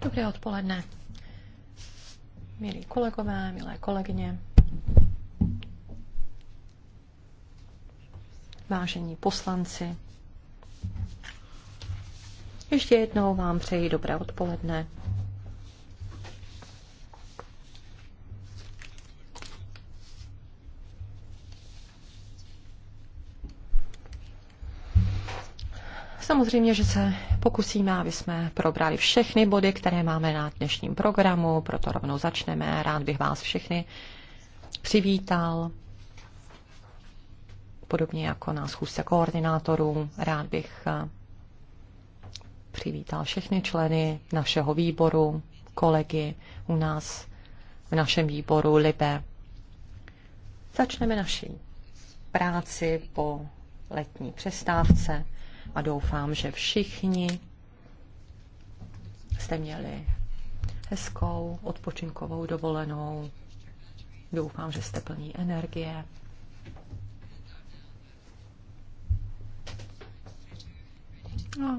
Dobré odpoledne, milí kolegové, milé kolegyně. Vážení poslanci, ještě jednou vám přeji dobré odpoledne. Samozřejmě, že se pokusíme, aby jsme probrali všechny body, které máme na dnešním programu, proto rovnou začneme. Rád bych vás všechny přivítal, podobně jako na schůzce koordinátorů. Rád bych eh, přivítal všechny členy našeho výboru, kolegy u nás v našem výboru Libe. Začneme naší práci po letní přestávce a doufám, že všichni jste měli hezkou odpočinkovou dovolenou. Doufám, že jste plní energie. A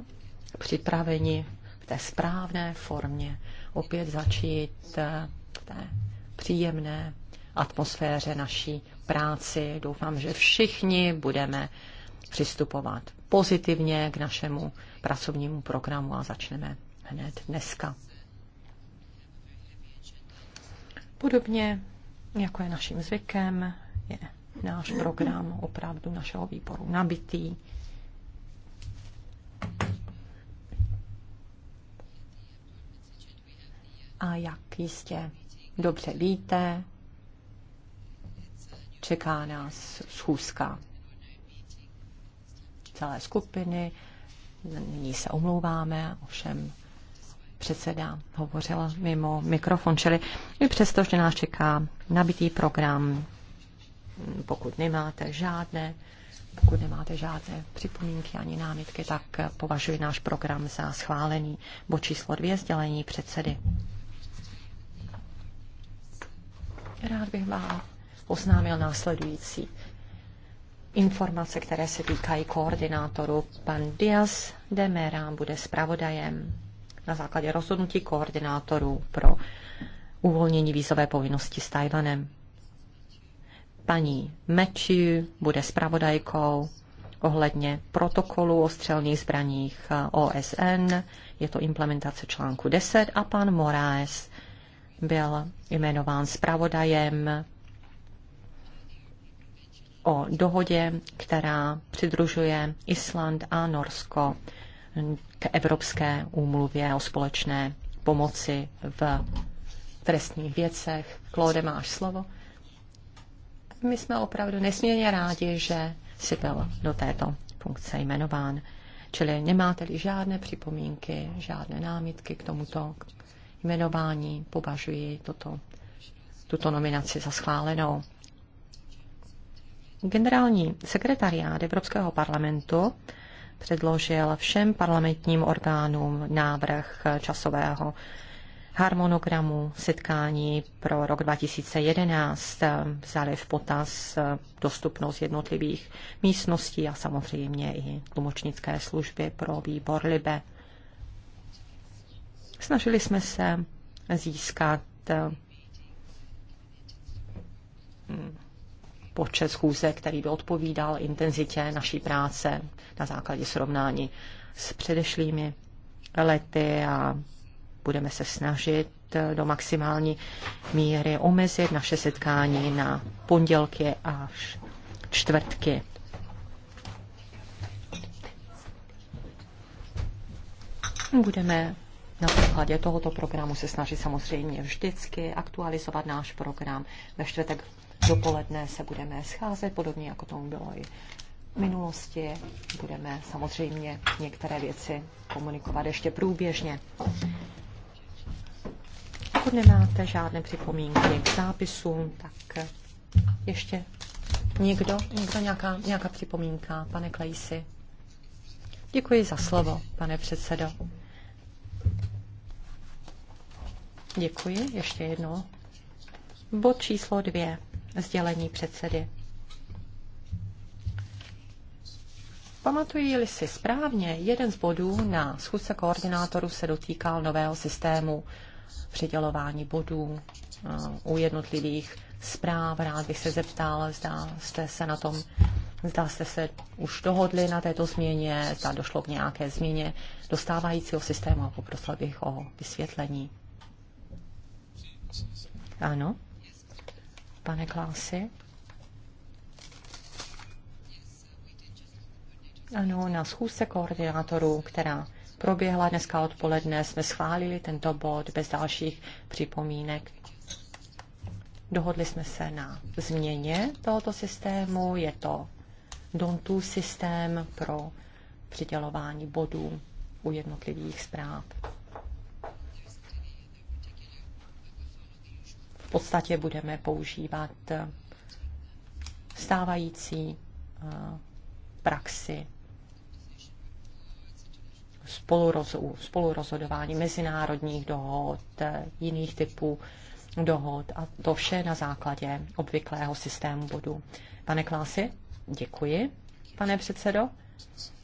připraveni v té správné formě opět začít eh, v té příjemné atmosféře naší práci. Doufám, že všichni budeme přistupovat pozitivně k našemu pracovnímu programu a začneme hned dneska. Podobně jako je naším zvykem, je náš program opravdu našeho výboru nabitý. A jak jistě dobře víte, čeká nás schůzka celé skupiny. Nyní se omlouváme, ovšem předseda hovořila mimo mikrofon, čili i přesto, že nás čeká nabitý program, pokud nemáte žádné, pokud nemáte žádné připomínky ani námitky, tak považuji náš program za schválený. Bo číslo dvě, sdělení předsedy. Rád bych vám oznámil následující informace, které se týkají koordinátoru Pan Diaz de Mera bude zpravodajem na základě rozhodnutí koordinátorů pro uvolnění vízové povinnosti s Tajvanem. Paní Meči bude zpravodajkou ohledně protokolu o střelných zbraních OSN, je to implementace článku 10 a pan Moraes byl jmenován zpravodajem o dohodě, která přidružuje Island a Norsko k Evropské úmluvě o společné pomoci v trestních věcech. Claude, máš slovo. My jsme opravdu nesmírně rádi, že si byl do této funkce jmenován. Čili nemáte-li žádné připomínky, žádné námitky k tomuto jmenování, považuji toto, tuto nominaci za schválenou. Generální sekretariát Evropského parlamentu předložil všem parlamentním orgánům návrh časového harmonogramu setkání pro rok 2011 vzali v potaz dostupnost jednotlivých místností a samozřejmě i tlumočnické služby pro výbor Libe. Snažili jsme se získat počet schůzek, který by odpovídal intenzitě naší práce na základě srovnání s předešlými lety a budeme se snažit do maximální míry omezit naše setkání na pondělky až čtvrtky. Budeme na základě tohoto programu se snažit samozřejmě vždycky aktualizovat náš program. Ve čtvrtek dopoledne se budeme scházet, podobně jako tomu bylo i v minulosti. Budeme samozřejmě některé věci komunikovat ještě průběžně. Pokud nemáte žádné připomínky k zápisům, tak ještě někdo, někdo nějaká, nějaká připomínka, pane Klejsi. Děkuji za slovo, pane předsedo. Děkuji ještě jednou. Bod číslo dvě sdělení předsedy. Pamatuji-li si správně, jeden z bodů na schůzce koordinátorů se dotýkal nového systému přidělování bodů eh, u jednotlivých zpráv. Rád bych se zeptal, zda jste se na tom, zda jste se už dohodli na této změně, zda došlo k nějaké změně dostávajícího systému a poprosil bych o vysvětlení. Ano pane Klausi? Ano, na schůzce koordinátorů, která proběhla dneska odpoledne, jsme schválili tento bod bez dalších připomínek. Dohodli jsme se na změně tohoto systému. Je to Dontu systém pro přidělování bodů u jednotlivých zpráv. podstatě budeme používat stávající eh, praxi spolurozhodování, mezinárodních dohod, eh, jiných typů dohod a to vše na základě obvyklého systému bodů. Pane Klásy, děkuji, pane předsedo.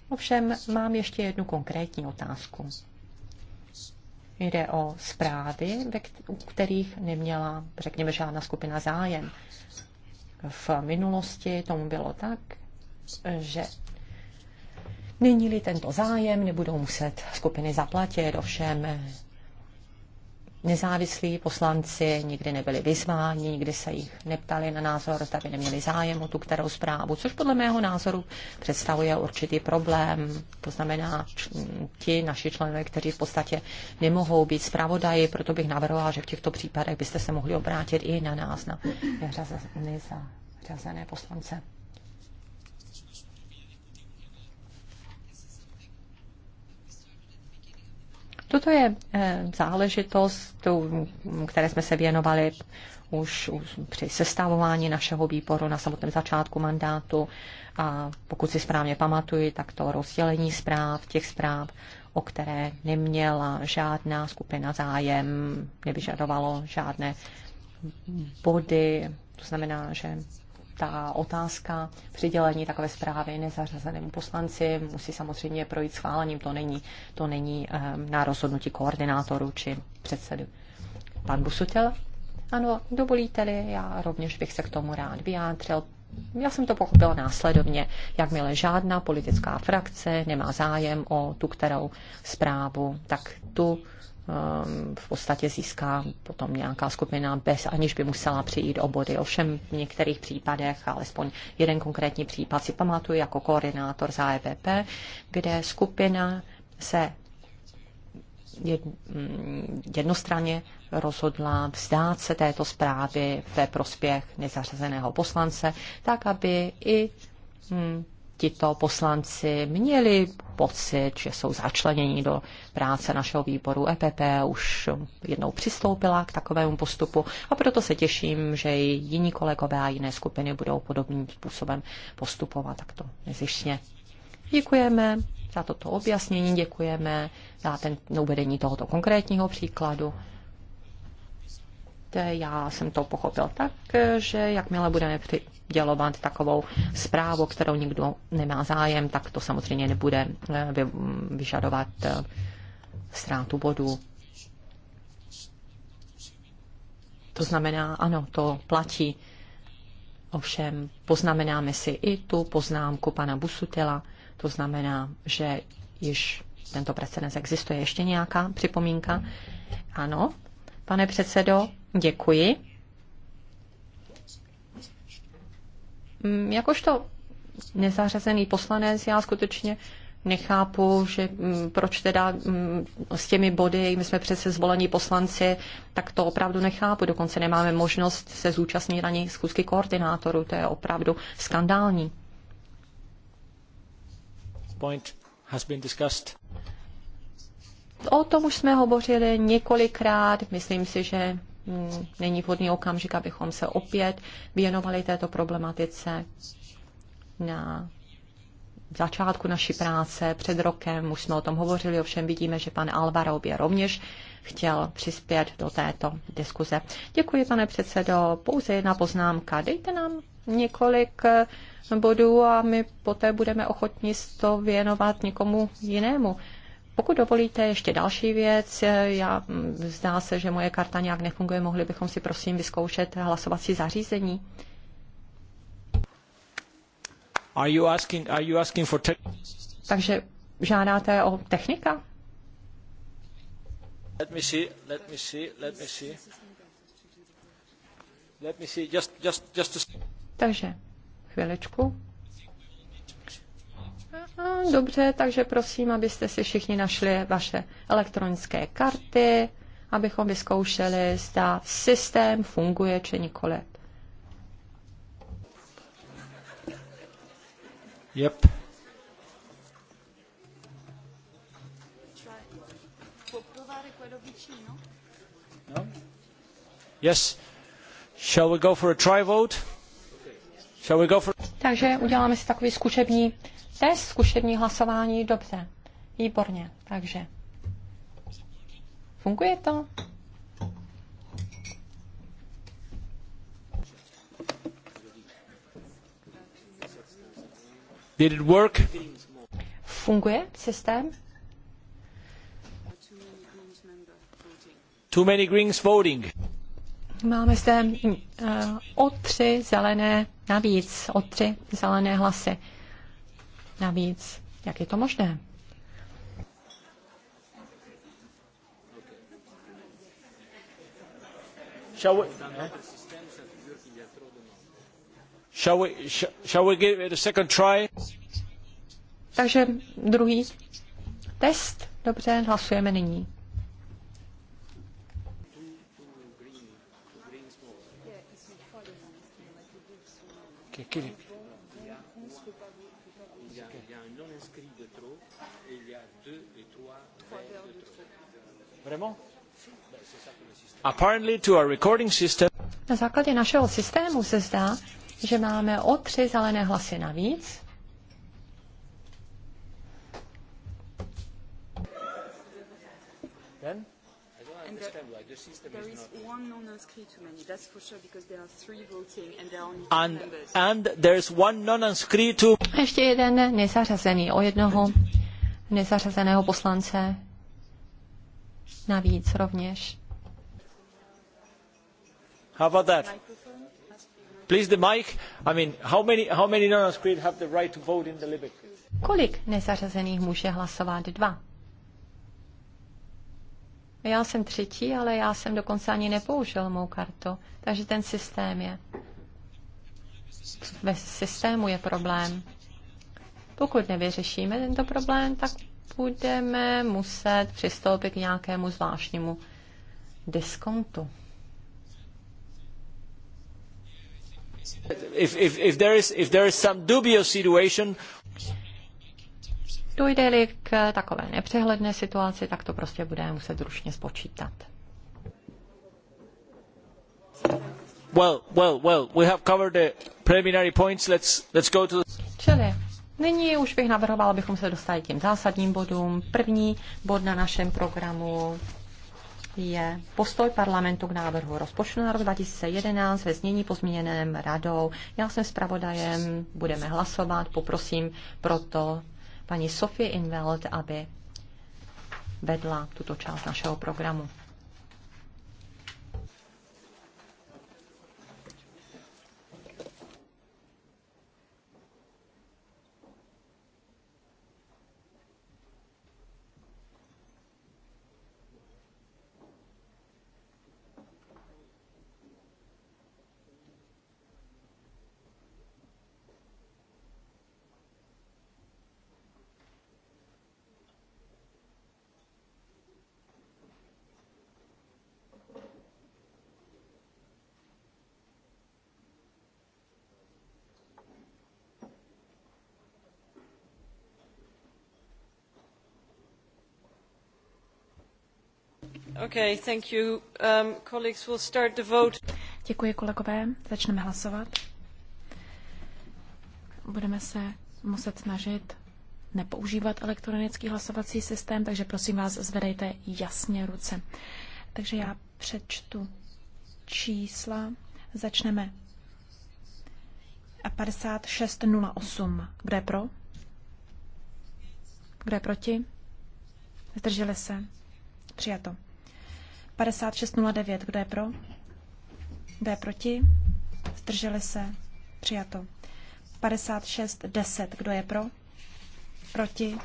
Ovšem mám ještě jednu konkrétní otázku. Jde o zprávy, ve kterých neměla, řekněme, žádná skupina zájem. V minulosti tomu bylo tak, že nyní tento zájem nebudou muset skupiny zaplatit, ovšem nezávislí poslanci, nikdy nebyli vyzváni, nikdy se jich neptali na názor, zda by neměli zájem o tu kterou zprávu, což podle mého názoru představuje určitý problém. To znamená, ti naši členové, kteří v podstatě nemohou být zpravodaji, proto bych navrhoval, že v těchto případech byste se mohli obrátit i na nás, na řazené poslance. Toto je eh, záležitost, které jsme se věnovali už, při sestavování našeho výboru na samotném začátku mandátu. A pokud si správně pamatuji, tak to rozdělení zpráv, těch zpráv, o které neměla žádná skupina zájem, nevyžadovalo žádné body. To znamená, že ta otázka přidělení takové zprávy nezařazenému poslanci musí samozřejmě projít schválením. To není, to není ehm, na rozhodnutí koordinátoru či předsedy. Pan Busutel? Ano, dovolíte-li, já rovněž bych se k tomu rád vyjádřil. Já jsem to pochopila následovně, jakmile žádná politická frakce nemá zájem o tu kterou zprávu, tak tu v podstatě získá potom nějaká skupina bez, aniž by musela přijít o body. Ovšem v některých případech, alespoň jeden konkrétní případ si pamatuju jako koordinátor za EPP, kde skupina se mm, jednostranně rozhodla vzdát se této zprávy ve prospěch nezařazeného poslance, tak aby i mm, tito poslanci měli pocit, že jsou začleněni do práce našeho výboru. EPP už jednou přistoupila k takovému postupu a proto se těším, že i jiní kolegové a jiné skupiny budou podobným způsobem postupovat takto nezjištně. Děkujeme za toto objasnění, děkujeme za ten uvedení tohoto konkrétního příkladu. Já jsem to pochopil tak, že jakmile budeme dělovat takovou zprávu, kterou nikdo nemá zájem, tak to samozřejmě nebude eh, vyžadovat eh, ztrátu bodu. To znamená, ano, to platí. Ovšem poznamenáme si i tu poznámku pana Busutela, to znamená, že již tento precedens existuje. Ještě nějaká připomínka? Ano, pane předsedo, děkuji. Mm, jakožto nezařazený poslanec, já skutečně nechápu, že mm, proč teda mm, s těmi body, my jsme přece zvolení poslanci, tak to opravdu nechápu. Dokonce nemáme možnost se zúčastnit ani zkusky koordinátorů. To je opravdu skandální. Point has been discussed. O tom už jsme hovořili několikrát. Myslím si, že Hmm, není vhodný okamžik, abychom se opět věnovali této problematice. Na začátku naší práce před rokem už jsme o tom hovořili, ovšem vidíme, že pan Alvaro by rovněž chtěl přispět do této diskuze. Děkuji, pane předsedo. Pouze jedna poznámka. Dejte nám několik eh, bodů a my poté budeme ochotni to věnovat někomu jinému. Pokud dovolíte ještě další věc, eh, já, mm, zdá se, že moje karta nějak nefunguje, mohli bychom si prosím vyzkoušet hlasovací zařízení. Are you asking, are you asking for Takže žádáte o technika? Let me see, let me see, let me see. Let me see, just, just, just to... Takže, chvilečku. Dobře, takže prosím, abyste si všichni našli vaše elektronické karty, abychom vyzkoušeli, zda systém funguje či nikoli. Yep. No? Yes. Shall we go for a try vote? Shall we go for... Takže uděláme si takový zkušební bez zkušební hlasování, dobře. Výborně, takže. Funguje to? Did it work? Funguje systém? Too many greens voting. Máme zde uh, o tři zelené navíc, o tři zelené hlasy navíc. Jak je to možné? Shall we, shall we, shall we give it a second try? Takže druhý test. Dobře, hlasujeme nyní. Okay, Na základě našeho systému se zdá, že máme o tři zelené hlasy navíc. Then? understand The system there is, is not. one non-inscrit too many. That's for sure because there are three voting and there are only and, members. And one non-inscrit too. Ještě jeden nezařazený o jednoho nezařazeného poslance navíc rovněž. How about that? Please the mic. I mean, how many, how many non-conscripted have the right to vote in the Libby? Kolik nezařazených může hlasovat? Dva. Já jsem třetí, ale já jsem dokonce ani nepoužil mou kartu. Takže ten systém je. Ve systému je problém. Pokud nevyřešíme tento problém, tak budeme muset přistoupit k nějakému zvláštnímu diskontu. If, if, if there is, if there is some dubious situation, dojde-li k takové nepřehledné situaci, tak to prostě budeme muset ručně spočítat. Well, well, well, we have covered the preliminary points. Let's, let's go to... Čili Nyní už bych navrhovala, abychom se dostali k těm zásadním bodům. První bod na našem programu je postoj parlamentu k návrhu rozpočtu na rok 2011 ve znění pozměněném radou. Já jsem zpravodajem, budeme hlasovat, poprosím proto paní Sofie Inveld, aby vedla tuto část našeho programu. Okay, thank you. Um, colleagues start the vote. Děkuji kolegové, začneme hlasovat. Budeme se muset snažit nepoužívat elektronický hlasovací systém, takže prosím vás, zvedejte jasně ruce. Takže já přečtu čísla. Začneme a 5608. Kdo je pro? Kdo je proti? Zdrželi se? Přijato. 5609, kdo je pro? Kdo je proti? Zdrželi se? Přijato. 5610, kdo je pro? Proti?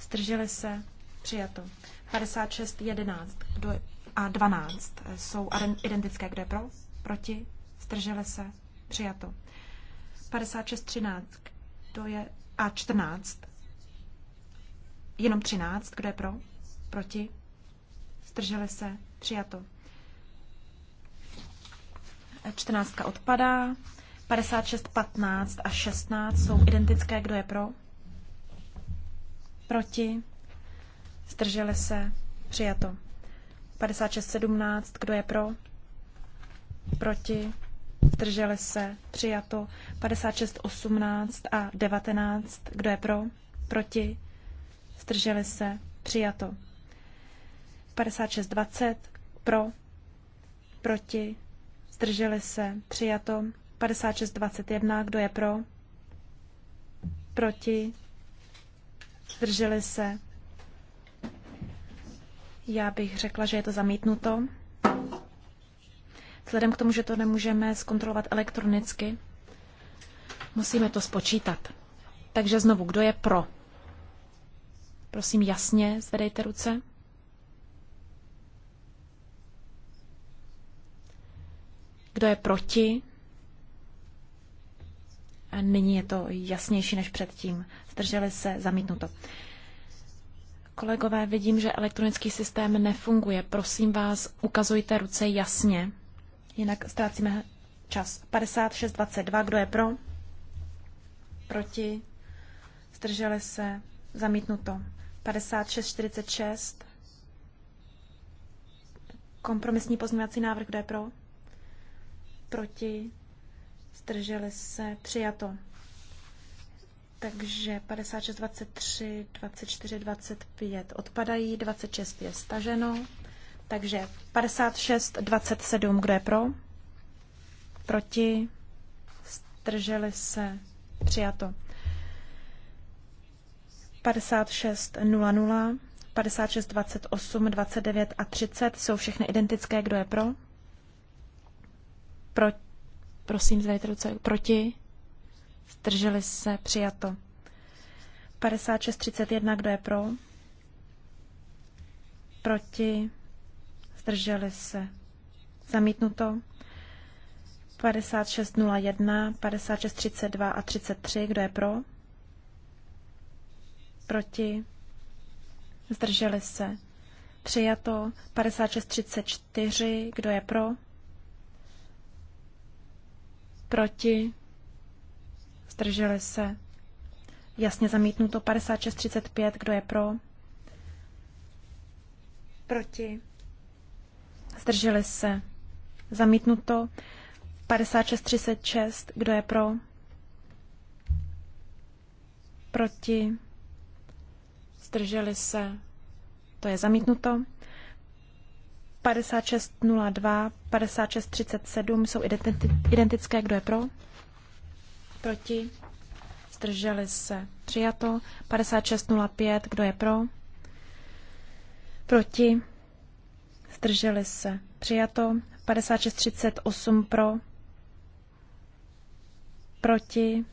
Zdrželi se? Přijato. 5611 kdo je, a 12 jsou identické, kdo je pro? Proti? Zdrželi se? Přijato. 5613 kdo je a 14. Jenom 13, kdo je pro? Proti? zdrželi se, přijato. 14 odpadá, 56, 15 a 16 jsou identické, kdo je pro, proti, zdrželi se, přijato. 56, 17, kdo je pro, proti, zdrželi se, přijato 56, 18 a 19, kdo je pro, proti, zdrželi se, přijato 5620 pro, proti, zdrželi se, přijato. 5621, kdo je pro, proti, zdrželi se. Já bych řekla, že je to zamítnuto. Vzhledem k tomu, že to nemůžeme zkontrolovat elektronicky, musíme to spočítat. Takže znovu, kdo je pro? Prosím jasně, zvedejte ruce. Kdo je proti? A nyní je to jasnější než předtím. Zdrželi se zamítnuto. Kolegové, vidím, že elektronický systém nefunguje. Prosím vás, ukazujte ruce jasně, jinak ztrácíme čas. 56.22, kdo je pro? Proti? Zdrželi se? Zamítnuto. 56.46. Kompromisní pozměňovací návrh, kdo je pro? proti, zdrželi se, přijato. Takže 56, 23, 24, 25 odpadají, 26 je staženo. Takže 56, 27, kdo je pro? Proti, zdrželi se, přijato. 56, 00, 56, 28, 29 a 30 jsou všechny identické, kdo je pro? Pro, prosím, zvedejte ruce proti. Zdrželi se, přijato. 5631, kdo je pro? Proti. Zdrželi se. Zamítnuto. 5601, 5632 a 33, kdo je pro? Proti. Zdrželi se. Přijato 5634. Kdo je pro? proti, zdrželi se, jasně zamítnuto 56.35, kdo je pro, proti, zdrželi se, zamítnuto 56.36, kdo je pro, proti, zdrželi se, to je zamítnuto. 5602, 5637 jsou identické. Kdo je pro? Proti? Zdrželi se. Přijato. 5605. Kdo je pro? Proti? Zdrželi se. Přijato. 5638 pro. Proti?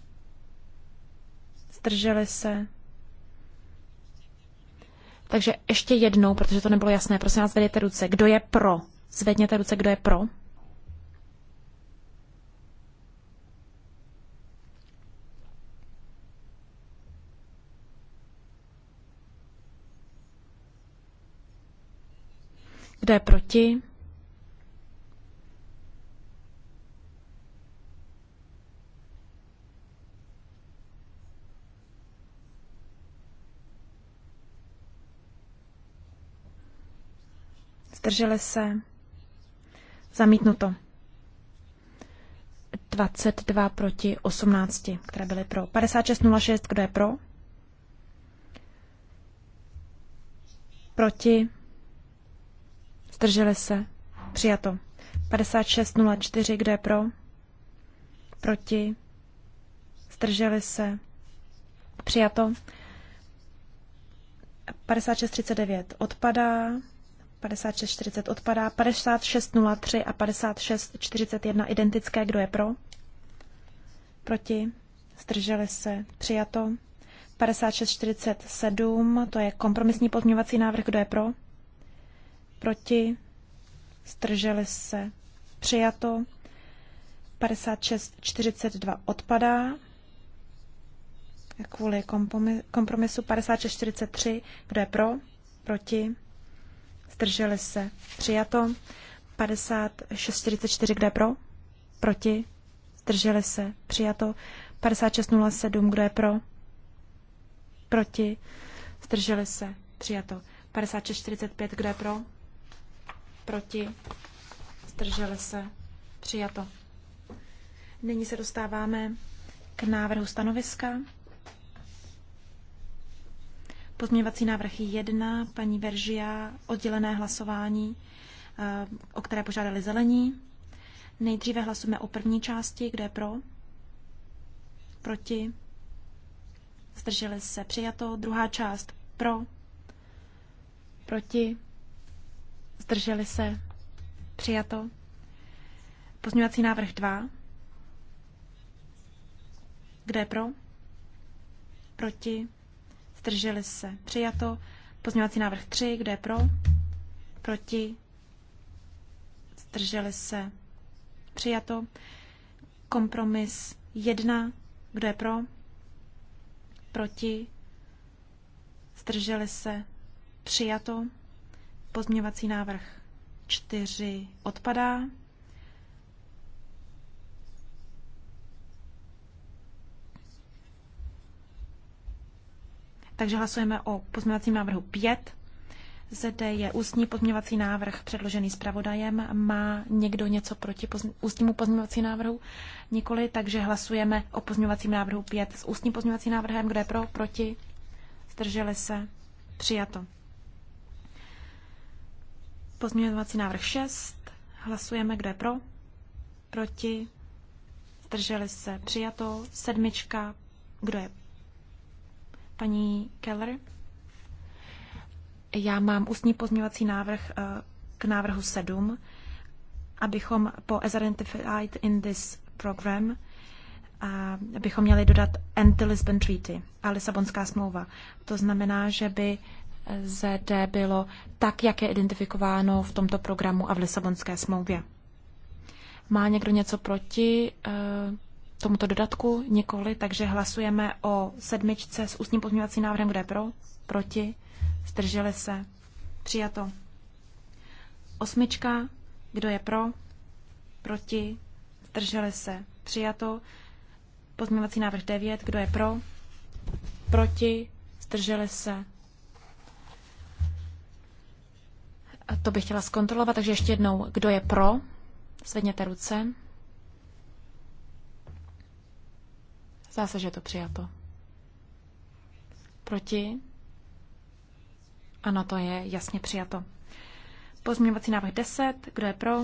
Zdrželi se. Takže ještě jednou, protože to nebylo jasné, prosím vás, zvedněte ruce. Kdo je pro? Zvedněte ruce, kdo je pro? Kdo je proti? zdrželi se, zamítnuto. 22 proti 18, které byly pro. 5606, kdo je pro? Proti? Zdrželi se? Přijato. 5604, kdo je pro? Proti? Zdrželi se? Přijato. 5639 odpadá. 5640 odpadá, 5603 a 5641 identické, kdo je pro? Proti? Zdrželi se? Přijato. 5647, to je kompromisní pozměňovací návrh, kdo je pro? Proti? Zdrželi se? Přijato. 5642 odpadá. Kvůli kompromisu 5643, kdo je pro? Proti? zdrželi se, přijato. 5644, kde je pro, proti, zdrželi se, přijato. 5607, kdo je pro, proti, zdrželi se, přijato. 5645, kdo je pro, proti, zdrželi se, přijato. Nyní se dostáváme k návrhu stanoviska. Pozměňovací návrh 1, paní Veržia, oddělené hlasování, eh, o které požádali zelení. Nejdříve hlasujeme o první části, kde je pro, proti, zdrželi se přijato. Druhá část pro, proti, zdrželi se přijato. Pozměňovací návrh 2, kde je pro, proti, Zdrželi se. Přijato. Pozměňovací návrh 3. Kdo je pro? Proti? Zdrželi se. Přijato. Kompromis 1. Kdo je pro? Proti? Zdrželi se. Přijato. Pozměňovací návrh 4 odpadá. Takže hlasujeme o pozměňovacím návrhu 5. Zde je ústní pozměňovací návrh předložený zpravodajem. Má někdo něco proti pozm- ústnímu pozměňovací návrhu? Nikoli, takže hlasujeme o pozměňovacím návrhu 5 s ústním pozměňovacím návrhem. Kdo je pro, proti? Zdrželi se? Přijato. Pozměňovací návrh 6. Hlasujeme, kdo je pro, proti? Zdrželi se? Přijato. Sedmička. Kdo je Paní Keller? Já mám ústní pozměňovací návrh eh, k návrhu 7, abychom po as identified in this program eh, abychom měli dodat anti-Lisbon Treaty a Lisabonská smlouva. To znamená, že by eh, ZD bylo tak, jak je identifikováno v tomto programu a v Lisabonské smlouvě. Má někdo něco proti tomuto dodatku? Nikoli, takže hlasujeme o sedmičce s ústním pozměňovacím návrhem, kde pro, proti, zdrželi se, přijato. Osmička, kdo je pro, proti, zdrželi se, přijato. Pozměňovací návrh 9, kdo je pro, proti, zdrželi se. A to bych chtěla zkontrolovat, takže ještě jednou, kdo je pro, zvedněte ruce. Zdá se, že je to přijato. Proti? Ano, to je jasně přijato. Pozměňovací návrh 10. Kdo je pro?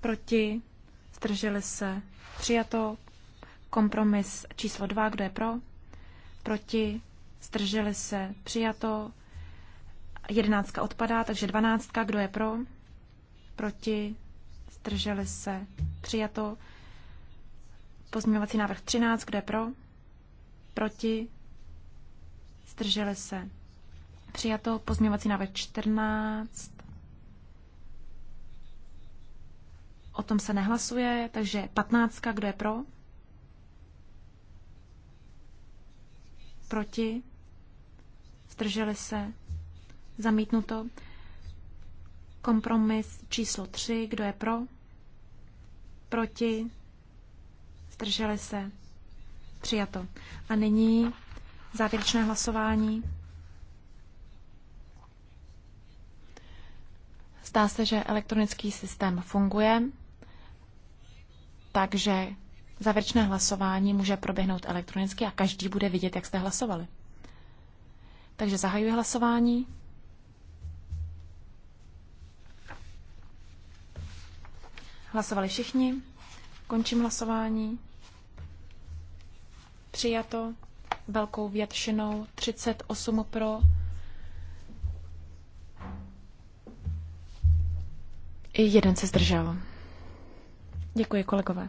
Proti? Zdrželi se? Přijato. Kompromis číslo 2. Kdo je pro? Proti? Zdrželi se? Přijato. Jedenáctka odpadá, takže dvanáctka. Kdo je pro? Proti? Zdrželi se? Přijato. Pozměňovací návrh 13, kdo je pro? Proti? Zdrželi se. Přijato pozměňovací návrh 14. O tom se nehlasuje, takže 15. Kdo je pro? Proti? Zdrželi se? Zamítnuto. Kompromis číslo 3. Kdo je pro? Proti? Zdrželi se? Přijato. A nyní závěrečné hlasování. Zdá se, že elektronický systém funguje, takže závěrečné hlasování může proběhnout elektronicky a každý bude vidět, jak jste hlasovali. Takže zahajuji hlasování. Hlasovali všichni. Končím hlasování přijato velkou většinou 38 pro. I jeden se zdržel. Děkuji, kolegové.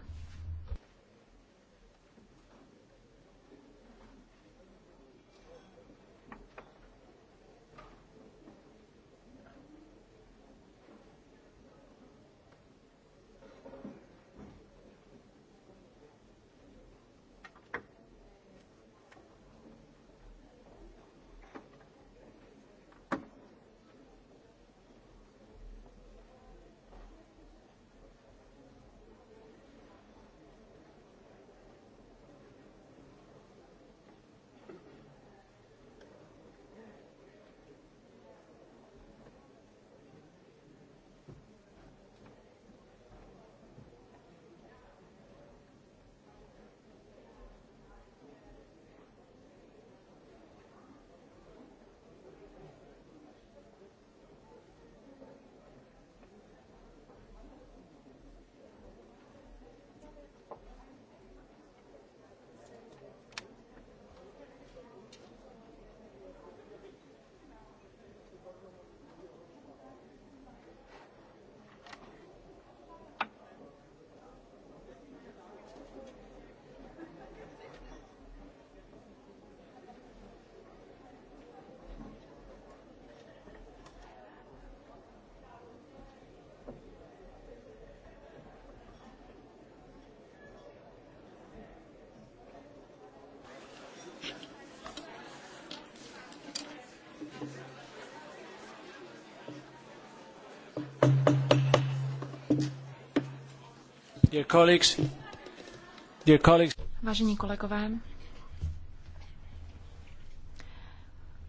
Vážení kolegové,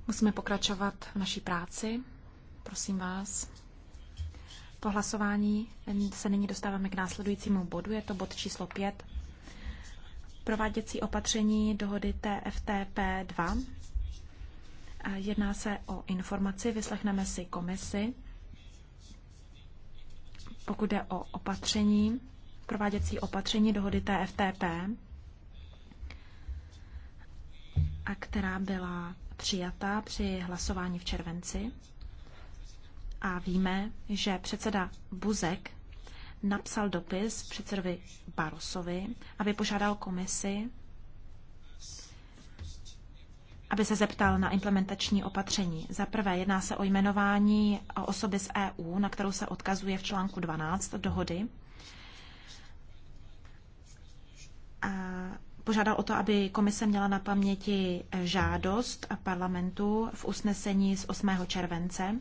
musíme pokračovat v naší práci. Prosím vás. Po hlasování se nyní dostáváme k následujícímu bodu, je to bod číslo 5. Prováděcí opatření dohody TFTP 2. Jedná se o informaci, vyslechneme si komisi pokud jde o opatření prováděcí opatření dohody TFTP, a která byla přijata při hlasování v červenci. A víme, že předseda Buzek napsal dopis předsedovi Barosovi, aby požádal komisi, aby se zeptal na implementační opatření. Za prvé, jedná se o jmenování osoby z EU, na kterou se odkazuje v článku 12 dohody. požádal o to, aby komise měla na paměti eh, žádost parlamentu v usnesení z 8. července.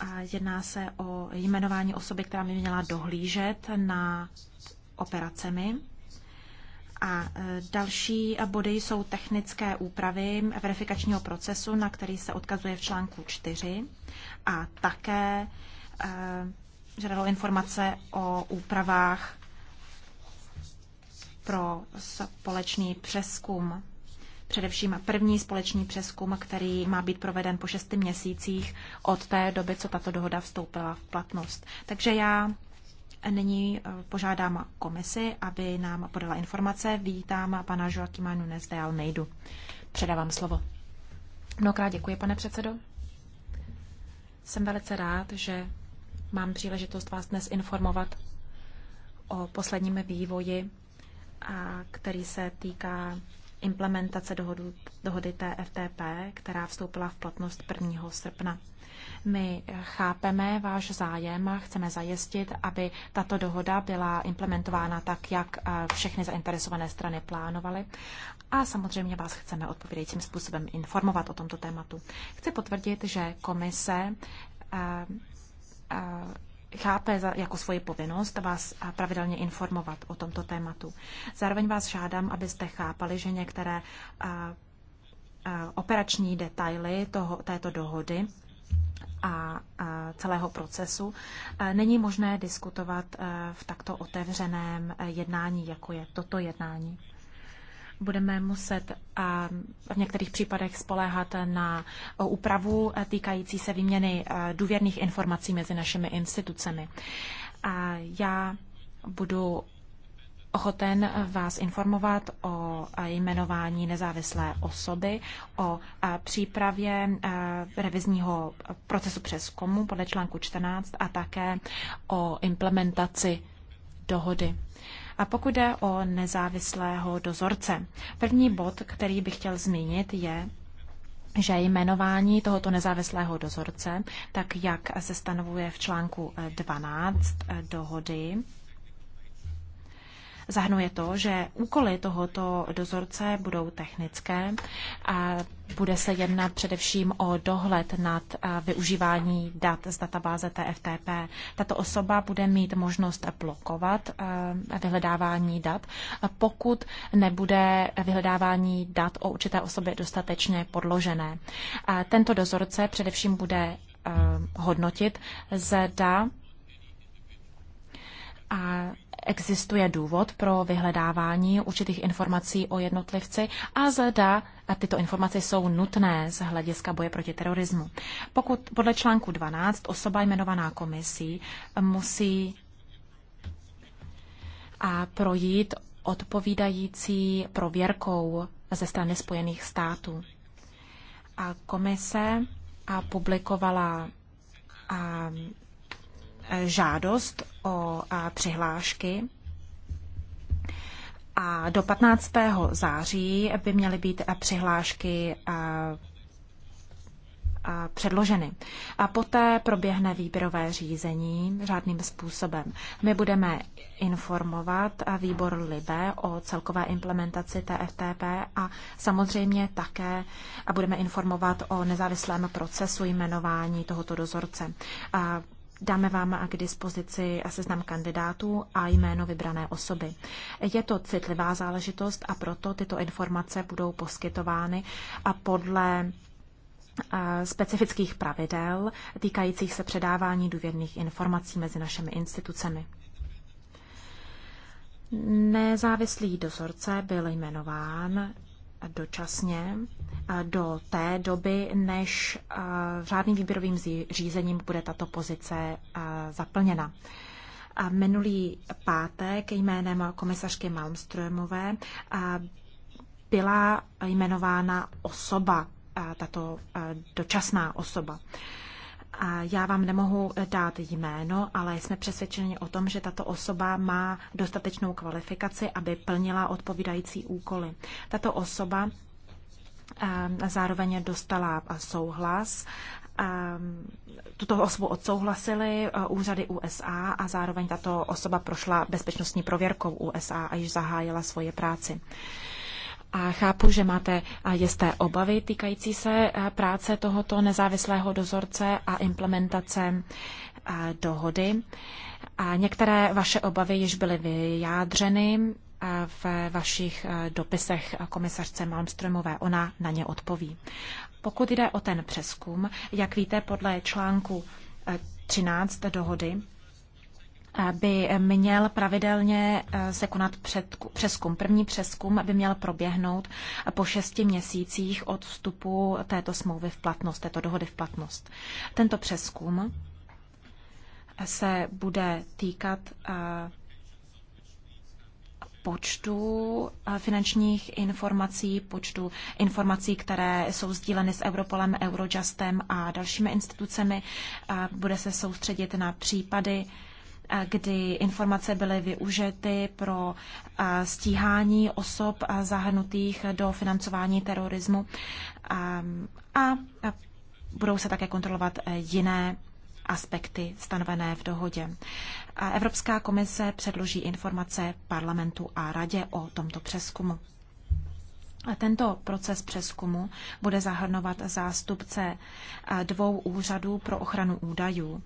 A jedná se o jmenování osoby, která by měla dohlížet na operacemi. A eh, další body jsou technické úpravy verifikačního procesu, na který se odkazuje v článku 4. A také eh, žádalo informace o úpravách pro společný přeskum. Především první společný přeskum, který má být proveden po šesti měsících od té doby, co tato dohoda vstoupila v platnost. Takže já nyní eh, požádám komisi, aby nám podala informace. Vítám pana Joaquima Nunes de Almeidu. Předávám slovo. Mnohokrát děkuji, pane předsedo. Jsem velice rád, že mám příležitost vás dnes informovat o posledním vývoji a který se týká implementace dohodu, dohody TFTP, která vstoupila v platnost 1. srpna. My chápeme váš zájem a chceme zajistit, aby tato dohoda byla implementována tak, jak eh, všechny zainteresované strany plánovaly. A samozřejmě vás chceme odpovědějícím způsobem informovat o tomto tématu. Chci potvrdit, že komise eh, eh, chápe jako svoji povinnost vás pravidelně informovat o tomto tématu. Zároveň vás žádám, abyste chápali, že některé operační detaily toho, této dohody a celého procesu není možné diskutovat v takto otevřeném jednání, jako je toto jednání budeme muset v některých případech spoléhat na úpravu týkající se výměny důvěrných informací mezi našimi institucemi. A já budu ochoten vás informovat o jmenování nezávislé osoby, o přípravě revizního procesu přes komu podle článku 14 a také o implementaci dohody. A pokud jde o nezávislého dozorce, první bod, který bych chtěl zmínit, je že jmenování tohoto nezávislého dozorce, tak jak se stanovuje v článku 12 dohody, zahrnuje to, že úkoly tohoto dozorce budou technické a bude se jednat především o dohled nad eh, využívání dat z databáze TFTP. Tato osoba bude mít možnost blokovat eh, vyhledávání dat, pokud nebude vyhledávání dat o určité osobě dostatečně podložené. Tento dozorce především bude eh, hodnotit, zda a existuje důvod pro vyhledávání určitých informací o jednotlivci a zda a tyto informace jsou nutné z hlediska boje proti terorismu. Pokud podle článku 12 osoba jmenovaná komisí musí a projít odpovídající prověrkou ze strany Spojených států. A komise a publikovala a žádost o přihlášky a do 15. září by měly být přihlášky předloženy. A poté proběhne výběrové řízení řádným způsobem. My budeme informovat výbor LIBE o celkové implementaci TFTP a samozřejmě také a budeme informovat o nezávislém procesu jmenování tohoto dozorce. Dáme vám k dispozici seznam kandidátů a jméno vybrané osoby. Je to citlivá záležitost a proto tyto informace budou poskytovány a podle eh, specifických pravidel týkajících se předávání důvěrných informací mezi našimi institucemi. Nezávislý dozorce byl jmenován dočasně do té doby, než řádným výběrovým řízením bude tato pozice zaplněna. A minulý pátek jménem komisařky Malmströmové byla jmenována osoba, tato dočasná osoba. Já vám nemohu dát jméno, ale jsme přesvědčeni o tom, že tato osoba má dostatečnou kvalifikaci, aby plnila odpovídající úkoly. Tato osoba ehm, zároveň dostala souhlas ehm, tuto osobu odsouhlasili eh, úřady USA a zároveň tato osoba prošla bezpečnostní prověrkou USA a již zahájila svoje práci a chápu, že máte jisté obavy týkající se eh, práce tohoto nezávislého dozorce a implementace eh, dohody. A některé vaše obavy již byly vyjádřeny eh, v vašich dopisech komisařce Malmströmové. Ona na ně odpoví. Pokud jde o ten přeskum, jak víte, podle článku 13 dohody by měl pravidelně eh, se konat přeskum. První přeskum by měl proběhnout po šesti měsících od vstupu této smlouvy v platnost, této dohody v platnost. Tento přeskum se bude týkat eh, počtu eh, finančních informací, počtu informací, které jsou sdíleny s Europolem, Eurojustem a dalšími institucemi. Bude se soustředit na případy, kdy informace byly využity pro stíhání osob zahrnutých do financování terorismu a budou se také kontrolovat e, jiné aspekty stanovené v dohodě. A Evropská komise předloží informace parlamentu a radě o tomto přeskumu. A tento proces přeskumu bude zahrnovat zástupce dvou úřadů pro ochranu údajů.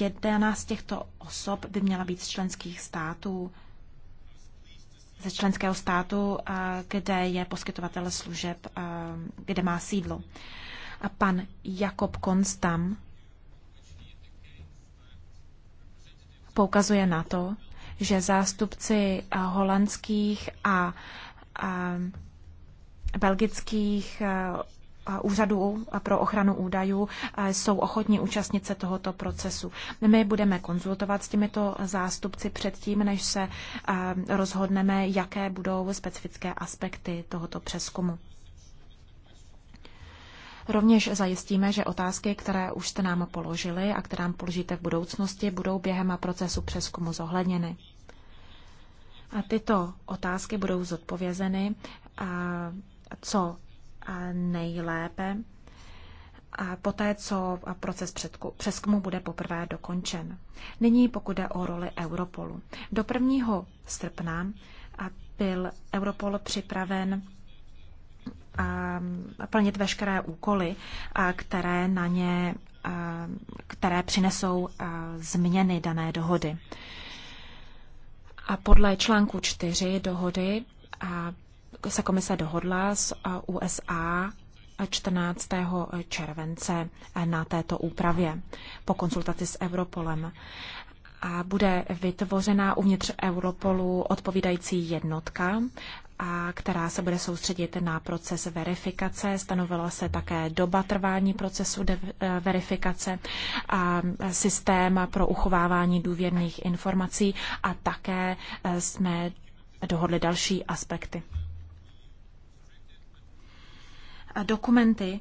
Jedna z těchto osob by měla být z členských států, ze členského státu, kde je poskytovatel služeb, kde má sídlo. A pan Jakob Konstam poukazuje na to, že zástupci holandských a, a belgických a pro ochranu údajů jsou ochotní účastnit se tohoto procesu. My budeme konzultovat s těmito zástupci předtím, než se rozhodneme, jaké budou specifické aspekty tohoto přeskumu. Rovněž zajistíme, že otázky, které už jste nám položili a které nám položíte v budoucnosti, budou během procesu přeskumu zohledněny. A tyto otázky budou zodpovězeny a co nejlépe a poté, co proces přeskumu bude poprvé dokončen. Nyní pokud jde o roli Europolu. Do 1. srpna byl Europol připraven plnit veškeré úkoly, které na ně, které přinesou změny dané dohody. A podle článku 4 dohody a se komise dohodla s USA 14. E, července e, na této úpravě po konzultaci s Europolem. A bude vytvořena uvnitř Europolu odpovídající jednotka, a která se bude soustředit na proces verifikace. Stanovila se také doba trvání procesu e, verifikace, a systém pro uchovávání důvěrných informací a také jsme dohodli další aspekty dokumenty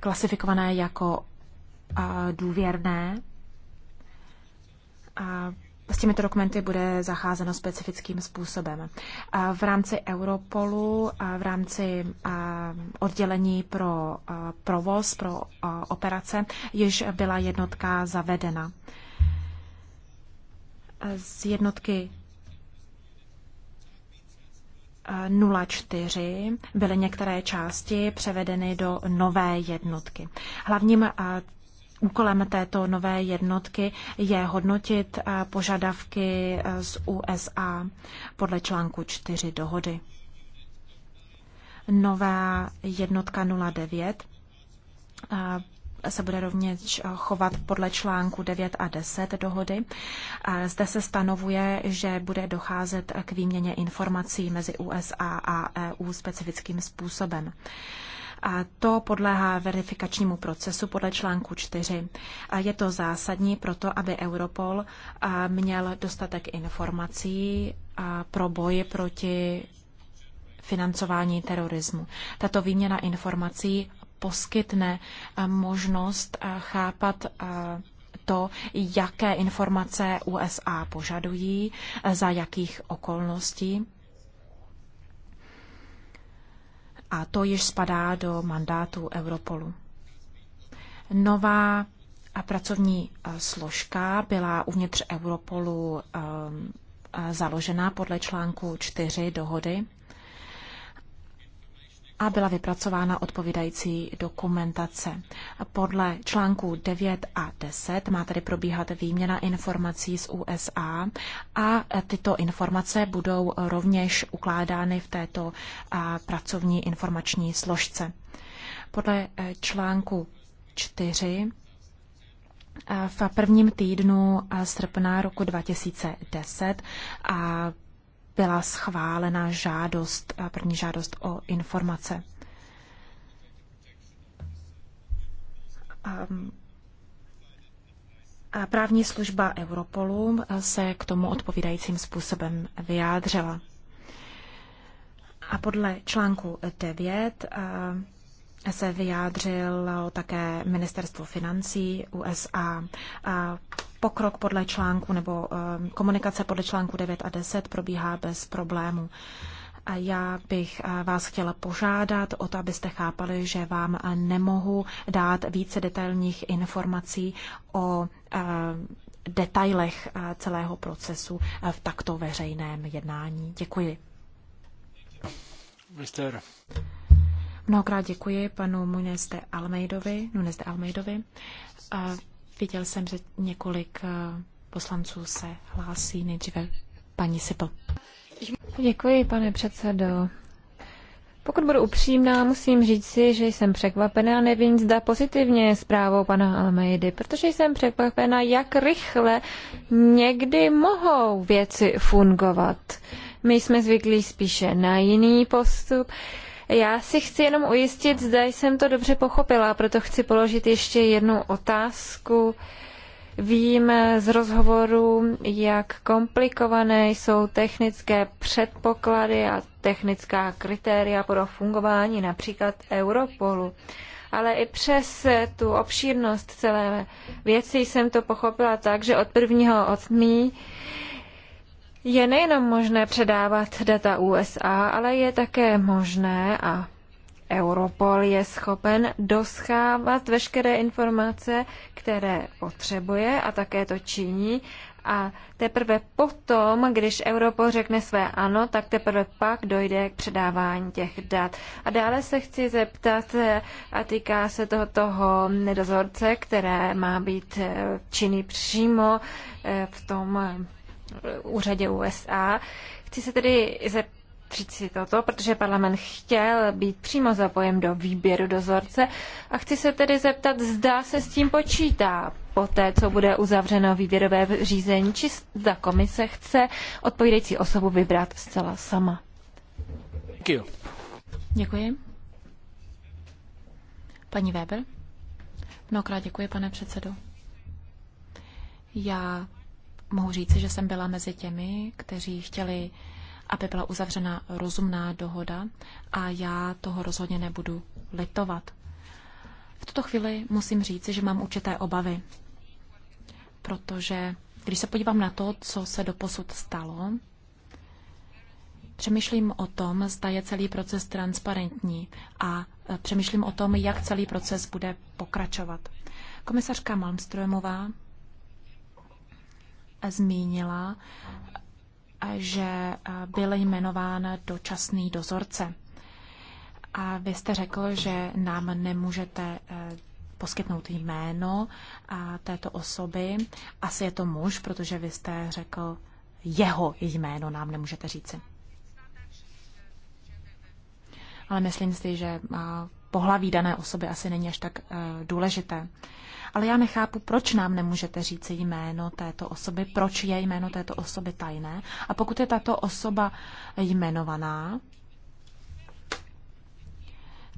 klasifikované jako důvěrné. S těmito dokumenty bude zacházeno specifickým způsobem. V rámci Europolu, v rámci oddělení pro provoz, pro operace, již byla jednotka zavedena. Z jednotky 04 byly některé části převedeny do nové jednotky. Hlavním Úkolem této nové jednotky je hodnotit požadavky z USA podle článku 4 dohody. Nová jednotka 09 se bude rovněž eh, chovat podle článku 9 a 10 dohody. Zde se stanovuje, že bude docházet k výměně informací mezi USA a EU specifickým způsobem. A to podléhá verifikačnímu procesu podle článku 4. A je to zásadní proto, aby Europol měl dostatek informací pro boj proti financování terorismu. Tato výměna informací poskytne eh, možnost eh, chápat eh, to, jaké informace USA požadují, za jakých okolností. A to již spadá do mandátu Europolu. Nová pracovní složka byla uvnitř Europolu založena podle článku 4 dohody a byla vypracována odpovídající dokumentace. Podle článků 9 a 10 má tedy probíhat výměna informací z USA a tyto informace budou rovněž ukládány v této pracovní informační složce. Podle e, článku 4 e, v prvním týdnu e, srpna roku 2010 a byla schválena žádost, eh, první žádost o informace. Ehm, a právní služba Europolu eh, se k tomu odpovídajícím způsobem vyjádřila. A podle článku 9 se vyjádřilo také ministerstvo financí USA. A pokrok podle článku nebo ehm, komunikace podle článku 9 a 10 probíhá bez problému. A já bych eh, vás chtěla požádat o to, abyste chápali, že vám eh, nemohu dát více detailních informací o ehm, detailech eh, celého procesu v takto veřejném jednání. Děkuji. Mister. Mnohokrát děkuji panu Muneste de Almeidovi. Nunes de Almeidovi. A viděl jsem, že několik eh, poslanců se hlásí. Nejdříve paní Sipl. Děkuji, pane předsedo. Pokud budu upřímná, musím říct si, že jsem překvapená, nevím, zda pozitivně zprávou pana Almeidy, protože jsem překvapená, jak rychle někdy mohou věci fungovat. My jsme zvyklí spíše na jiný postup. Uh, já si chci jenom ujistit, zda jsem to dobře pochopila, proto chci položit ještě jednu otázku. Vím z rozhovoru, jak komplikované jsou technické předpoklady a technická kritéria pro fungování například Europolu. Ale i přes tu obšírnost celé věci jsem to pochopila tak, že od prvního 8 je nejenom možné předávat data USA, ale je také možné a Europol je schopen doschávat veškeré informace, které potřebuje a také to činí. A teprve potom, když Europol řekne své ano, tak teprve pak dojde k předávání těch dat. A dále se chci zeptat, a týká se toho, toho nedozorce, které má být činy přímo eh, v tom úřadě USA. Chci se tedy zeptat, si toto, protože parlament chtěl být přímo zapojen do výběru dozorce a chci se tedy zeptat, zda se s tím počítá po té, co bude uzavřeno výběrové řízení, či zda komise chce odpovídající osobu vybrat zcela sama. Děkuji. Děkuji. Paní Weber? Mnohokrát děkuji, pane předsedo. Já Mohu říci, že jsem byla mezi těmi, kteří chtěli, aby byla uzavřena rozumná dohoda a já toho rozhodně nebudu litovat. V tuto chvíli musím říci, že mám určité obavy, protože když se podívám na to, co se doposud stalo, přemýšlím o tom, zda je celý proces transparentní a e, přemýšlím o tom, jak celý proces bude pokračovat. Komisařka Malmströmová zmínila, že byl jmenován dočasný dozorce. A vy jste řekl, že nám nemůžete e, poskytnout jméno této osoby. Asi je to muž, protože vy jste řekl jeho jméno, nám nemůžete říci. Ale myslím si, že pohlaví dané osoby asi není až tak e, důležité ale já nechápu, proč nám nemůžete říct jméno této osoby, proč je jméno této osoby tajné. A pokud je tato osoba jmenovaná,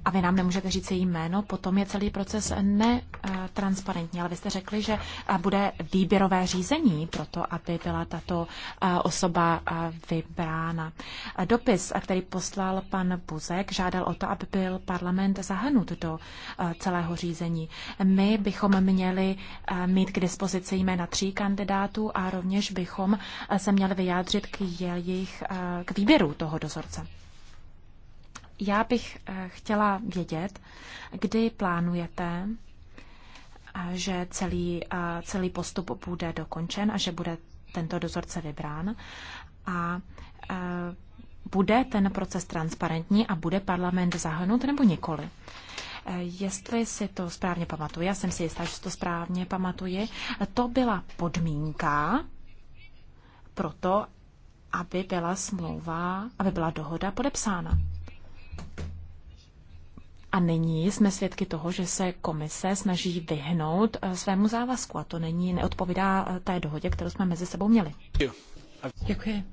a vy nám nemůžete říct její jméno, potom je celý proces netransparentní. Ale vy jste řekli, že eh, bude výběrové řízení pro to, aby byla tato eh, osoba eh, vybrána. Dopis, který poslal pan Buzek, žádal o to, aby byl parlament zahrnut do celého řízení. My bychom měli mít k dispozici jména tří kandidátů a rovněž bychom se měli vyjádřit k jejich k výběru toho dozorce já bych eh, chtěla vědět, kdy plánujete, eh, že celý, eh, celý postup bude dokončen a že bude tento dozorce vybrán. A bude ten proces transparentní a bude parlament zahrnut nebo nikoli. Jestli si to správně pamatuju, já jsem si jistá, že to správně pamatuji, to byla podmínka pro to, aby byla smlouva, aby byla dohoda podepsána. A nyní jsme svědky toho, že se komise snaží vyhnout eh, svému závazku a to není, neodpovídá eh, té dohodě, kterou jsme mezi sebou měli. Děkuji.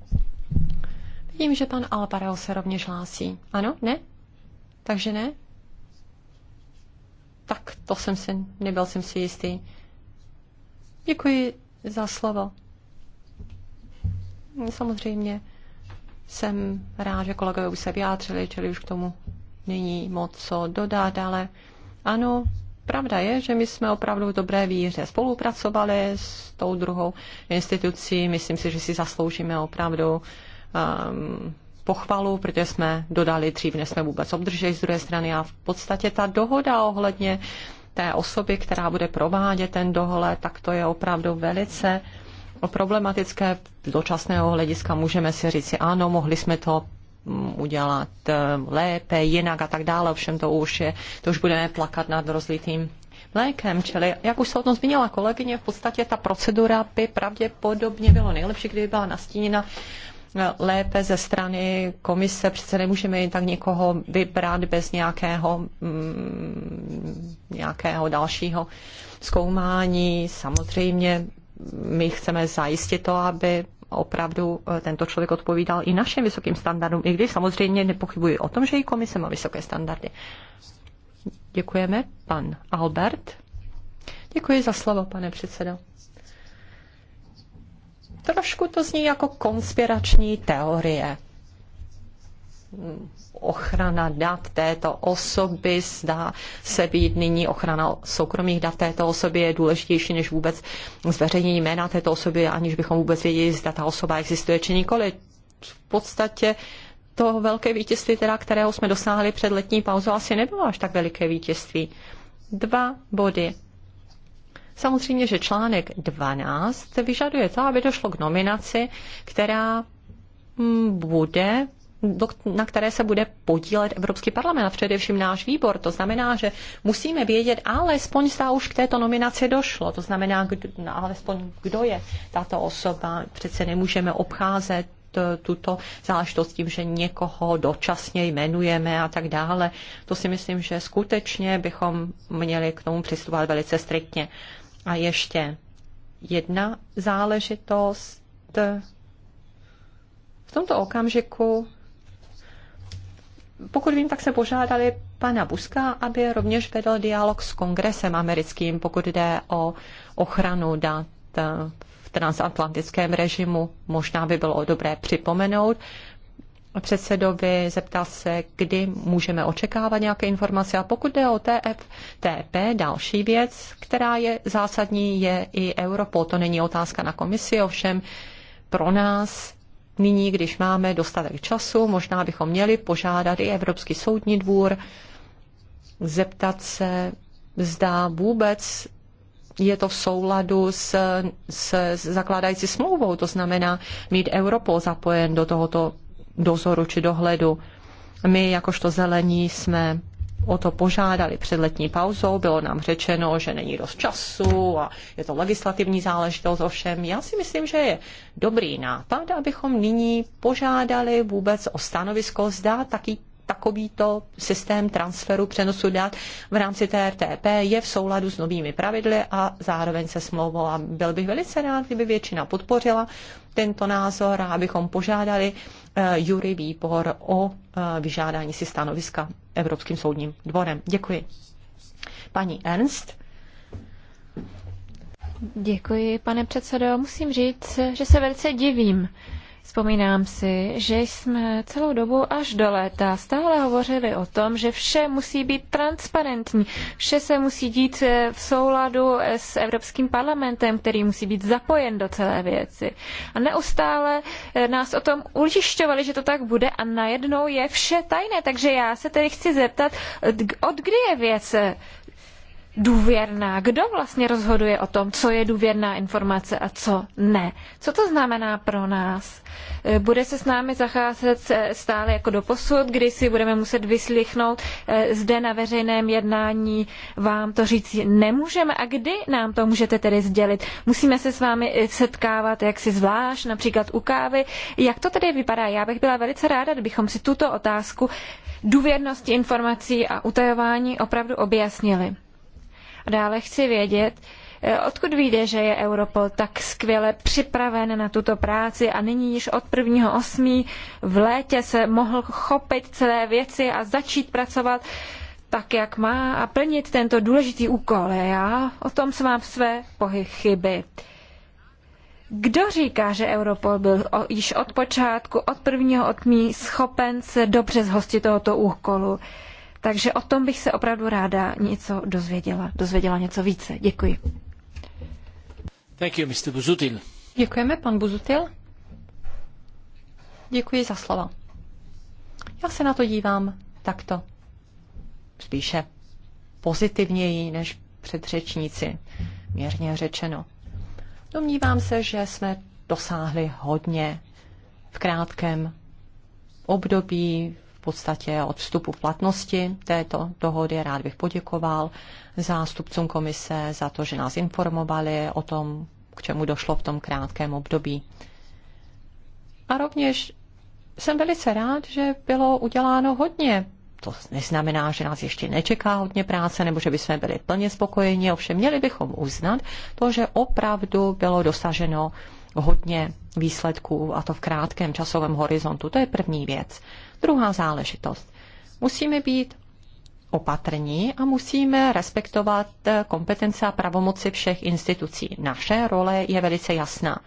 Vidím, že pan Alparel se rovněž hlásí. Ano? Ne? Takže ne? Tak to jsem se, nebyl jsem si jistý. Děkuji za slovo. Samozřejmě jsem rád, že kolegové už se vyjádřili, čili už k tomu není moc co dodat, ale ano, pravda je, že my jsme opravdu v dobré víře spolupracovali s tou druhou institucí. Myslím si, že si zasloužíme opravdu um, pochvalu, protože jsme dodali dřív, než jsme vůbec obdrželi z druhé strany a v podstatě ta dohoda ohledně té osoby, která bude provádět ten dohled, tak to je opravdu velice uh, problematické. Z dočasného hlediska můžeme si říct, ano, mohli jsme to mm, udělat eh, lépe, jinak a tak dále. Ovšem to už je, to už budeme plakat nad rozlitým mlékem. Čili, jak už se o tom zmínila kolegyně, v podstatě ta procedura by pravděpodobně bylo nejlepší, kdyby byla nastíněna eh, lépe ze strany komise. Přece nemůžeme jen tak někoho vybrat bez nějakého, mm, nějakého dalšího zkoumání. Samozřejmě my chceme zajistit to, aby opravdu eh, tento člověk odpovídal i našim vysokým standardům, i když samozřejmě nepochybuji o tom, že i komise má vysoké standardy. Děkujeme. Pan Albert. Děkuji za slovo, pane předsedo. Trošku to zní jako konspirační teorie ochrana dat této osoby zdá se být nyní ochrana soukromých dat této osoby je důležitější než vůbec zveřejnění jména této osoby, aniž bychom vůbec věděli, zda ta osoba existuje či nikoli. V podstatě to velké vítězství, teda, kterého jsme dosáhli před letní pauzou, asi nebylo až tak veliké vítězství. Dva body. Samozřejmě, že článek 12 vyžaduje to, aby došlo k nominaci, která mm, bude na které se bude podílet Evropský parlament a především náš výbor. To znamená, že musíme vědět alespoň, zda už k této nominaci došlo. To znamená, kdo, alespoň kdo je tato osoba. Přece nemůžeme obcházet eh, tuto záležitost tím, že někoho dočasně jmenujeme a tak dále. To si myslím, že skutečně bychom měli k tomu přistupovat velice striktně. A ještě jedna záležitost. V tomto okamžiku pokud vím, tak se požádali pana Buska, aby rovněž vedl dialog s kongresem americkým, pokud jde o ochranu dat eh, v transatlantickém režimu. Možná by bylo dobré připomenout předsedovi, zeptal se, kdy můžeme očekávat nějaké informace. A pokud jde o TFTP, další věc, která je zásadní, je i Europol. To není otázka na komisi, ovšem pro nás nyní, když máme dostatek času, možná bychom měli požádat i Evropský soudní dvůr, zeptat se, zda vůbec je to v souladu s, s, s zakládající smlouvou, to znamená mít Europol zapojen do tohoto dozoru či dohledu. My jakožto zelení jsme o to požádali před letní pauzou, bylo nám řečeno, že není dost času a je to legislativní záležitost ovšem. Já si myslím, že je dobrý nápad, abychom nyní požádali vůbec o stanovisko, zda taky takovýto systém transferu přenosu dat v rámci TRTP je v souladu s novými pravidly a zároveň se smlouvou. A byl bych velice rád, kdyby většina podpořila tento názor a abychom požádali Eh, jury výbor o eh, vyžádání si stanoviska Evropským soudním dvorem. Děkuji. Paní Ernst. Děkuji, pane předsedo. Musím říct, že se velice divím, Vzpomínám si, že jsme celou dobu až do léta stále hovořili o tom, že vše musí být transparentní, vše se musí dít eh, v souladu s Evropským parlamentem, který musí být zapojen do celé věci. A neustále eh, nás o tom ujišťovali, že to tak bude a najednou je vše tajné. Takže já se tedy chci zeptat, od kdy je věc eh, důvěrná? Kdo vlastně rozhoduje o tom, co je důvěrná informace a co ne? Co to znamená pro nás? Eh, bude se s námi zacházet eh, stále jako do posud, kdy si budeme muset vyslychnout eh, zde na veřejném jednání vám to říct nemůžeme a kdy nám to můžete tedy sdělit? Musíme se s vámi setkávat jaksi zvlášť, například u kávy. Jak to tedy vypadá? Já bych byla velice ráda, kdybychom si tuto otázku důvěrnosti informací a utajování opravdu objasnili. A dále chci vědět, eh, Odkud víte, že je Europol tak skvěle připraven na tuto práci a nyní již od 1.8. v létě se mohl chopit celé věci a začít pracovat tak, jak má a plnit tento důležitý úkol. Já o tom se mám své pochyby. Kdo říká, že Europol byl již od počátku, od prvního odmí schopen se dobře zhostit tohoto úkolu? Takže o tom bych se opravdu ráda něco dozvěděla, dozvěděla něco více. Děkuji. Thank you, Mr. Buzutil. Děkujeme, pan Buzutil. Děkuji za slova. Já se na to dívám takto. Spíše pozitivněji než předřečníci, mírně řečeno. Domnívám se, že jsme dosáhli hodně v krátkém období podstatě od vstupu v platnosti této dohody. Rád bych poděkoval zástupcům komise za to, že nás informovali o tom, k čemu došlo v tom krátkém období. A rovněž jsem velice rád, že bylo uděláno hodně. To neznamená, že nás ještě nečeká hodně práce, nebo že bychom byli plně spokojeni, ovšem měli bychom uznat to, že opravdu bylo dosaženo hodně výsledků, a to v krátkém časovém horizontu. To je první věc. Druhá záležitost. Musíme být opatrní a musíme respektovat eh, kompetence a pravomoci všech institucí. Naše role je velice jasná.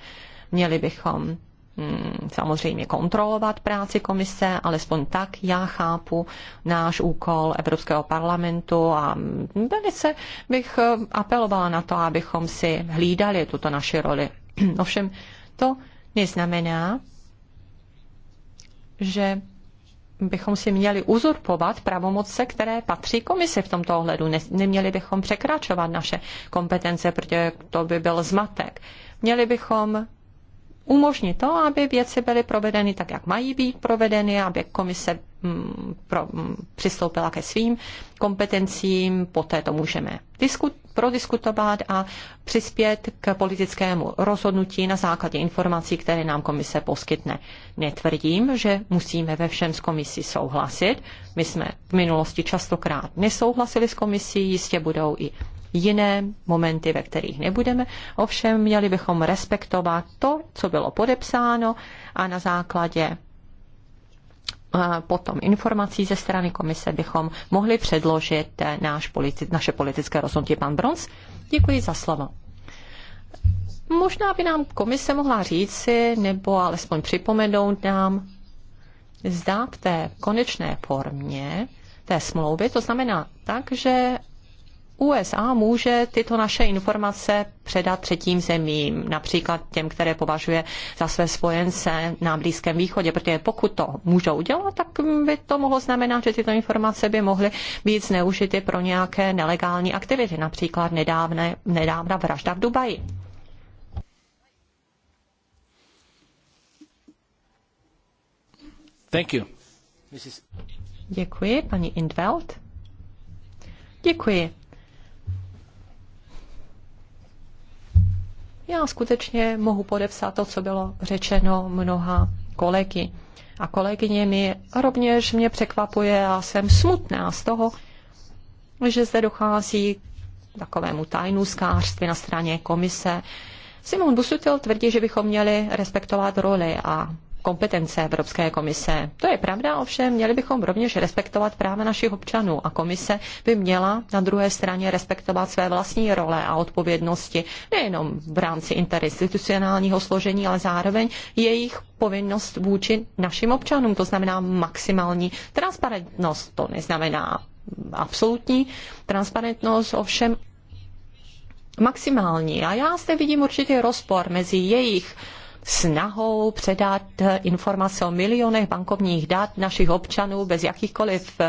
Měli bychom mm, samozřejmě kontrolovat práci komise, alespoň tak já chápu náš úkol Evropského parlamentu a mm, velice bych eh, apelovala na to, abychom si hlídali tuto naši roli. Ovšem to neznamená, že bychom si měli uzurpovat pravomoce, které patří komisi v tomto ohledu. neměli bychom překračovat naše kompetence, protože to by byl zmatek. Měli bychom umožnit to, aby věci byly provedeny tak, jak mají být provedeny, aby komise mm, pro, mm, přistoupila ke svým kompetencím, poté to můžeme diskut, prodiskutovat a přispět k politickému rozhodnutí na základě informací, které nám komise poskytne. Netvrdím, že musíme ve všem s komisí souhlasit. My jsme v minulosti častokrát nesouhlasili s komisí, jistě budou i jiné momenty, ve kterých nebudeme. Ovšem měli bychom respektovat to, co bylo podepsáno a na základě potom informací ze strany komise bychom mohli předložit eh, náš politi- naše politické rozhodnutí. Pan Bronz, děkuji za slovo. Možná by nám komise mohla říci, nebo alespoň připomenout nám, zda v té konečné formě té smlouvy, to znamená tak, že USA může tyto naše informace předat třetím zemím, například těm, které považuje za své spojence na Blízkém východě, protože pokud to můžou udělat, tak by to mohlo znamenat, že tyto informace by mohly být zneužity pro nějaké nelegální aktivity, například nedávné, nedávna vražda v Dubaji. Thank you. Děkuji, paní Indveld. Děkuji. Já skutečně mohu podepsat to, co bylo řečeno mnoha kolegy a kolegyněmi. Rovněž mě překvapuje a jsem smutná z toho, že zde dochází k takovému tajnu skářství na straně komise. Simon Busutil tvrdí, že bychom měli respektovat roli a kompetence Evropské komise. To je pravda, ovšem měli bychom rovněž respektovat práva našich občanů a komise by měla na druhé straně respektovat své vlastní role a odpovědnosti nejenom v rámci interinstitucionálního složení, ale zároveň jejich povinnost vůči našim občanům, to znamená maximální transparentnost. To neznamená absolutní transparentnost, ovšem maximální. A já zde vidím určitě rozpor mezi jejich snahou předat informace o milionech bankovních dat našich občanů bez jakýchkoliv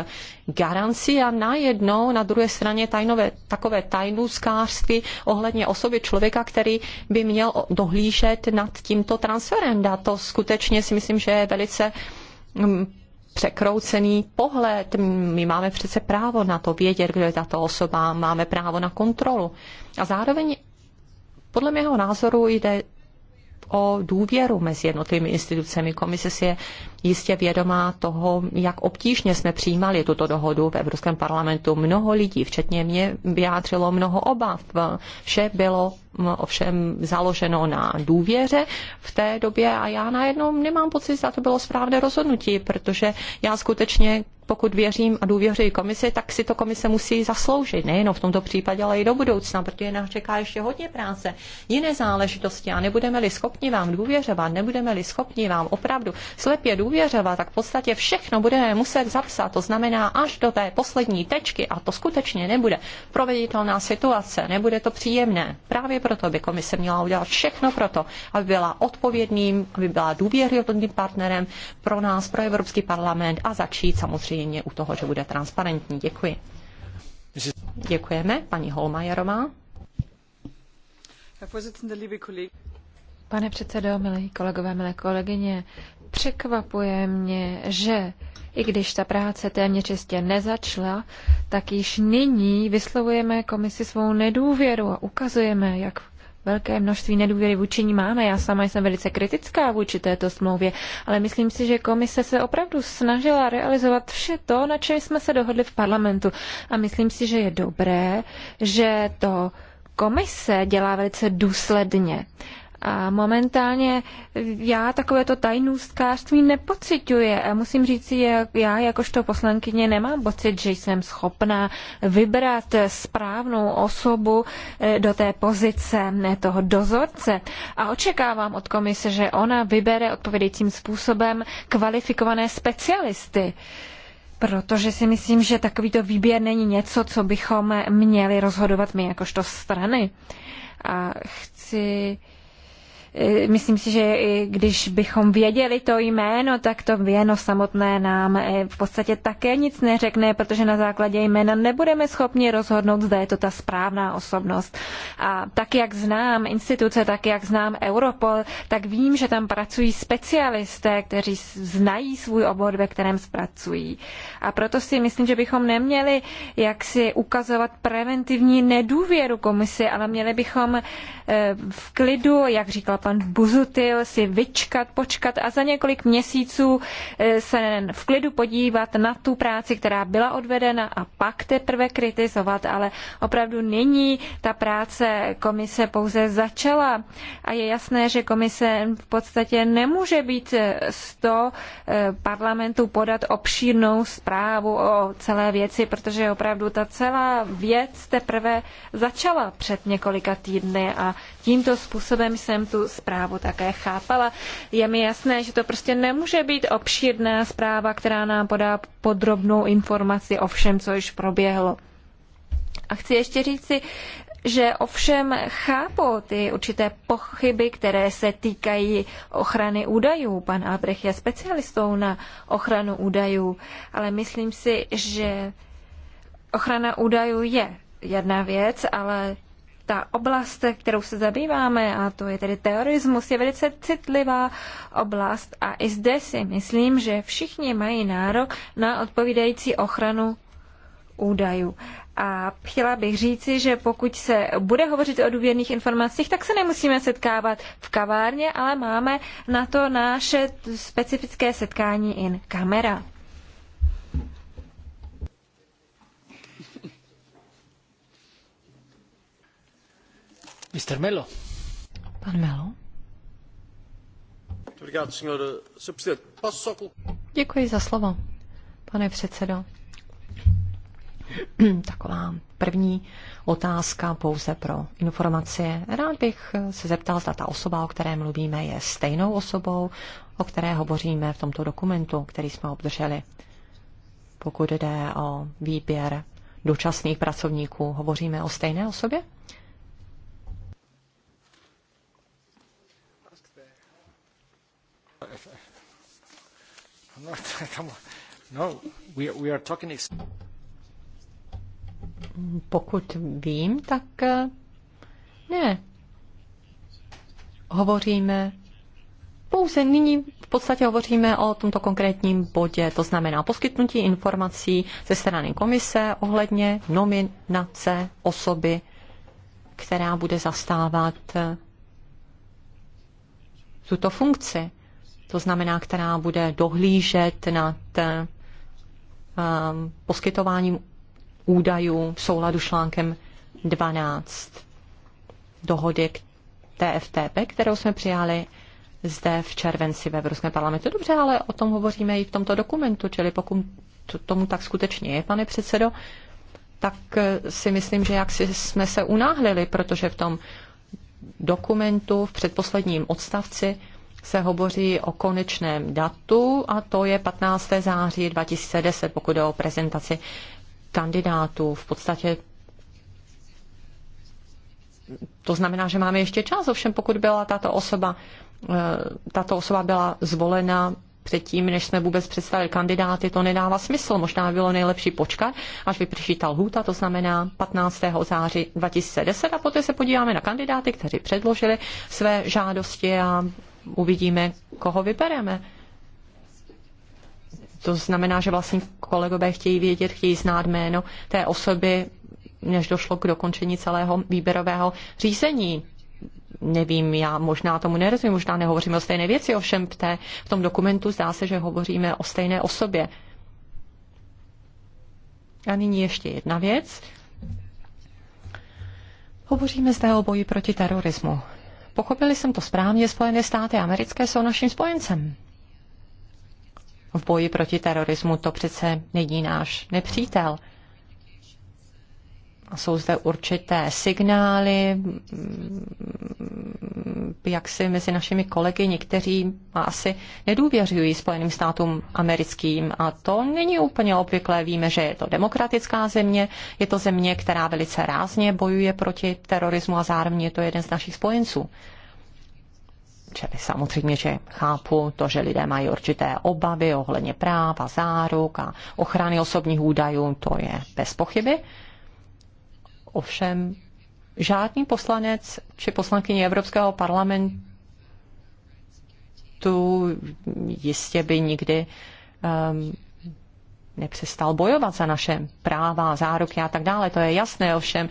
garancí a najednou na druhé straně tajnové, takové skářství ohledně osoby člověka, který by měl dohlížet nad tímto transferem dat. To skutečně si myslím, že je velice mm, překroucený pohled. My máme přece právo na to vědět, kdo je tato osoba, máme právo na kontrolu. A zároveň podle mého názoru jde o důvěru mezi jednotlivými institucemi. Komise si je jistě vědomá toho, jak obtížně jsme přijímali tuto dohodu v Evropském parlamentu. Mnoho lidí, včetně mě, vyjádřilo mnoho obav. Vše bylo ovšem založeno na důvěře v té době a já najednou nemám pocit, že to bylo správné rozhodnutí, protože já skutečně pokud věřím a důvěřuji komisi, tak si to komise musí zasloužit, nejenom v tomto případě, ale i do budoucna, protože nás čeká ještě hodně práce, jiné záležitosti a nebudeme-li schopni vám důvěřovat, nebudeme-li schopni vám opravdu slepě důvěřovat, tak v podstatě všechno budeme muset zapsat, to znamená až do té poslední tečky a to skutečně nebude proveditelná situace, nebude to příjemné. Právě proto by komise měla udělat všechno proto, aby byla odpovědným, aby byla důvěryhodným partnerem pro nás, pro Evropský parlament a začít samozřejmě samozřejmě u toho, že bude transparentní. Děkuji. Děkujeme. Paní Holmajerová. Pane předsedo, milí kolegové, milé kolegyně, překvapuje mě, že i když ta práce téměř čistě nezačla, tak již nyní vyslovujeme komisi svou nedůvěru a ukazujeme, jak velké množství nedůvěry vůči ní máme. Já sama jsem velice kritická vůči této smlouvě, ale myslím si, že komise se opravdu snažila realizovat vše to, na čem jsme se dohodli v parlamentu. A myslím si, že je dobré, že to komise dělá velice důsledně. A momentálně já takovéto tajnůstkářství nepocituje. A musím říct, že já jakožto poslankyně nemám pocit, že jsem schopná vybrat správnou osobu eh, do té pozice ne toho dozorce. A očekávám od komise, že ona vybere odpovědějícím způsobem kvalifikované specialisty. Protože si myslím, že takovýto výběr není něco, co bychom měli rozhodovat my jakožto strany. A chci Eh, myslím si, že i když bychom věděli to jméno, tak to jméno samotné nám eh, v podstatě také nic neřekne, protože na základě jména nebudeme schopni rozhodnout, zda je to ta správná osobnost. A tak, jak znám instituce, tak, jak znám Europol, tak vím, že tam pracují specialisté, kteří znají svůj obor, ve kterém pracují. A proto si myslím, že bychom neměli jaksi ukazovat preventivní nedůvěru komisi, ale měli bychom eh, v klidu, jak říkala pan Buzutil si vyčkat, počkat a za několik měsíců eh, se v klidu podívat na tu práci, která byla odvedena a pak teprve kritizovat, ale opravdu nyní ta práce komise pouze začala a je jasné, že komise v podstatě nemůže být s to eh, parlamentu podat obšírnou zprávu o celé věci, protože opravdu ta celá věc teprve začala před několika týdny a tímto způsobem jsem tu zprávu také chápala. Je mi jasné, že to prostě nemůže být obšírná zpráva, která nám podá podrobnou informaci o všem, co již proběhlo. A chci ještě říci, že ovšem chápu ty určité pochyby, které se týkají ochrany údajů. Pan Albrecht je specialistou na ochranu údajů, ale myslím si, že ochrana údajů je jedna věc, ale ta oblast, kterou se zabýváme, a to je tedy terorismus, je velice citlivá oblast a i zde si myslím, že všichni mají nárok na odpovídající ochranu údajů. A chtěla bych říci, že pokud se bude hovořit o důvěrných informacích, tak se nemusíme setkávat v kavárně, ale máme na to naše specifické setkání in kamera. Mr. Melo. Pan Melo. Děkuji za slovo, pane předsedo. Taková první otázka pouze pro informaci. Rád bych se zeptal, zda ta osoba, o které mluvíme, je stejnou osobou, o které hovoříme v tomto dokumentu, který jsme obdrželi. Pokud jde o výběr dočasných pracovníků, hovoříme o stejné osobě? No, no, Pokud vím, tak eh, ne. Hovoříme pouze nyní v podstatě hovoříme o tomto konkrétním bodě, to znamená poskytnutí informací ze strany komise ohledně nominace osoby, která bude zastávat eh, tuto funkci to znamená, která bude dohlížet nad um, poskytováním údajů v souladu s článkem 12 dohody k TFTP, kterou jsme přijali zde v červenci ve Evropském parlamentu. Dobře, ale o tom hovoříme i v tomto dokumentu, čili pokud tomu tak skutečně je, pane předsedo, tak eh, si myslím, že jak jsme se unáhlili, protože v tom dokumentu v předposledním odstavci se hovoří o konečném datu a to je 15. září 2010, pokud jde o prezentaci kandidátů. V podstatě to znamená, že máme ještě čas, ovšem pokud byla tato osoba, eh, tato osoba byla zvolena předtím, než jsme vůbec představili kandidáty, to nedává smysl. Možná bylo nejlepší počkat, až vyprší ta lhůta, to znamená 15. září 2010 a poté se podíváme na kandidáty, kteří předložili své žádosti a uvidíme, koho vybereme. To znamená, že vlastně kolegové chtějí vědět, chtějí znát jméno té osoby, než došlo k dokončení celého výběrového řízení. Nevím, já možná tomu nerozumím, možná nehovoříme o stejné věci, ovšem v, té, v tom dokumentu zdá se, že hovoříme o stejné osobě. A nyní ještě jedna věc. Hovoříme zde o boji proti terorismu pochopili jsem to správně, Spojené státy americké jsou naším spojencem. V boji proti terorismu to přece není náš nepřítel jsou zde určité signály, jak si mezi našimi kolegy někteří asi nedůvěřují Spojeným státům americkým a to není úplně obvyklé. Víme, že je to demokratická země, je to země, která velice rázně bojuje proti terorismu a zároveň je to jeden z našich spojenců. Čili samozřejmě, že chápu to, že lidé mají určité obavy ohledně práva, záruk a ochrany osobních údajů, to je bez pochyby. Ovšem žádný poslanec či poslankyně Evropského parlamentu jistě by nikdy um, nepřestal bojovat za naše práva, záruky a tak dále. To je jasné, ovšem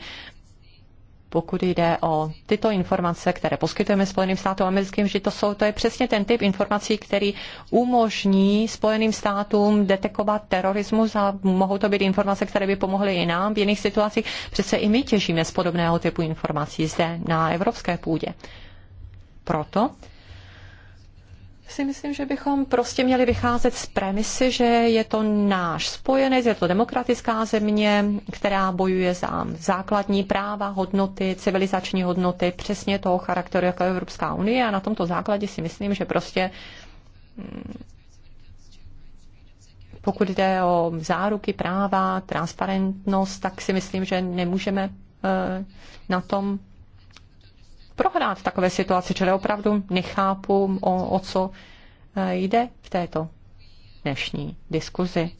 pokud jde o tyto informace, které poskytujeme Spojeným státům americkým, že to, jsou, to je přesně ten typ informací, který umožní Spojeným státům detekovat terorismus a mohou to být informace, které by pomohly i nám v jiných situacích. Přece i my těžíme z podobného typu informací zde na evropské půdě. Proto si myslím, že bychom prostě měli vycházet z premisy, že je to náš spojenec, je to demokratická země, která bojuje za základní práva, hodnoty, civilizační hodnoty, přesně toho charakteru jako Evropská unie a na tomto základě si myslím, že prostě mm, pokud jde o záruky práva, transparentnost, tak si myslím, že nemůžeme eh, na tom prohrát v takové situaci, čili opravdu nechápu, o, o co e, jde v této dnešní diskuzi.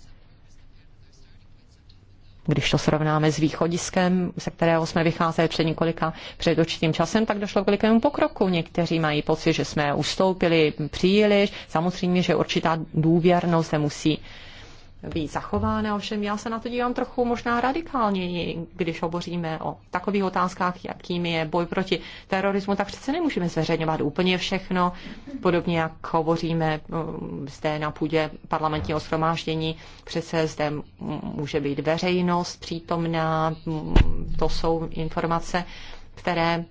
Když to srovnáme s východiskem, se kterého jsme vycházeli před několika před určitým časem, tak došlo k velikému pokroku. Někteří mají pocit, že jsme ustoupili příliš. Samozřejmě, že určitá důvěrnost se musí uh, být zachována, ovšem já se na to dívám trochu možná radikálněji, když hovoříme o takových otázkách, jakým je boj proti terorismu, tak přece nemůžeme zveřejňovat úplně všechno, podobně jak hovoříme mm, zde na půdě parlamentního shromáždění, přece zde může být veřejnost přítomná, to jsou informace, které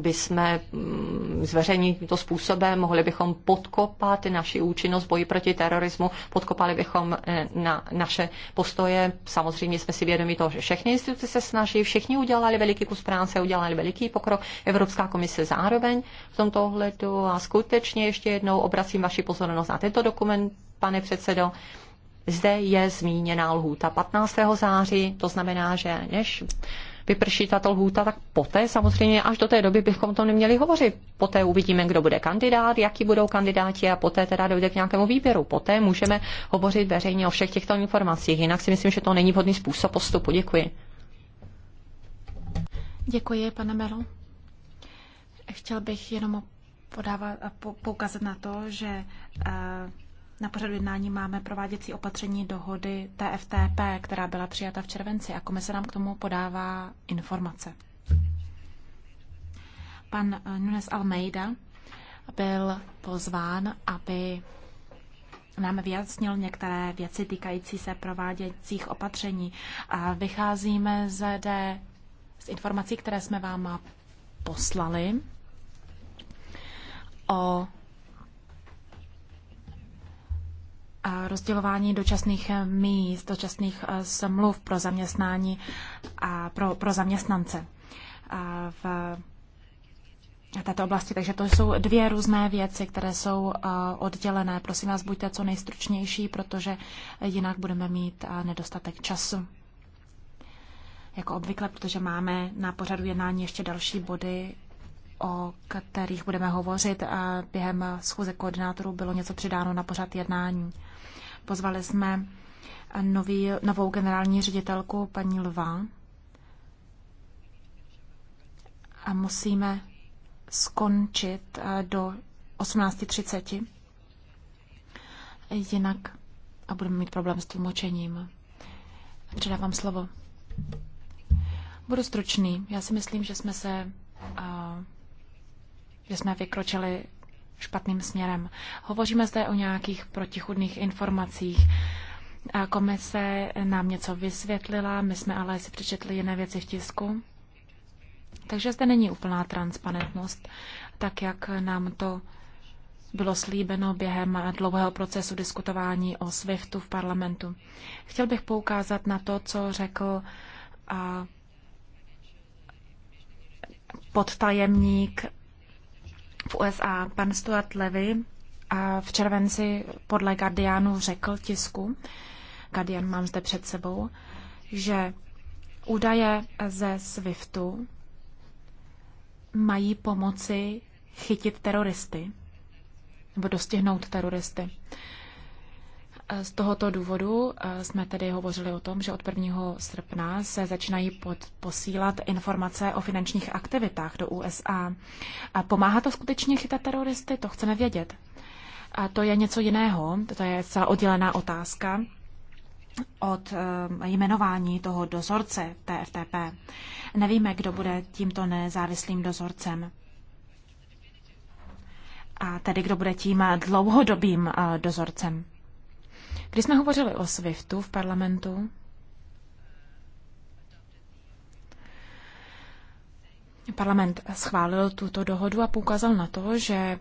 bychom mm, zveřejnit tímto způsobem, mohli bychom podkopat naši účinnost boji proti terorismu, podkopali bychom eh, na naše postoje. Samozřejmě jsme si vědomi toho, že všechny instituce se snaží, všichni udělali veliký kus práce, udělali veliký pokrok. Evropská komise zároveň v tomto ohledu a skutečně ještě jednou obracím vaši pozornost na tento dokument, pane předsedo. Zde je zmíněná lhůta 15. září, to znamená, že než vyprší tato lhůta, tak poté samozřejmě až do té doby bychom to neměli hovořit. Poté uvidíme, kdo bude kandidát, jaký budou kandidáti a poté teda dojde k nějakému výběru. Poté můžeme hovořit veřejně o všech těchto informacích. Jinak si myslím, že to není vhodný způsob postupu. Děkuji. Děkuji, pane Melo. Chtěl bych jenom podávat a poukazat na to, že eh, na pořadu jednání máme prováděcí opatření dohody TFTP, která byla přijata v červenci a komise nám k tomu podává informace. Pan Nunes Almeida byl pozván, aby nám vyjasnil některé věci týkající se prováděcích opatření. A vycházíme zde z informací, které jsme vám poslali o rozdělování dočasných eh, míst, dočasných eh, smluv pro zaměstnání a pro, pro zaměstnance eh, v této oblasti. Takže to jsou dvě různé věci, které jsou oddělené. Prosím vás, buďte co nejstručnější, protože jinak budeme mít nedostatek času. Jako obvykle, protože máme na pořadu jednání ještě další body, o kterých budeme hovořit. A během schůze koordinátorů bylo něco přidáno na pořad jednání. Pozvali jsme nový, novou generální ředitelku paní Lva a musíme skončit do 18.30, jinak a budeme mít problém s tlumočením. Předávám slovo. Budu stručný. Já si myslím, že jsme se že jsme vykročili špatným směrem. Hovoříme zde o nějakých protichudných informacích. A komise nám něco vysvětlila, my jsme ale si přečetli jiné věci v tisku. Takže zde není úplná transparentnost, tak jak nám to bylo slíbeno během dlouhého procesu diskutování o SWIFTu v parlamentu. Chtěl bych poukázat na to, co řekl podtajemník v USA. Pan Stuart Levy v červenci podle Guardianu řekl tisku, Guardian mám zde před sebou, že údaje ze SWIFTu mají pomoci chytit teroristy nebo dostihnout teroristy. Z tohoto důvodu eh, jsme tedy hovořili o tom, že od 1. srpna se začínají pod, posílat informace o finančních aktivitách do USA. A pomáhá to skutečně chytat teroristy? To chceme vědět. A to je něco jiného, to je celá oddělená otázka od eh, jmenování toho dozorce TFTP. Nevíme, kdo bude tímto nezávislým dozorcem. A tedy kdo bude tím dlouhodobým eh, dozorcem. Když jsme hovořili o SWIFTu v parlamentu, Parlament schválil tuto dohodu a poukázal na to, že eh,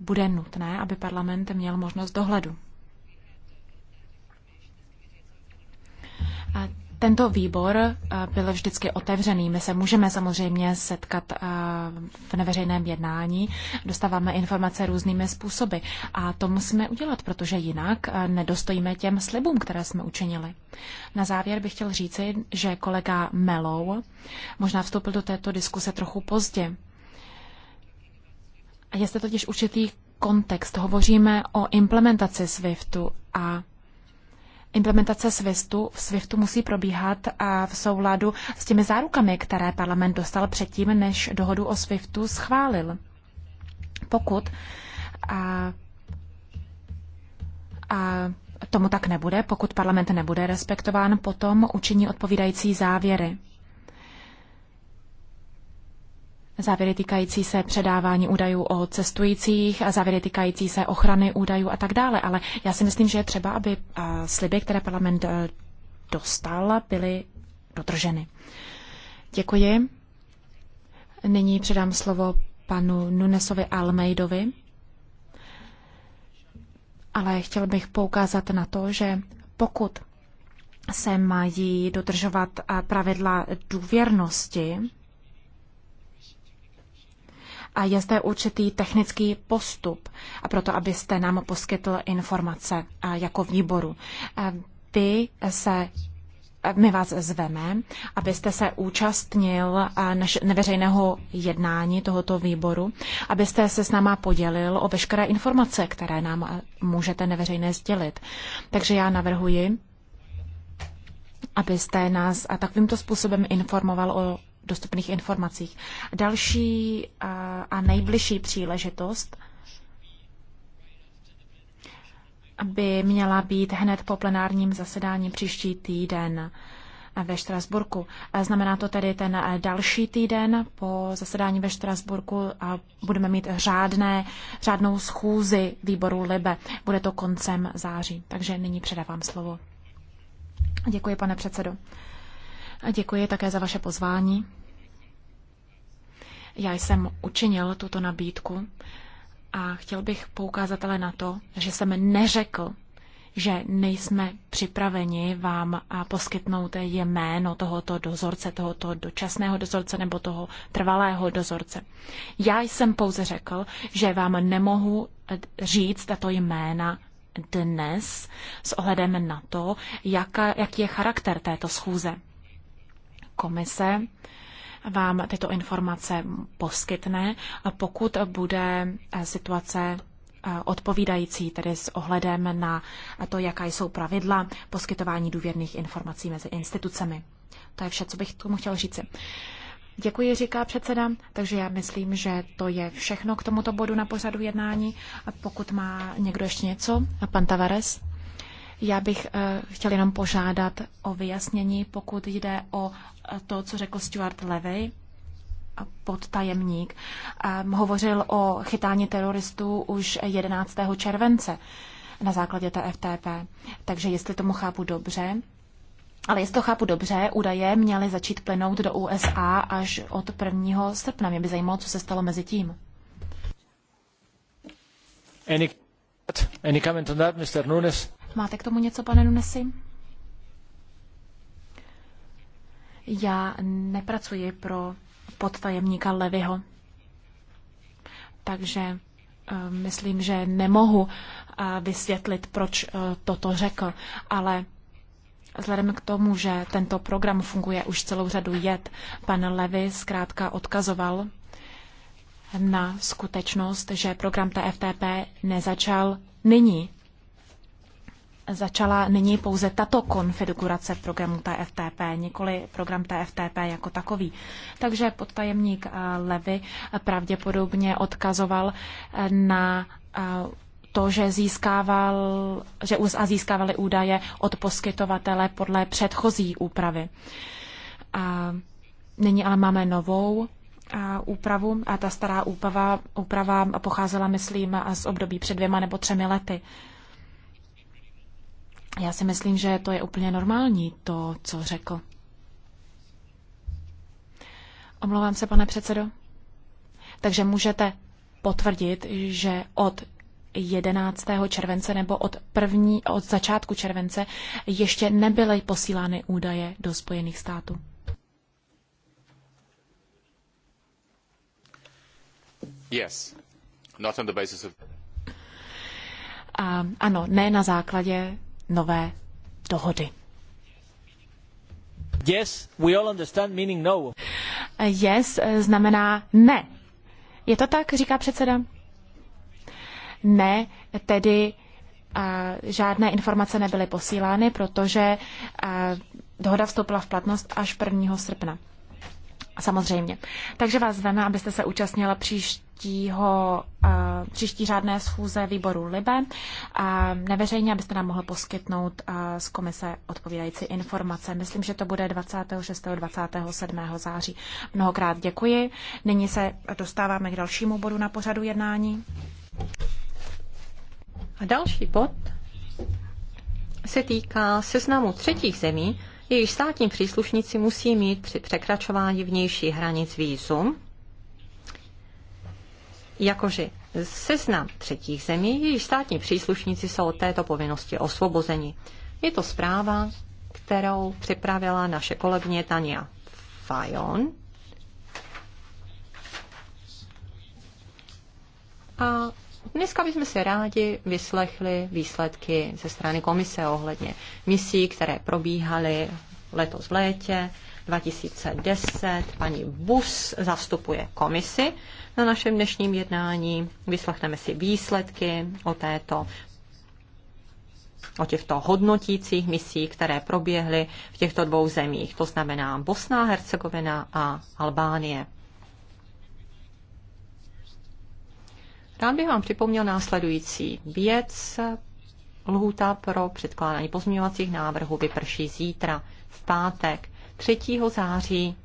bude nutné, aby parlament měl možnost dohledu. A tento výbor eh, byl vždycky otevřený. My se můžeme samozřejmě setkat eh, v neveřejném jednání, dostáváme informace různými způsoby a to musíme udělat, protože jinak eh, nedostojíme těm slibům, které jsme učinili. Na závěr bych chtěl říci, že kolega Melou možná vstoupil do této diskuse trochu pozdě. Je zde totiž určitý kontext. Hovoříme o implementaci SWIFTu a Implementace SWIFTu, SWIFTu musí probíhat a v souladu s těmi zárukami, které parlament dostal předtím, než dohodu o SWIFTu schválil. Pokud a, a tomu tak nebude, pokud parlament nebude respektován, potom učiní odpovídající závěry. závěry týkající se předávání údajů o cestujících, závěry týkající se ochrany údajů a tak dále. Ale já si myslím, že je třeba, aby sliby, které parlament e, dostal, byly dodrženy. Děkuji. Nyní předám slovo panu Nunesovi Almeidovi. Ale chtěl bych poukázat na to, že pokud se mají dodržovat pravidla důvěrnosti, a je zde určitý technický postup, a proto abyste nám poskytl informace jako výboru. Vy se my vás zveme, abyste se účastnil naš, neveřejného jednání tohoto výboru, abyste se s náma podělil o veškeré informace, které nám můžete neveřejné sdělit. Takže já navrhuji, abyste nás a takovýmto způsobem informoval o dostupných informacích. Další a nejbližší příležitost by měla být hned po plenárním zasedání příští týden ve Štrasburku. Znamená to tedy ten další týden po zasedání ve Štrasburku a budeme mít řádné, řádnou schůzi výboru Libe. Bude to koncem září, takže nyní předávám slovo. Děkuji, pane předsedo. A děkuji také za vaše pozvání. Já jsem učinil tuto nabídku a chtěl bych poukázat ale na to, že jsem neřekl, že nejsme připraveni vám a poskytnout jméno tohoto dozorce, tohoto dočasného dozorce nebo toho trvalého dozorce. Já jsem pouze řekl, že vám nemohu e, říct tato jména dnes s ohledem na to, jaká, jaký je charakter této schůze. Komise vám tyto informace poskytne, pokud bude eh, situace eh, odpovídající, tedy s ohledem na to, jaká jsou pravidla poskytování důvěrných informací mezi institucemi. To je vše, co bych tomu chtěl říci. Děkuji, říká předseda. Takže já myslím, že to je všechno k tomuto bodu na pořadu jednání. A pokud má někdo ještě něco, a pan Tavares? Já bych eh, chtěl jenom požádat o vyjasnění, pokud jde o eh, to, co řekl Stuart Levy, podtajemník. Eh, hovořil o chytání teroristů už 11. července na základě té FTP. Takže jestli tomu chápu dobře, ale jestli to chápu dobře, údaje měly začít plynout do USA až od 1. srpna. Mě by zajímalo, co se stalo mezi tím. Any, any comment on that, Mr. Nunes? Máte k tomu něco, pane Nunesi? Já nepracuji pro podtajemníka Levyho, takže eh, myslím, že nemohu eh, vysvětlit, proč eh, toto řekl, ale Vzhledem k tomu, že tento program funguje už celou řadu let, pan Levy zkrátka odkazoval na skutečnost, že program TFTP nezačal nyní začala nyní pouze tato konfigurace programu TFTP, nikoli program TFTP jako takový. Takže podtajemník eh, Levy pravděpodobně odkazoval eh, na eh, to, že, získával, že USA získávali údaje od poskytovatele podle předchozí úpravy. A nyní ale máme novou a úpravu a ta stará úprava, úprava pocházela, myslím, z období před dvěma nebo třemi lety. Já si myslím, že to je úplně normální, to, co řekl. Omlouvám se, pane předsedo. Takže můžete potvrdit, že od 11. července nebo od, první, od začátku července ještě nebyly posílány údaje do Spojených států. Yes. Not on the basis of... A, ano, ne na základě nové dohody. Yes, we all understand meaning no. Yes eh, znamená ne. Je to tak, říká předseda? Ne, tedy a, eh, žádné informace nebyly posílány, protože a, eh, dohoda vstoupila v platnost až 1. srpna samozřejmě. Takže vás zveme, abyste se účastnila příštího, eh, příští řádné schůze výboru LIBE. Neveřejně, abyste nám mohl poskytnout eh, z komise odpovídající informace. Myslím, že to bude 26. 27. září. Mnohokrát děkuji. Nyní se dostáváme k dalšímu bodu na pořadu jednání. A další bod se týká seznamu třetích zemí, jejich státní příslušníci musí mít při překračování vnější hranic výzum, jakože seznam třetích zemí, jejich státní příslušníci jsou od této povinnosti osvobozeni. Je to zpráva, kterou připravila naše kolegyně Tania Fajon. A Dneska bychom si rádi vyslechli výsledky ze strany komise ohledně misí, které probíhaly letos v létě 2010. Paní Bus zastupuje komisi na našem dnešním jednání. Vyslechneme si výsledky o této o těchto hodnotících misí, které proběhly v těchto dvou zemích, to znamená Bosna, Hercegovina a Albánie. Rád bych vám připomněl následující věc. Lhůta pro předkládání pozměňovacích návrhů vyprší zítra, v pátek, 3. září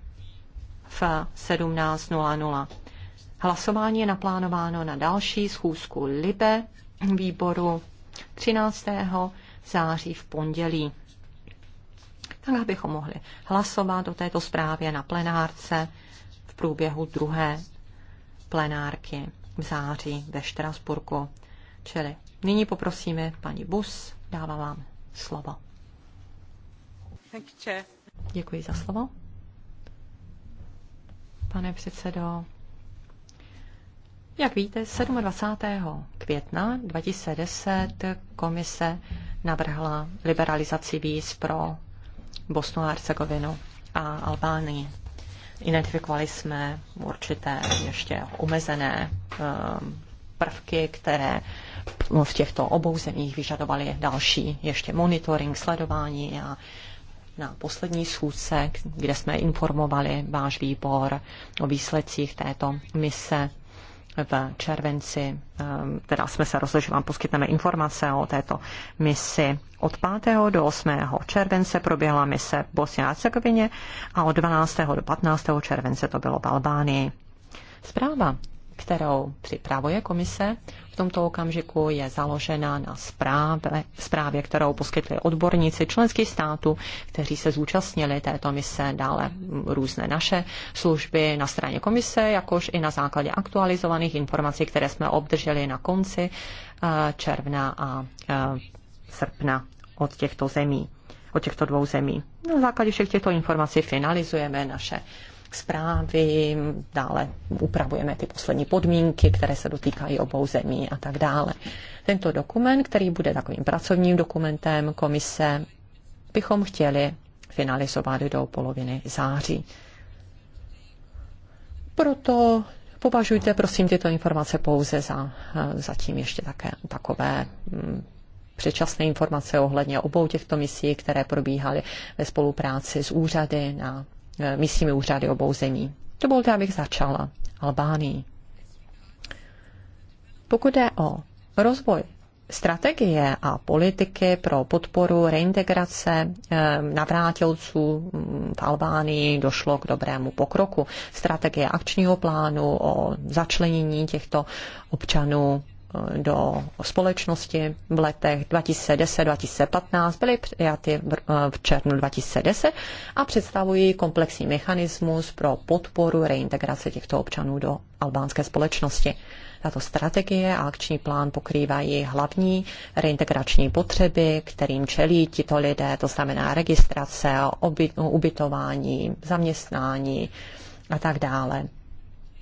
v 17.00. Hlasování je naplánováno na další schůzku LIBE výboru 13. září v pondělí. Tak, abychom mohli hlasovat o této zprávě na plenárce v průběhu druhé plenárky v září ve Štrasburku. Čili nyní poprosíme paní Bus, dávám vám slovo. Děkuji za slovo. Pane předsedo, jak víte, 27. května 2010 komise navrhla liberalizaci víz pro Bosnu a Hercegovinu a Albánii. Identifikovali jsme určité ještě omezené ehm, prvky, které v těchto obou zemích vyžadovaly další ještě monitoring, sledování a na poslední schůzce, kde jsme informovali váš výbor o výsledcích této mise, v červenci, ehm, teda jsme se rozhodli, že vám poskytneme informace o této misi. Od 5. do 8. července proběhla mise v Bosně a Hercegovině a od 12. do 15. července to bylo v Albánii. Zpráva kterou připravuje komise v tomto okamžiku, je založena na zprávě, zprávě kterou poskytli odborníci členských států, kteří se zúčastnili této mise, dále různé naše služby na straně komise, jakož i na základě aktualizovaných informací, které jsme obdrželi na konci eh, června a eh, srpna od těchto zemí, od těchto dvou zemí. Na základě všech těchto informací finalizujeme naše zprávy, dále upravujeme ty poslední podmínky, které se dotýkají obou zemí a tak dále. Tento dokument, který bude takovým pracovním dokumentem komise, bychom chtěli finalizovat do poloviny září. Proto považujte prosím tyto informace pouze za zatím ještě také takové mm, předčasné informace ohledně obou těchto misí, které probíhaly ve spolupráci s úřady na Eh, místními úřady obou zemí. Dovolte, abych začala. Albánii. Pokud jde o rozvoj strategie a politiky pro podporu reintegrace eh, navrátilců mm, v Albánii došlo k dobrému pokroku. Strategie akčního plánu o začlenění těchto občanů do společnosti v letech 2010-2015, byly přijaty v eh, červnu 2010 a představují komplexní mechanismus pro podporu reintegrace těchto občanů do albánské společnosti. Tato strategie a akční plán pokrývají hlavní reintegrační potřeby, kterým čelí tito lidé, to znamená registrace, ubytování, zaměstnání a tak dále.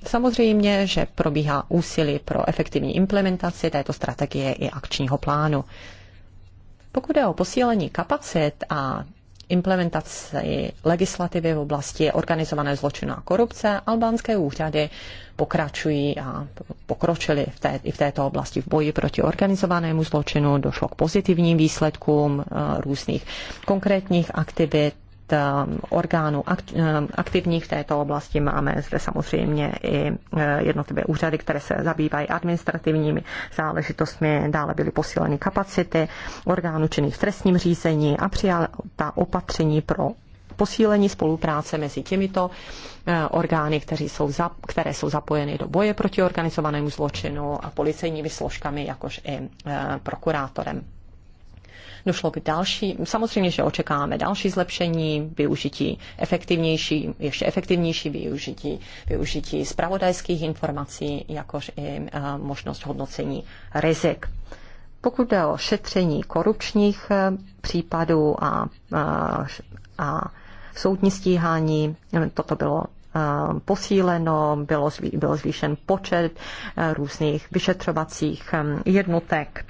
Samozřejmě, že probíhá úsilí pro efektivní implementaci této strategie i akčního plánu. Pokud je o posílení kapacit a implementaci legislativy v oblasti organizované zločinu a korupce, albánské úřady pokračují a pokročili v té, i v této oblasti v boji proti organizovanému zločinu. Došlo k pozitivním výsledkům eh, různých konkrétních aktivit Eh, orgánů eh, aktivních v této oblasti. Máme zde samozřejmě i eh, jednotlivé úřady, které se zabývají administrativními záležitostmi. Dále byly posíleny kapacity orgánů činných v trestním řízení a přijata opatření pro posílení spolupráce mezi těmito orgány, kteří jsou za, které jsou zapojeny do boje proti organizovanému zločinu a policejními složkami, jakož i prokurátorem došlo k další, samozřejmě, že očekáváme další zlepšení, využití efektivnější, ještě efektivnější využití, využití zpravodajských informací, jakož i eh, možnost hodnocení rizik. Pokud jde o šetření korupčních eh, případů a, a, eh, a soudní stíhání, toto bylo posíleno, bylo, byl zvýšen počet různých vyšetřovacích jednotek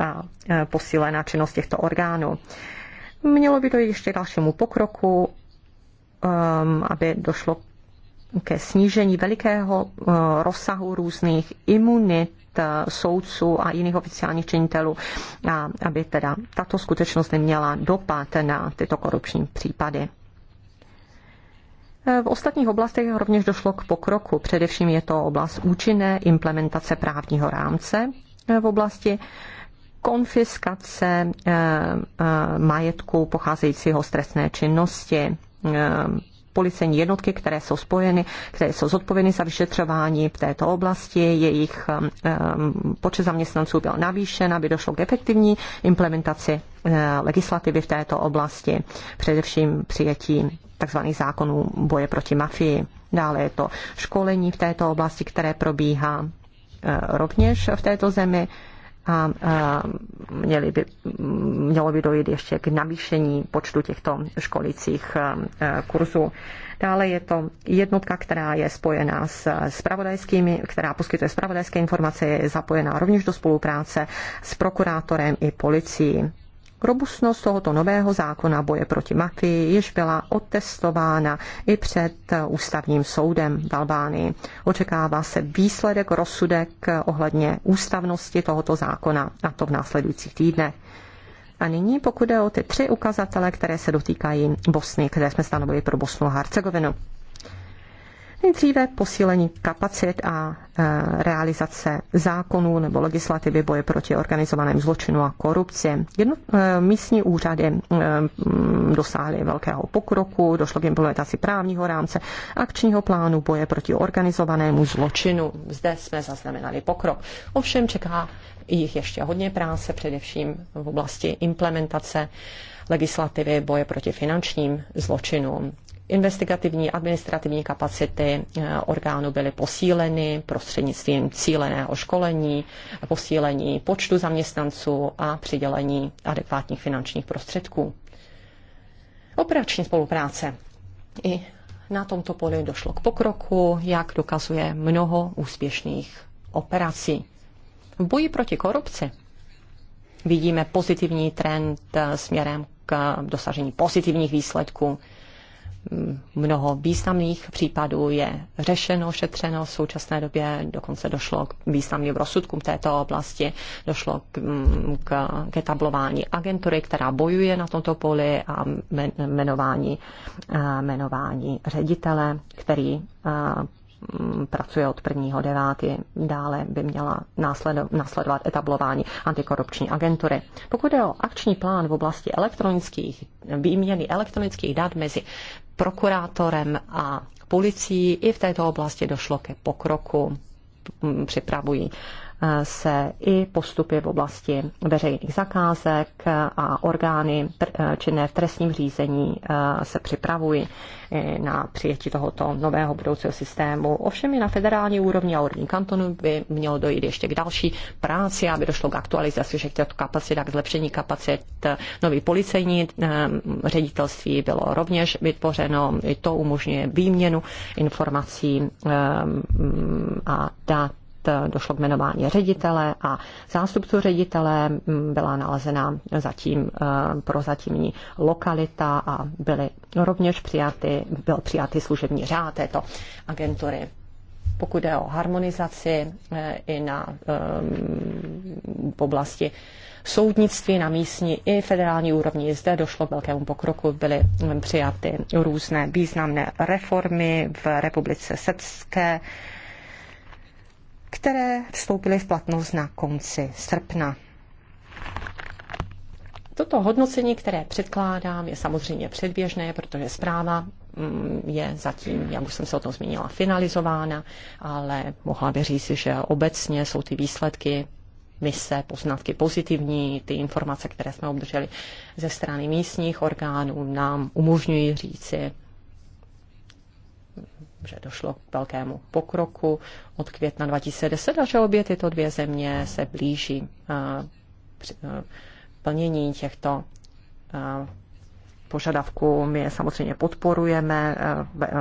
a e, posílená činnost těchto orgánů. Mělo by dojít ještě dalšímu pokroku, um, aby došlo ke snížení velikého e, rozsahu různých imunit e, soudců a jiných oficiálních činitelů, a aby teda tato skutečnost neměla dopad na tyto korupční případy. V ostatních oblastech rovněž došlo k pokroku. Především je to oblast účinné implementace právního rámce v oblasti konfiskace eh, eh, majetku pocházejícího z trestné činnosti eh, policejní jednotky, které jsou spojeny, které jsou zodpovědny za vyšetřování v této oblasti. Jejich počet zaměstnanců byl navýšen, aby došlo k efektivní implementaci legislativy v této oblasti, především přijetí tzv. zákonů boje proti mafii. Dále je to školení v této oblasti, které probíhá rovněž v této zemi a, a měli by, mělo by dojít ještě k navýšení počtu těchto školicích kurzů. Dále je to jednotka, která je spojená s spravodajskými, která poskytuje spravodajské informace, je zapojená rovněž do spolupráce s prokurátorem i policií. Robustnost tohoto nového zákona boje proti mafii již byla otestována i před ústavním soudem v Albánii. Očekává se výsledek rozsudek ohledně ústavnosti tohoto zákona, a to v následujících týdnech. A nyní, pokud jde o ty tři ukazatele, které se dotýkají Bosny, které jsme stanovili pro Bosnu a Hercegovinu. Nejdříve posílení kapacit a e, realizace zákonů nebo legislativy boje proti organizovanému zločinu a korupci. Jedno, e, místní úřady e, dosáhly velkého pokroku, došlo k implementaci právního rámce akčního plánu boje proti organizovanému zločinu. Zde jsme zaznamenali pokrok. Ovšem čeká jich ještě hodně práce, především v oblasti implementace legislativy boje proti finančním zločinům investigativní administrativní kapacity eh, orgánu byly posíleny prostřednictvím cíleného školení, posílení počtu zaměstnanců a přidělení adekvátních finančních prostředků. Operační spolupráce. I na tomto poli došlo k pokroku, jak dokazuje mnoho úspěšných operací. V boji proti korupci vidíme pozitivní trend eh, směrem k dosažení pozitivních výsledků mnoho významných případů je řešeno, šetřeno. V současné době dokonce došlo k významným rozsudkům této oblasti, došlo k, mm, k, k etablování agentury, která bojuje na tomto poli a jmenování, jmenování ředitele, který mm, pracuje od 1.9. Dále by měla následovat etablování antikorupční agentury. Pokud je o akční plán v oblasti elektronických výměny elektronických dat mezi prokurátorem a policií. I v této oblasti došlo ke pokroku. Připravují se i postupy v oblasti veřejných zakázek a orgány činné v trestním řízení eh, se připravují na přijetí tohoto nového budoucího systému. Ovšem i na federální úrovni a úrovni kantonu by mělo dojít ještě k další práci, aby došlo k aktualizaci všech těchto kapacit k zlepšení kapacit. Eh, nový policejní eh, ředitelství bylo rovněž vytvořeno, i to umožňuje výměnu informací a dat Eh, došlo k jmenování ředitele a zástupců ředitele mm, byla nalezena zatím eh, prozatímní lokalita a byly rovněž přijaty, byl přijatý služební řád této agentury pokud jde o harmonizaci eh, i na v oblasti soudnictví na místní i federální úrovni. Zde došlo k velkému pokroku, byly mm, přijaty různé významné reformy v republice Srbské, které vstoupily v platnost na konci srpna. Toto hodnocení, které předkládám, je samozřejmě předběžné, protože zpráva mm, je zatím, jak už jsem se o tom zmínila, finalizována, ale mohla by říct, že obecně jsou ty výsledky mise, poznatky pozitivní, ty informace, které jsme obdrželi ze strany místních orgánů, nám umožňují říci, že došlo k velkému pokroku od května 2010 a že obě tyto dvě země se blíží plnění těchto požadavků. My je samozřejmě podporujeme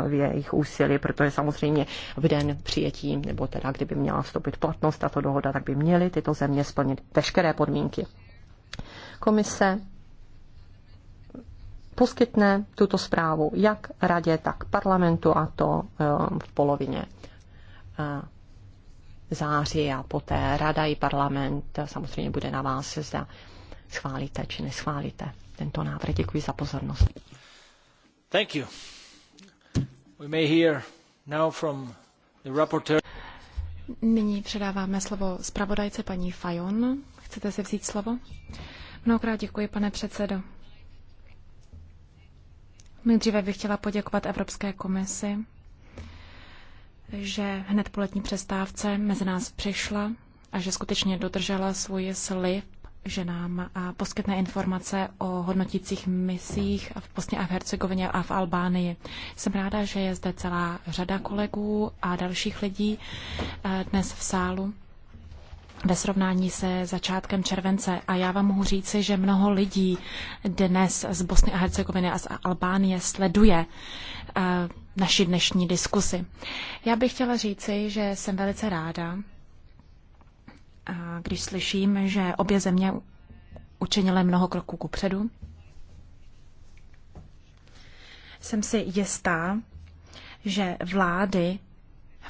v jejich úsilí, protože samozřejmě v den přijetí, nebo teda kdyby měla vstoupit platnost tato dohoda, tak by měly tyto země splnit veškeré podmínky. Komise poskytne tuto zprávu jak radě, tak parlamentu a to eh, v polovině eh, září a poté rada i parlament. Eh, samozřejmě bude na vás, zda schválíte či neschválíte tento návrh. Děkuji za pozornost. Thank you. We may hear now from the rapporteur. Nyní předáváme slovo zpravodajce paní Fajon. Chcete si vzít slovo? Mnohokrát děkuji, pane předsedo. Nejdříve bych chtěla poděkovat Evropské komisi, že hned po letní přestávce mezi nás přišla a že skutečně dodržela svůj slib, že nám poskytne informace o hodnotících misích v Bosně a v Hercegovině a v Albánii. Jsem ráda, že je zde celá řada kolegů a dalších lidí eh, dnes v sálu ve srovnání se začátkem července. A já vám mohu říci, že mnoho lidí dnes z Bosny a Hercegoviny a z Albánie sleduje eh, naši dnešní diskusy. Já bych chtěla říci, že jsem velice ráda, eh, když slyším, že obě země učinily mnoho kroků kupředu. Jsem si jistá, že vlády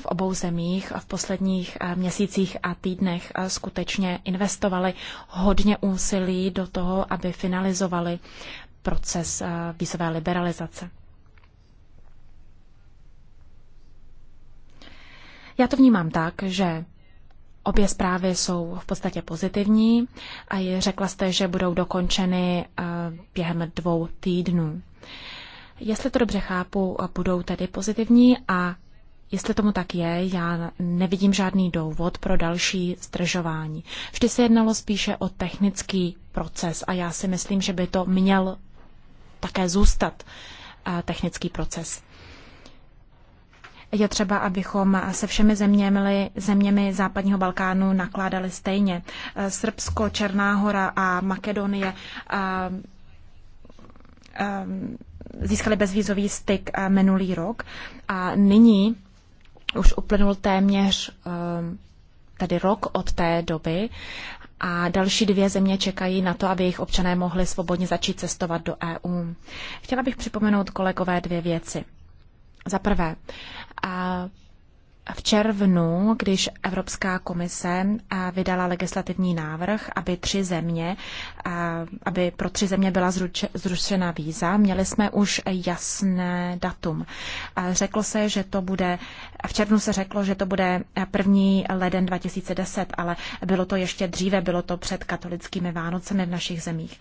v obou zemích v posledních eh, měsících a týdnech eh, skutečně investovali hodně úsilí do toho, aby finalizovali proces eh, vízové liberalizace. Já to vnímám tak, že obě zprávy jsou v podstatě pozitivní a řekla jste, že budou dokončeny během dvou týdnů. Jestli to dobře chápu, budou tedy pozitivní a Jestli tomu tak je, já nevidím žádný důvod pro další zdržování. Vždy se jednalo spíše o technický proces a já si myslím, že by to měl také zůstat eh, technický proces. Je třeba, abychom se všemi zeměmi, zeměmi západního Balkánu nakládali stejně. Eh, Srbsko, Černá hora a Makedonie a, eh, a, získali bezvízový styk minulý rok a nyní už uplynul téměř ehm, tady rok od té doby a další dvě země čekají na to, aby jejich občané mohli svobodně začít cestovat do EU. Chtěla bych připomenout kolegové dvě věci. Za prvé, v červnu, když Evropská komise vydala legislativní návrh, aby tři země, aby pro tři země byla zrušena víza, měli jsme už jasné datum. Řeklo se, že to bude, v červnu se řeklo, že to bude první leden 2010, ale bylo to ještě dříve, bylo to před katolickými Vánocemi v našich zemích.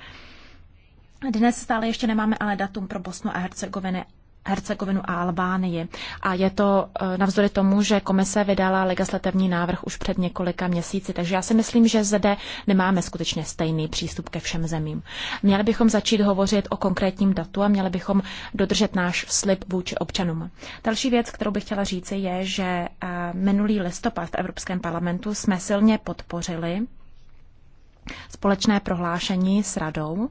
Dnes stále ještě nemáme ale datum pro Bosnu a Hercegovinu Hercegovinu a Albánii. A je to e, navzdory tomu, že komise vydala legislativní návrh už před několika měsíci. Takže já si myslím, že zde nemáme skutečně stejný přístup ke všem zemím. Měli bychom začít hovořit o konkrétním datu a měli bychom dodržet náš slib vůči občanům. Další věc, kterou bych chtěla říci, je, že e, minulý listopad v Evropském parlamentu jsme silně podpořili společné prohlášení s radou,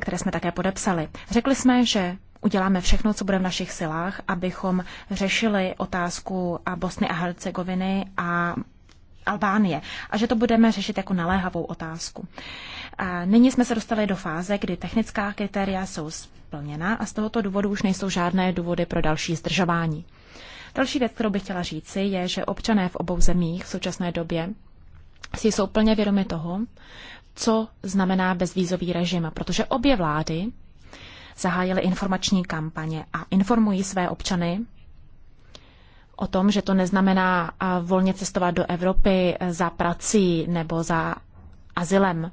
které jsme také podepsali. Řekli jsme, že uděláme všechno, co bude v našich silách, abychom řešili otázku Bosny a Hercegoviny a Albánie a že to budeme řešit jako naléhavou otázku. A nyní jsme se dostali do fáze, kdy technická kritéria jsou splněna a z tohoto důvodu už nejsou žádné důvody pro další zdržování. Další věc, kterou bych chtěla říci, je, že občané v obou zemích v současné době si jsou plně vědomi toho, co znamená bezvízový režim, protože obě vlády zahájili informační kampaně a informují své občany o tom, že to neznamená volně cestovat do Evropy e, za prací nebo za azylem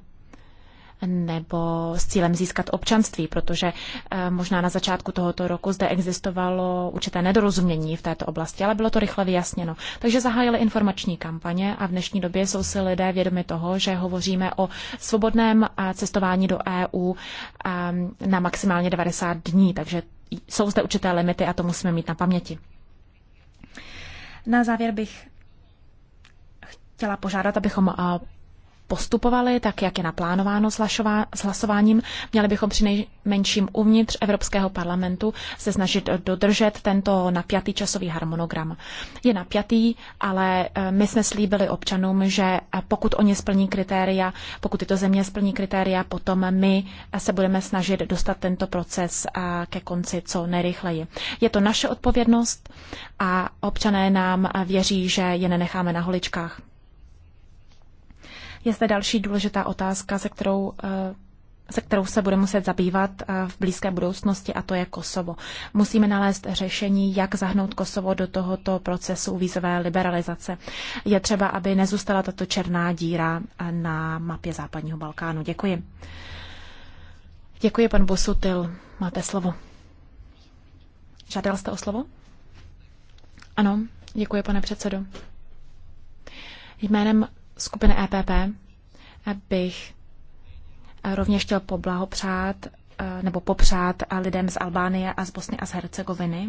nebo s cílem získat občanství, protože eh, možná na začátku tohoto roku zde existovalo určité nedorozumění v této oblasti, ale bylo to rychle vyjasněno. Takže zahájili informační kampaně a v dnešní době jsou si lidé vědomi toho, že hovoříme o svobodném eh, cestování do EU eh, na maximálně 90 dní, takže jsou zde určité limity a to musíme mít na paměti. Na závěr bych chtěla požádat, abychom postupovali tak, jak je naplánováno s, hlasováním. Měli bychom při nejmenším uvnitř Evropského parlamentu se snažit dodržet tento napjatý časový harmonogram. Je napjatý, ale eh, my jsme slíbili občanům, že eh, pokud oni splní kritéria, pokud tyto země splní kritéria, potom my eh, se budeme snažit dostat tento proces ke konci co nejrychleji. Je to naše odpovědnost a občané nám věří, že je nenecháme na holičkách. Je zde další důležitá otázka, se kterou eh, se kterou se bude muset zabývat eh, v blízké budoucnosti, a to je Kosovo. Musíme nalézt řešení, jak zahnout Kosovo do tohoto procesu vízové liberalizace. Je třeba, aby nezůstala tato černá díra eh, na mapě západního Balkánu. Děkuji. Děkuji, pan Bosutil. Máte slovo. Žádal jste o slovo? Ano, děkuji, pane předsedo. Jménem skupiny EPP bych eh, rovněž chtěl poblahopřát eh, nebo popřát eh, lidem z Albánie a z Bosny a z Hercegoviny.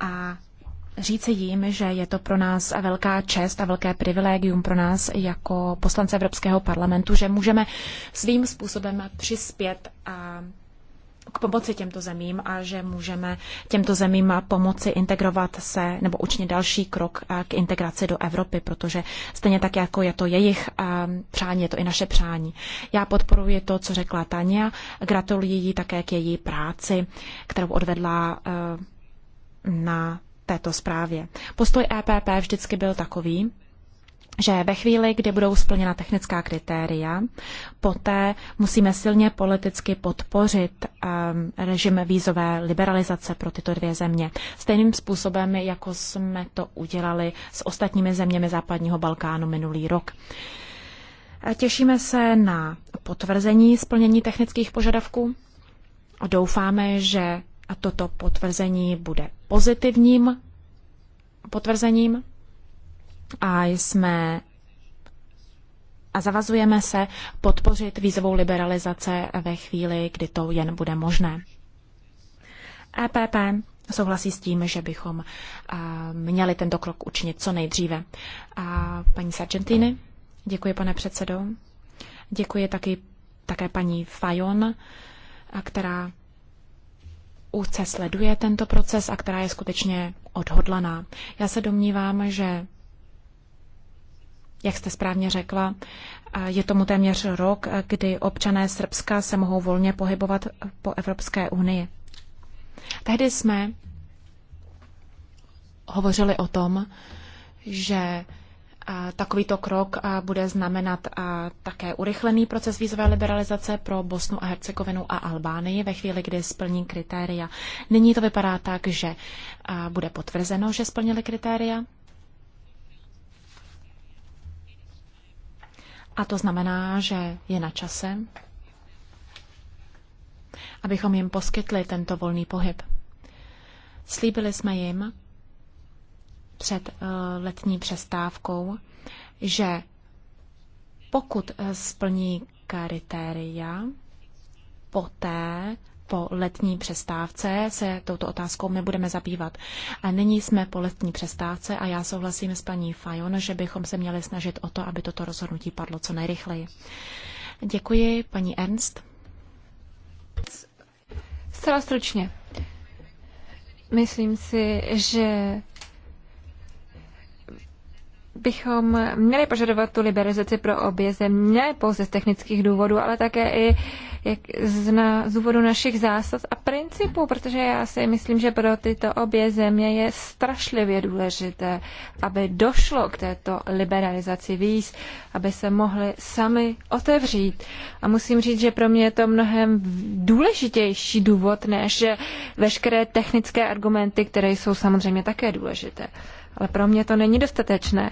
A říci jim, že je to pro nás velká čest a velké privilegium pro nás jako poslance Evropského parlamentu, že můžeme svým způsobem přispět a k pomoci těmto zemím a že můžeme těmto zemím pomoci integrovat se nebo učinit další krok eh, k integraci do Evropy, protože stejně tak, jako je to jejich eh, přání, je to i naše přání. Já podporuji to, co řekla Tania, gratuluji jí také k její práci, kterou odvedla eh, na této zprávě. Postoj EPP vždycky byl takový, že ve chvíli, kdy budou splněna technická kritéria, poté musíme silně politicky podpořit um, režim vízové liberalizace pro tyto dvě země. Stejným způsobem, jako jsme to udělali s ostatními zeměmi západního Balkánu minulý rok. Těšíme se na potvrzení splnění technických požadavků. Doufáme, že toto potvrzení bude pozitivním potvrzením a jsme a zavazujeme se podpořit vízovou liberalizace ve chvíli, kdy to jen bude možné. EPP souhlasí s tím, že bychom měli tento krok učinit co nejdříve. A paní Sargentini, děkuji pane předsedo. Děkuji taky, také paní Fajon, která úce sleduje tento proces a která je skutečně odhodlaná. Já se domnívám, že jak jste správně řekla, je tomu téměř rok, kdy občané Srbska se mohou volně pohybovat po Evropské unii. Tehdy jsme hovořili o tom, že takovýto krok bude znamenat také urychlený proces vízové liberalizace pro Bosnu a Hercegovinu a Albánii ve chvíli, kdy splní kritéria. Nyní to vypadá tak, že bude potvrzeno, že splnili kritéria. A to znamená, že je na čase, abychom jim poskytli tento volný pohyb. Slíbili jsme jim před eh, letní přestávkou, že pokud eh, splní kritéria, poté po letní přestávce se touto otázkou my budeme zabývat. A nyní jsme po letní přestávce a já souhlasím s paní Fajon, že bychom se měli snažit o to, aby toto rozhodnutí padlo co nejrychleji. Děkuji, paní Ernst. Zcela stručně. Myslím si, že bychom měli požadovat tu liberalizaci pro obě země, pouze z technických důvodů, ale také i jak na, z úvodu našich zásad a principů, protože já si myslím, že pro tyto obě země je strašlivě důležité, aby došlo k této liberalizaci víz, aby se mohly sami otevřít. A musím říct, že pro mě je to mnohem důležitější důvod, než veškeré technické argumenty, které jsou samozřejmě také důležité. Ale pro mě to není dostatečné.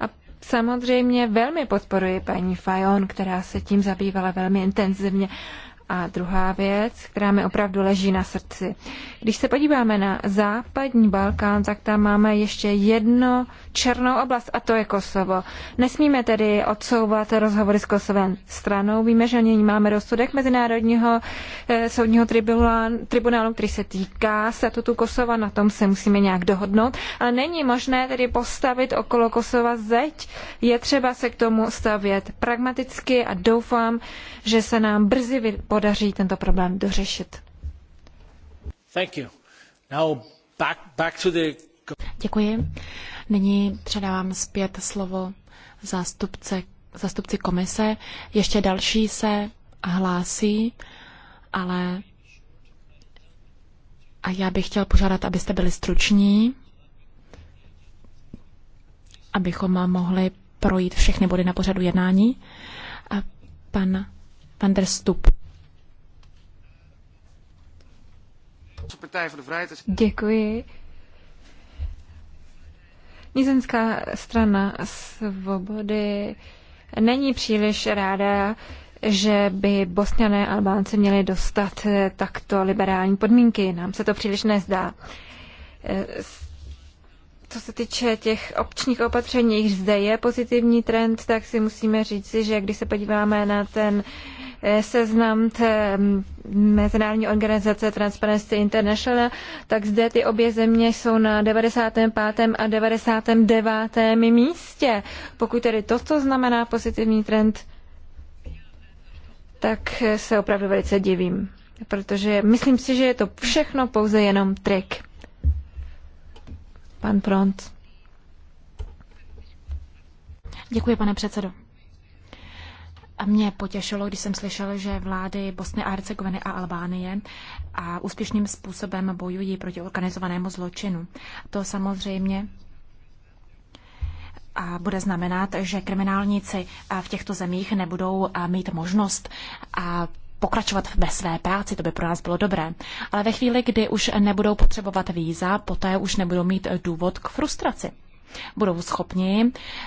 A Samozřejmě velmi podporuji paní Fajon, která se tím zabývala velmi intenzivně a druhá věc, která mi opravdu leží na srdci. Když se podíváme na západní Balkán, tak tam máme ještě jedno černou oblast a to je Kosovo. Nesmíme tedy odsouvat rozhovory s Kosovem stranou. Víme, že nyní máme rozsudek Mezinárodního eh, soudního tribunálu, tribunálu, který se týká statutu Kosova, na tom se musíme nějak dohodnout, ale není možné tedy postavit okolo Kosova zeď. Je třeba se k tomu stavět pragmaticky a doufám, že se nám brzy vypo podaří tento problém dořešit. Děkuji. Nyní předávám zpět slovo zástupce, zástupci komise. Ještě další se hlásí, ale a já bych chtěl požádat, abyste byli struční, abychom mohli projít všechny body na pořadu jednání. A pan van der Stup Děkuji. Nizenská strana svobody není příliš ráda, že by bosňané Albánci měli dostat eh, takto liberální podmínky. Nám se to příliš nezdá. Eh, co se týče těch občních opatření, zde je pozitivní trend, tak si musíme říci, že když se podíváme na ten uh, seznam mm, Mezinárodní organizace Transparency International, tak zde ty obě země jsou na 95. a 99. místě. Pokud tedy toto znamená pozitivní trend, tak se opravdu velice divím. Protože myslím si, že je to všechno pouze jenom trik. Pan Pront. Děkuji, pane předsedo. A mě potěšilo, když jsem slyšel, že vlády Bosny a Hercegoviny a Albánie a úspěšným způsobem bojují proti organizovanému zločinu. To samozřejmě a bude znamenat, že kriminálníci v těchto zemích nebudou mít možnost a pokračovat ve své práci, to by pro nás bylo dobré. Ale ve chvíli, kdy už nebudou potřebovat víza, poté už nebudou mít důvod k frustraci budou schopni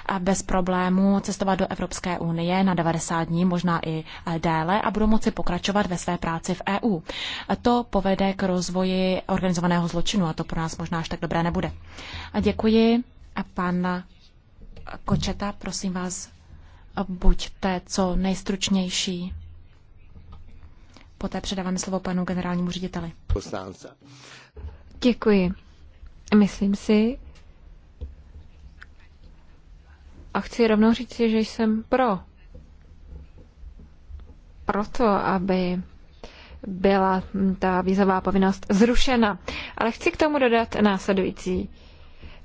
eh, bez problému cestovat do Evropské unie na 90 dní, možná i eh, déle a budou moci pokračovat ve své práci v EU. To povede k rozvoji organizovaného zločinu a to pro nás možná až tak dobré nebude. A děkuji a pan eh, Kočeta, prosím vás, buďte co nejstručnější. Poté předáváme slovo panu generálnímu řediteli. Děkuji. Myslím si, A chci rovnou říct, že jsem pro. Proto, aby byla ta vízová povinnost zrušena. Ale chci k tomu dodat následující.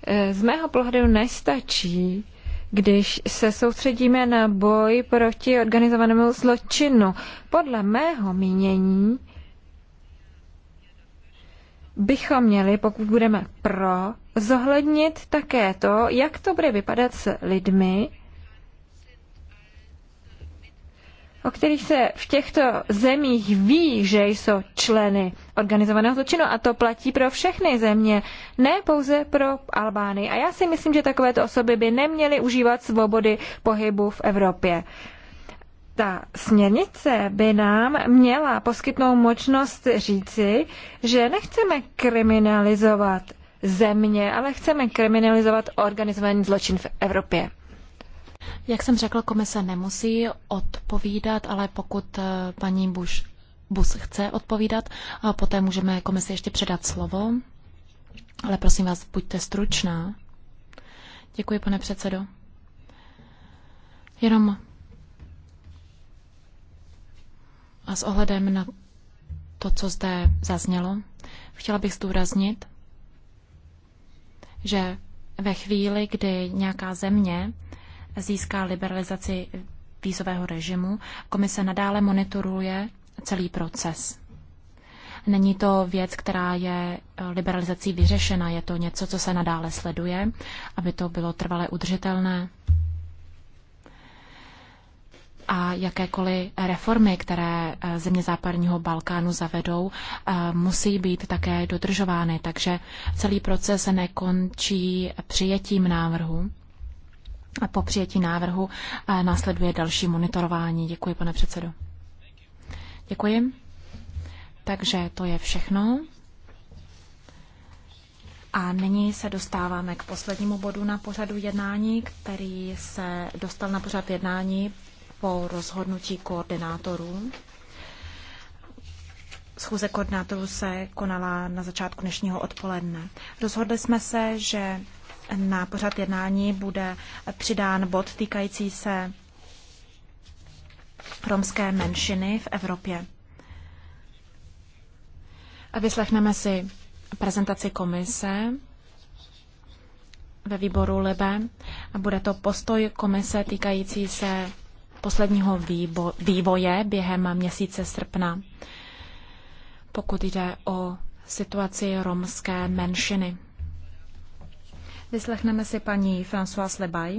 E, z mého pohledu nestačí, když se soustředíme na boj proti organizovanému zločinu. Podle mého mínění bychom měli, pokud budeme pro, zohlednit také to, jak to bude vypadat s lidmi, o kterých se v těchto zemích ví, že jsou členy organizovaného zločinu a to platí pro všechny země, ne pouze pro Albány. A já si myslím, že takovéto osoby by neměly užívat svobody pohybu v Evropě ta směrnice by nám měla poskytnout možnost říci, že nechceme kriminalizovat země, ale chceme kriminalizovat organizovaný zločin v Evropě. Jak jsem řekl, komise nemusí odpovídat, ale pokud eh, paní Bush, Bus chce odpovídat, a poté můžeme komisi ještě předat slovo. Ale prosím vás, buďte stručná. Děkuji, pane předsedo. Jenom A s ohledem na to, co zde zaznělo, chtěla bych zdůraznit, že ve chvíli, kdy nějaká země získá liberalizaci vízového režimu, komise nadále monitoruje celý proces. Není to věc, která je eh, liberalizací vyřešena, je to něco, co se nadále sleduje, aby to bylo trvale udržitelné a jakékoliv reformy, které eh, země západního Balkánu zavedou, eh, musí být také dodržovány. Takže celý proces nekončí přijetím návrhu. A po přijetí návrhu eh, následuje další monitorování. Děkuji, pane předsedo. Děkuji. Takže to je všechno. A nyní se dostáváme k poslednímu bodu na pořadu jednání, který se dostal na pořad jednání po rozhodnutí koordinátorů. Schůze koordinátorů se konala na začátku dnešního odpoledne. Rozhodli jsme se, že na pořad jednání bude přidán bod týkající se romské menšiny v Evropě. A vyslechneme si prezentaci komise ve výboru Libe a bude to postoj komise týkající se posledního vývoje během měsíce srpna, pokud jde o situaci romské menšiny. Vyslechneme si paní François Lebaj,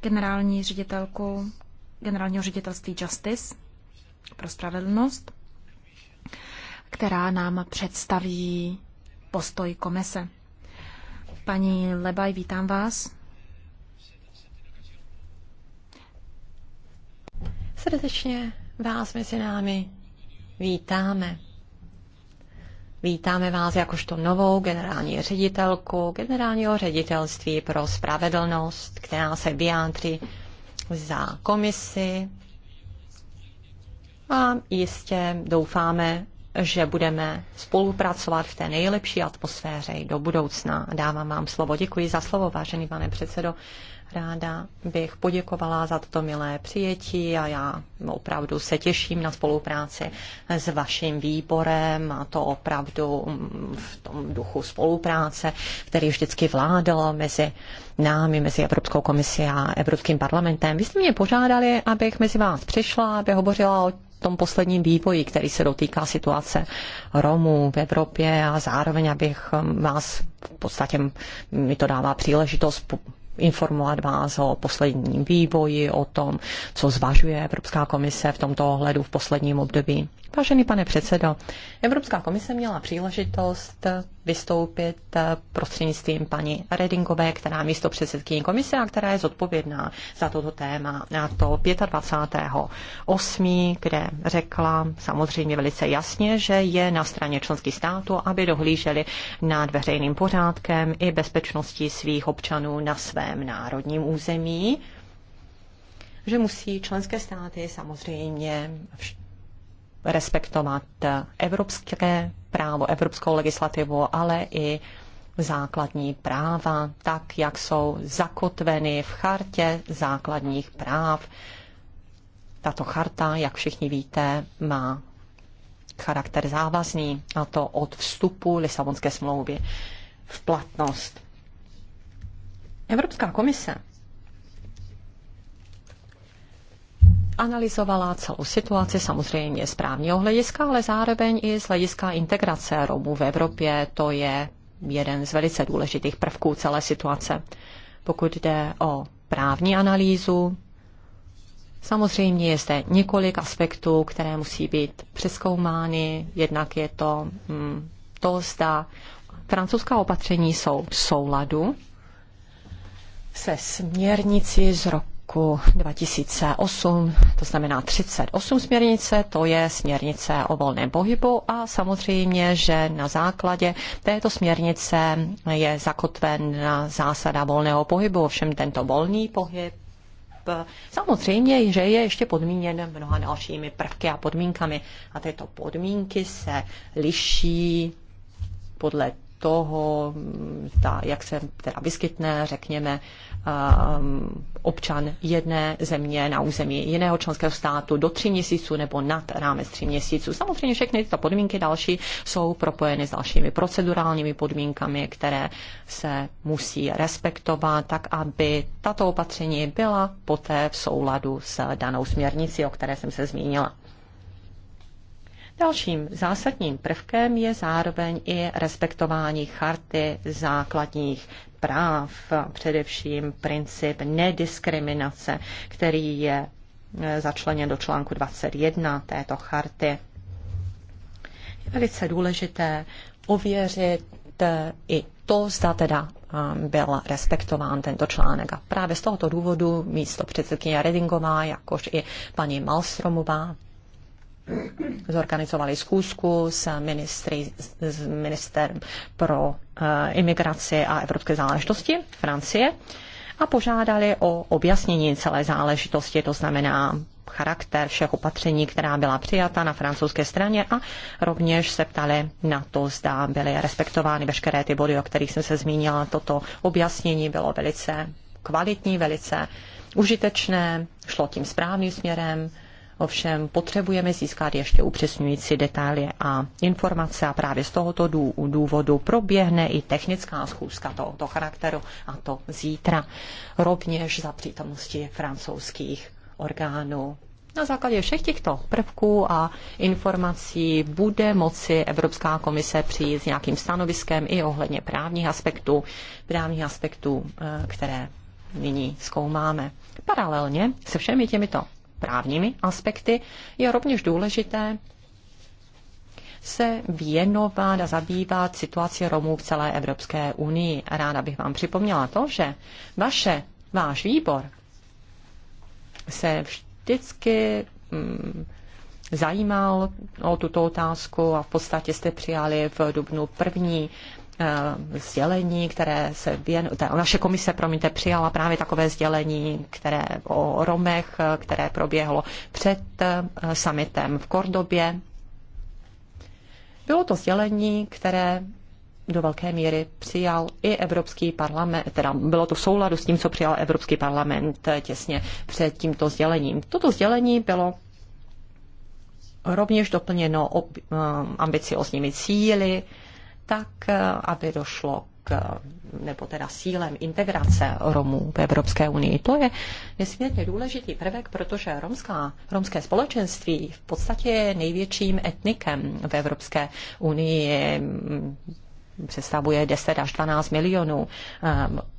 generální ředitelku generálního ředitelství Justice pro spravedlnost, která nám představí postoj komise. Paní Lebaj, vítám vás. Srdečně vás mezi námi vítáme. Vítáme vás jakožto novou generální ředitelku generálního ředitelství pro spravedlnost, která se vyjádří za komisi. A jistě doufáme, že budeme spolupracovat v té nejlepší atmosféře i do budoucna. Dávám vám slovo. Děkuji za slovo, vážený pane předsedo. Ráda bych poděkovala za toto milé přijetí a já opravdu se těším na spolupráci s vaším výborem a to opravdu mm, v tom duchu spolupráce, který vždycky vládal mezi námi, mezi Evropskou komisí a Evropským parlamentem. Vy jste mě požádali, abych mezi vás přišla, aby hovořila o tom posledním vývoji, který se dotýká situace Romů v Evropě a zároveň, abych um, vás v podstatě, mi to dává příležitost informovat vás o posledním vývoji, o tom, co zvažuje Evropská komise v tomto ohledu v posledním období. Vážený pane předsedo, Evropská komise měla příležitost vystoupit eh, prostřednictvím paní Redingové, která je místo předsedkyní komise a která je zodpovědná za toto téma na to 25.8., kde řekla samozřejmě velice jasně, že je na straně členských států, aby dohlíželi nad veřejným pořádkem i bezpečností svých občanů na svém národním území že musí členské státy samozřejmě respektovat evropské právo, evropskou legislativu, ale i základní práva, tak jak jsou zakotveny v chartě základních práv. Tato charta, jak všichni víte, má charakter závazný, a to od vstupu Lisabonské smlouvy v platnost. Evropská komise analyzovala celou situaci samozřejmě z právního hlediska, ale zároveň i z hlediska integrace Romů v Evropě. To je jeden z velice důležitých prvků celé situace. Pokud jde o právní analýzu, samozřejmě je zde několik aspektů, které musí být přeskoumány. Jednak je to hm, to, zda francouzská opatření jsou v souladu se směrnici z roku roku 2008, to znamená 38 směrnice, to je směrnice o volném pohybu a samozřejmě, že na základě této směrnice je zakotvena zásada volného pohybu, ovšem tento volný pohyb Samozřejmě, že je ještě podmíněn mnoha dalšími prvky a podmínkami. A tyto podmínky se liší podle toho, ta, jak se teda vyskytne, řekněme, um, občan jedné země na území jiného členského státu do tří měsíců nebo nad rámec tří měsíců. Samozřejmě všechny tyto podmínky další jsou propojeny s dalšími procedurálními podmínkami, které se musí respektovat, tak aby tato opatření byla poté v souladu s danou směrnicí, o které jsem se zmínila. Dalším zásadním prvkem je zároveň i respektování charty základních práv, především princip nediskriminace, který je e, začleněn do článku 21 této charty. Je velice důležité ověřit e, i to, zda teda e, byl respektován tento článek. A právě z tohoto důvodu místo předsedkyně Redingová, jakož i paní Malstromová zorganizovali zkusku s, ministry, s ministerem pro eh, imigraci a evropské záležitosti Francie a požádali o objasnění celé záležitosti, to znamená charakter všech opatření, která byla přijata na francouzské straně a rovněž se ptali na to, zda byly respektovány veškeré ty body, o kterých jsem se zmínila. Toto objasnění bylo velice kvalitní, velice užitečné, šlo tím správným směrem Ovšem potřebujeme získat ještě upřesňující detaily a informace a právě z tohoto důvodu proběhne i technická schůzka tohoto charakteru a to zítra. Rovněž za přítomnosti francouzských orgánů. Na základě všech těchto prvků a informací bude moci Evropská komise přijít s nějakým stanoviskem i ohledně právních aspektů, právních aspektů, eh, které nyní zkoumáme. Paralelně se všemi těmito právními aspekty, je rovněž důležité se věnovat a zabývat situaci Romů v celé Evropské unii. Ráda bych vám připomněla to, že vaše, váš výbor se vždycky mm, zajímal o tuto otázku a v podstatě jste přijali v Dubnu první Eh, sdělení, které se věn, naše komise, promiňte, přijala právě takové sdělení, které o Romech, které proběhlo před eh, summitem v Kordobě. Bylo to sdělení, které do velké míry přijal i Evropský parlament, teda bylo to v souladu s tím, co přijal Evropský parlament eh, těsně před tímto sdělením. Toto sdělení bylo rovněž doplněno ambiciozními cíly, tak, eh, aby došlo k, nebo teda sílem integrace Romů v Evropské unii. To je nesmírně důležitý prvek, protože romská, romské společenství v podstatě je největším etnikem v Evropské unii představuje 10 až 12 milionů um,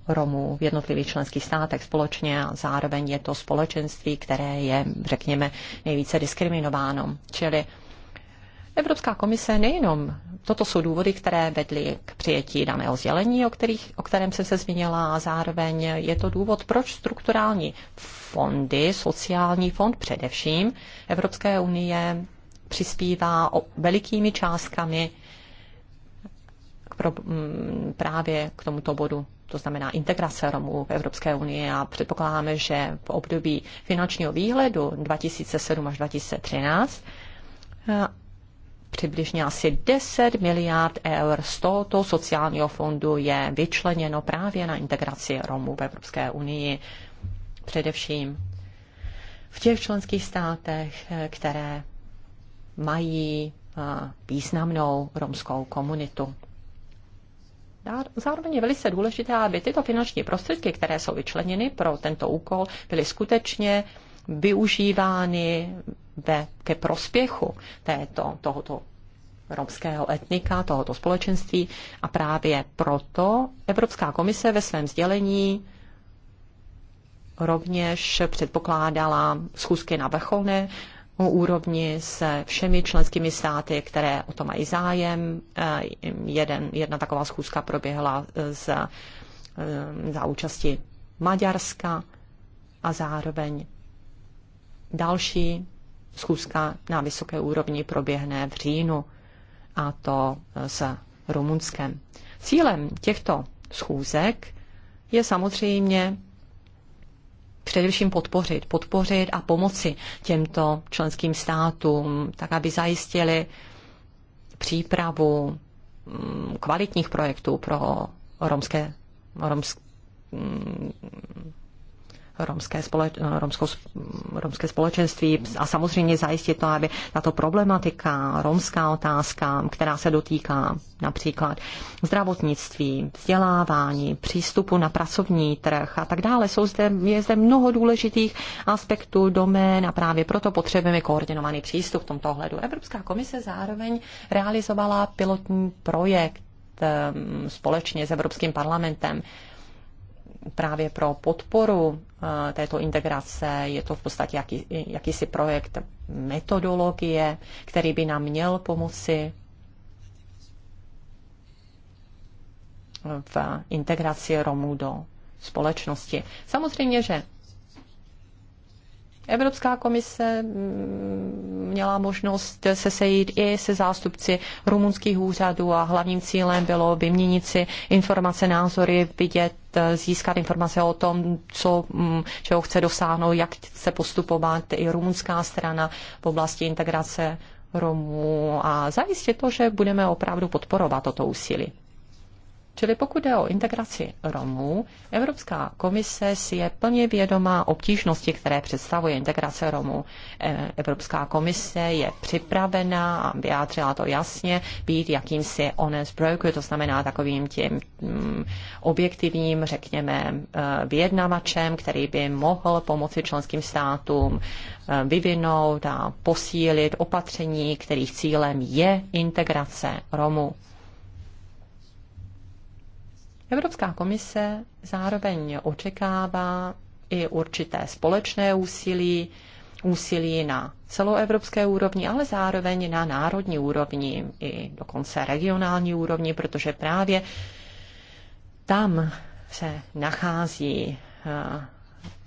Romů v jednotlivých členských státech společně a zároveň je to společenství, které je, řekněme, nejvíce diskriminováno. Čili Evropská komise nejenom Toto jsou důvody, které vedly k přijetí daného sdělení, o, kterých, o kterém jsem se zmínila, a zároveň je to důvod, proč strukturální fondy, sociální fond především Evropské unie přispívá o velikými částkami k pro, mm, právě k tomuto bodu to znamená integrace Romů v Evropské unii a předpokládáme, že v období finančního výhledu 2007 až 2013 Přibližně asi 10 miliard eur z tohoto sociálního fondu je vyčleněno právě na integraci Romů v Evropské unii. Především v těch členských státech, které mají významnou romskou komunitu. Zároveň je velice důležité, aby tyto finanční prostředky, které jsou vyčleněny pro tento úkol, byly skutečně využívány ve, ke prospěchu této, tohoto romského etnika, tohoto společenství a právě proto Evropská komise ve svém sdělení rovněž předpokládala schůzky na vrcholné úrovni se všemi členskými státy, které o to mají zájem. Eh, jeden, jedna taková schůzka proběhla z, eh, za účasti Maďarska a zároveň Další schůzka na vysoké úrovni proběhne v říjnu, a to e, s Rumunskem. Cílem těchto schůzek je samozřejmě především podpořit, podpořit a pomoci těmto členským státům, tak aby zajistili přípravu mm, kvalitních projektů pro romské, romské mm, romské, společ, no, romskou, romské společenství a samozřejmě zajistit to, aby tato problematika, romská otázka, která se dotýká například zdravotnictví, vzdělávání, přístupu na pracovní trh a tak dále, jsou zde, je zde mnoho důležitých aspektů domén a právě proto potřebujeme koordinovaný přístup v tomto ohledu. Evropská komise zároveň realizovala pilotní projekt ehm, společně s Evropským parlamentem právě pro podporu eh, této integrace. Je to v podstatě jaký, jakýsi projekt metodologie, který by nám měl pomoci v integraci Romů do společnosti. Samozřejmě, že Evropská komise mm, měla možnost se sejít i se zástupci rumunských úřadů a hlavním cílem bylo vyměnit si informace, názory, vidět, získat informace o tom, co, mm, čeho chce dosáhnout, jak se postupovat i rumunská strana v oblasti integrace Romů a zajistit to, že budeme opravdu podporovat toto úsilí. Čili pokud jde o integraci Romů, Evropská komise si je plně vědomá obtížnosti, které představuje integrace Romů. E, Evropská komise je připravená a vyjádřila to jasně být jakýmsi honest broker, to znamená takovým tím mm, objektivním, řekněme, e, vyjednavačem, který by mohl pomoci členským státům e, vyvinout a posílit opatření, kterých cílem je integrace Romů. Evropská komise zároveň očekává i určité společné úsilí, úsilí na celoevropské úrovni, ale zároveň na národní úrovni i dokonce regionální úrovni, protože právě tam se nachází eh,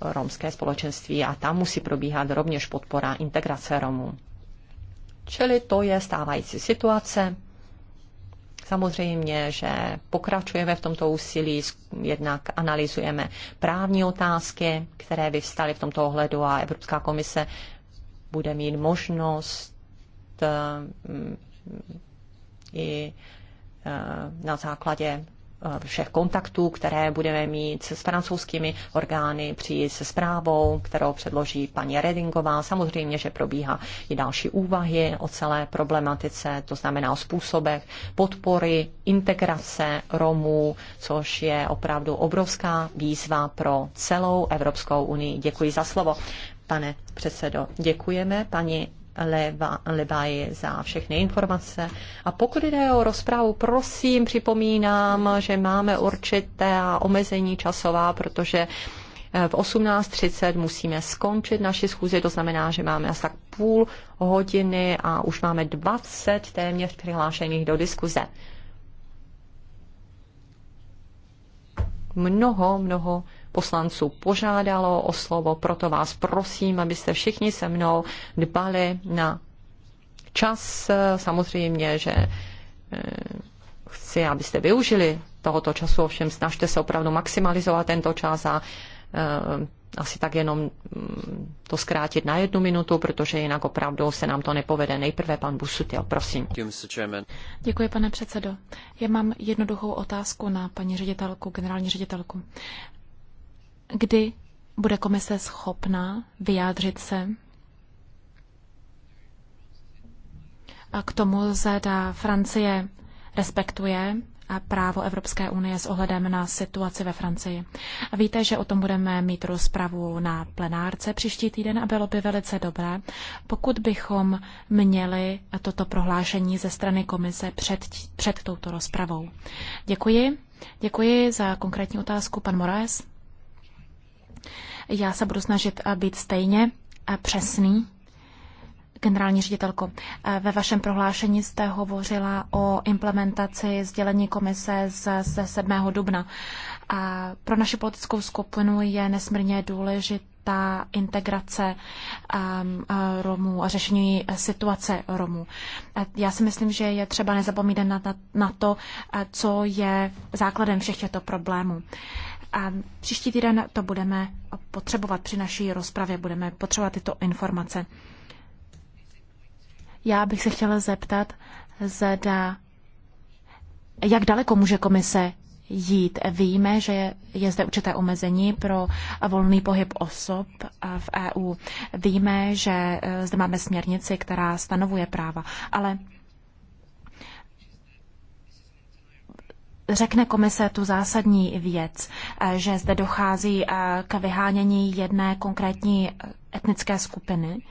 romské společenství a tam musí probíhat rovněž podpora integrace Romů. Čili to je stávající situace. Samozřejmě, že pokračujeme v tomto úsilí, jednak analyzujeme právní otázky, které vyvstaly v tomto ohledu a Evropská komise bude mít možnost eh, i eh, na základě Eh, všech kontaktů, které budeme mít s francouzskými orgány, přijít se zprávou, kterou předloží paní Redingová. Samozřejmě, že probíhá i další úvahy o celé problematice, to znamená o způsobech podpory, integrace Romů, což je opravdu obrovská výzva pro celou Evropskou unii. Děkuji za slovo. Pane předsedo, děkujeme. Paní Lebaji za všechny informace. A pokud jde o rozprávu, prosím, připomínám, že máme určité omezení časová, protože eh, v 18.30 musíme skončit naši schůzi, to znamená, že máme asi tak půl hodiny a už máme 20 téměř přihlášených do diskuze. Mnoho, mnoho poslanců požádalo o slovo, proto vás prosím, abyste všichni se mnou dbali na čas. Samozřejmě, že eh, chci, abyste využili tohoto času, ovšem snažte se opravdu maximalizovat tento čas a eh, asi tak jenom mm, to zkrátit na jednu minutu, protože jinak opravdu se nám to nepovede. Nejprve pan Busutil, prosím. Děkuji, pane předsedo. Já mám jednoduchou otázku na paní ředitelku, generální ředitelku kdy bude komise schopná vyjádřit se a k tomu, zda Francie respektuje a právo Evropské unie s ohledem na situaci ve Francii. A víte, že o tom budeme mít rozpravu na plenárce příští týden a bylo by velice dobré, pokud bychom měli toto prohlášení ze strany komise před, před touto rozpravou. Děkuji. Děkuji za konkrétní otázku, pan Moraes. Já se budu snažit eh, být stejně eh, přesný. Generální ředitelko, eh, ve vašem prohlášení jste hovořila o implementaci sdělení komise ze 7. dubna. A pro naši politickou skupinu je nesmírně důležitá integrace ehm, Romů a řešení situace Romů. Já si myslím, že je třeba nezapomínat na, na, na to, co je základem všech těchto problémů. A příští týden to budeme potřebovat při naší rozpravě, budeme potřebovat tyto informace. Já bych se chtěla zeptat, zda, jak daleko může komise jít. Víme, že je zde určité omezení pro volný pohyb osob v EU. Víme, že eh, zde máme směrnici, která stanovuje práva, ale řekne komise tu zásadní věc, eh, že zde dochází eh, k vyhánění jedné konkrétní eh, etnické skupiny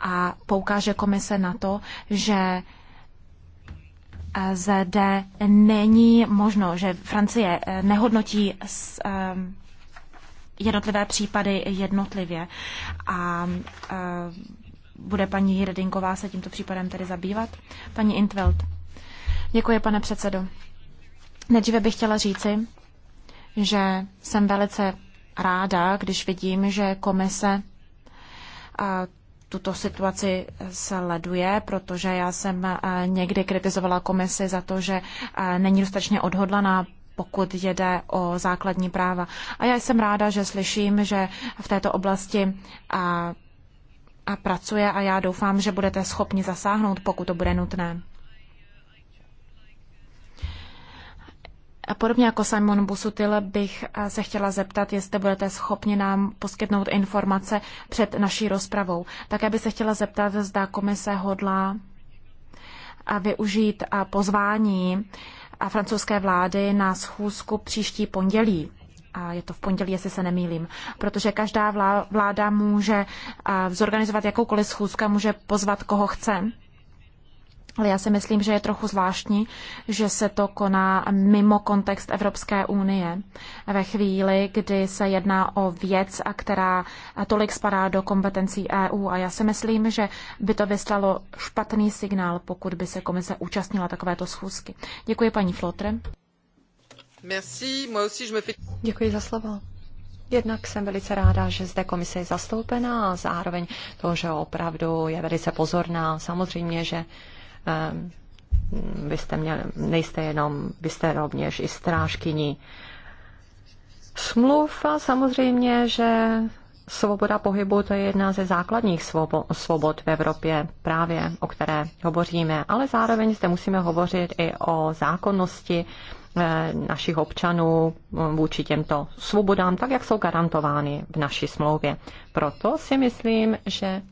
a poukáže komise na to, že zde není možno, že Francie nehodnotí ehm, jednotlivé případy jednotlivě a bude paní Redinková se tímto případem tedy zabývat? Paní Intveld. Děkuji, pane předsedo. Nejdříve bych chtěla říci, že jsem velice ráda, když vidím, že komise tuto situaci sleduje, protože já jsem někdy kritizovala komisi za to, že není dostatečně odhodlaná pokud jde o základní práva. A já jsem ráda, že slyším, že v této oblasti a, a pracuje a já doufám, že budete schopni zasáhnout, pokud to bude nutné. A podobně jako Simon Busutil bych eh, se chtěla zeptat, jestli budete schopni nám poskytnout informace před naší rozpravou. Také bych se chtěla zeptat, zda komise hodlá eh, využít eh, pozvání francouzské vlády na schůzku příští pondělí a je to v pondělí, jestli se nemýlím, protože každá vláda může zorganizovat jakoukoliv schůzku a může pozvat, koho chce. Ale já si myslím, že je trochu zvláštní, že se to koná mimo kontext Evropské unie. Ve chvíli, kdy se jedná o věc, a která tolik spadá do kompetencí EU. A já si myslím, že by to vyslalo špatný signál, pokud by se komise účastnila takovéto schůzky. Děkuji paní Flotre. Děkuji za slovo. Jednak jsem velice ráda, že zde komise je zastoupená a zároveň to, že opravdu je velice pozorná. Samozřejmě, že Ehm, vy jste mě, nejste jenom, vy jste rovněž i strážkyní smluv a samozřejmě, že svoboda pohybu to je jedna ze základních svobod v Evropě, právě o které hovoříme, ale zároveň zde musíme hovořit i o zákonnosti eh, našich občanů eh, vůči těmto svobodám, tak jak jsou garantovány v naší smlouvě. Proto si myslím, že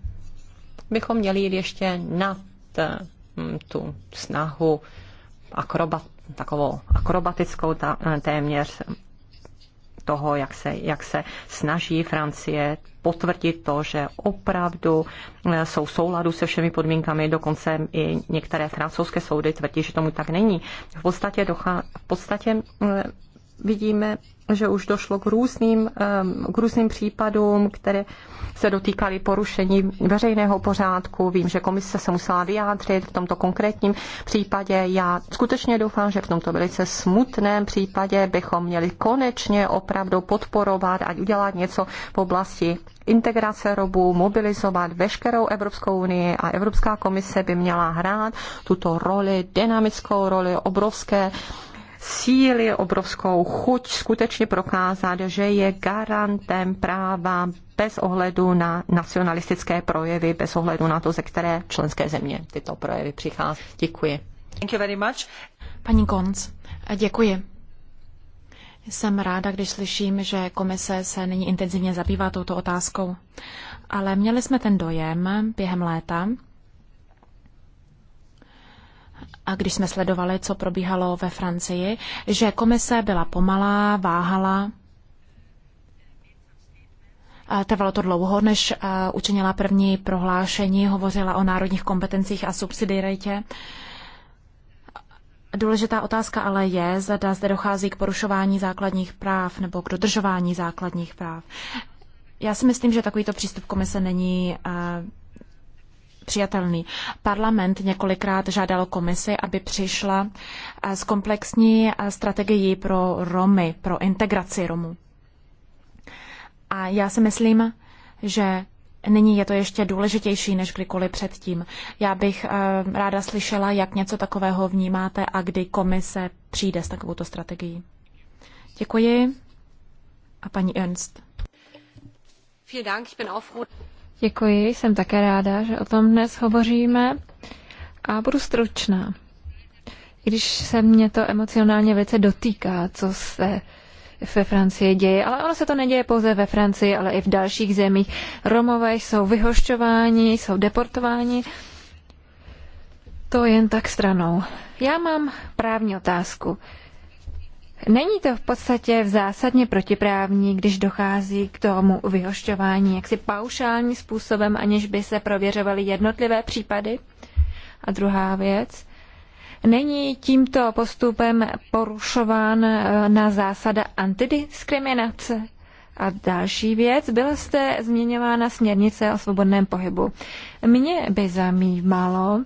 bychom měli jít ještě nad eh, Mm, tu snahu akrobat, takovou akrobatickou ta, eh, téměř toho, jak se, jak se snaží Francie potvrdit to, že opravdu eh, jsou souladu se všemi podmínkami, dokonce i některé francouzské soudy tvrdí, že tomu tak není. V podstatě, docha, v podstatě eh, vidíme, že už došlo k různým, k různým případům, které se dotýkaly porušení veřejného pořádku. Vím, že komise se musela vyjádřit v tomto konkrétním případě. Já skutečně doufám, že v tomto velice smutném případě bychom měli konečně opravdu podporovat a udělat něco v oblasti integrace robů, mobilizovat veškerou Evropskou unii a Evropská komise by měla hrát tuto roli, dynamickou roli, obrovské uh, síly, obrovskou chuť skutečně prokázat, že je garantem práva bez ohledu na nacionalistické projevy, bez ohledu na to, ze které členské země tyto projevy přichází. Děkuji. Thank you very much. Paní Konc, děkuji. Jsem ráda, když slyším, že komise se nyní intenzivně zabývá touto otázkou. Ale měli jsme ten dojem během léta, a když jsme sledovali, co probíhalo ve Francii, že komise byla pomalá, váhala. Trvalo to dlouho, než učinila první prohlášení, hovořila o národních kompetencích a subsidiaritě. Důležitá otázka ale je, zda zde dochází k porušování základních práv nebo k dodržování základních práv. Já si myslím, že takovýto přístup komise není přijatelný. Parlament několikrát žádal komisi, aby přišla eh, s komplexní eh, strategií pro Romy, pro integraci Romů. A já si myslím, že nyní je to ještě důležitější než kdykoliv předtím. Já bych eh, ráda slyšela, jak něco takového vnímáte a kdy komise přijde s takovouto strategií. Děkuji. A paní Ernst. Děkuji, jsem také ráda, že o tom dnes hovoříme a budu stručná. I když se mě to emocionálně velice dotýká, co se ve Francii děje, ale ono se to neděje pouze ve Francii, ale i v dalších zemích. Romové jsou vyhošťováni, jsou deportováni. To jen tak stranou. Já mám právní otázku. Není to v podstatě v zásadně protiprávní, když dochází k tomu vyhošťování jaksi paušální způsobem, aniž by se prověřovaly jednotlivé případy? A druhá věc, není tímto postupem porušován eh, na zásada antidiskriminace? A další věc, byla jste změňována směrnice o svobodném pohybu. Mě by zajímalo,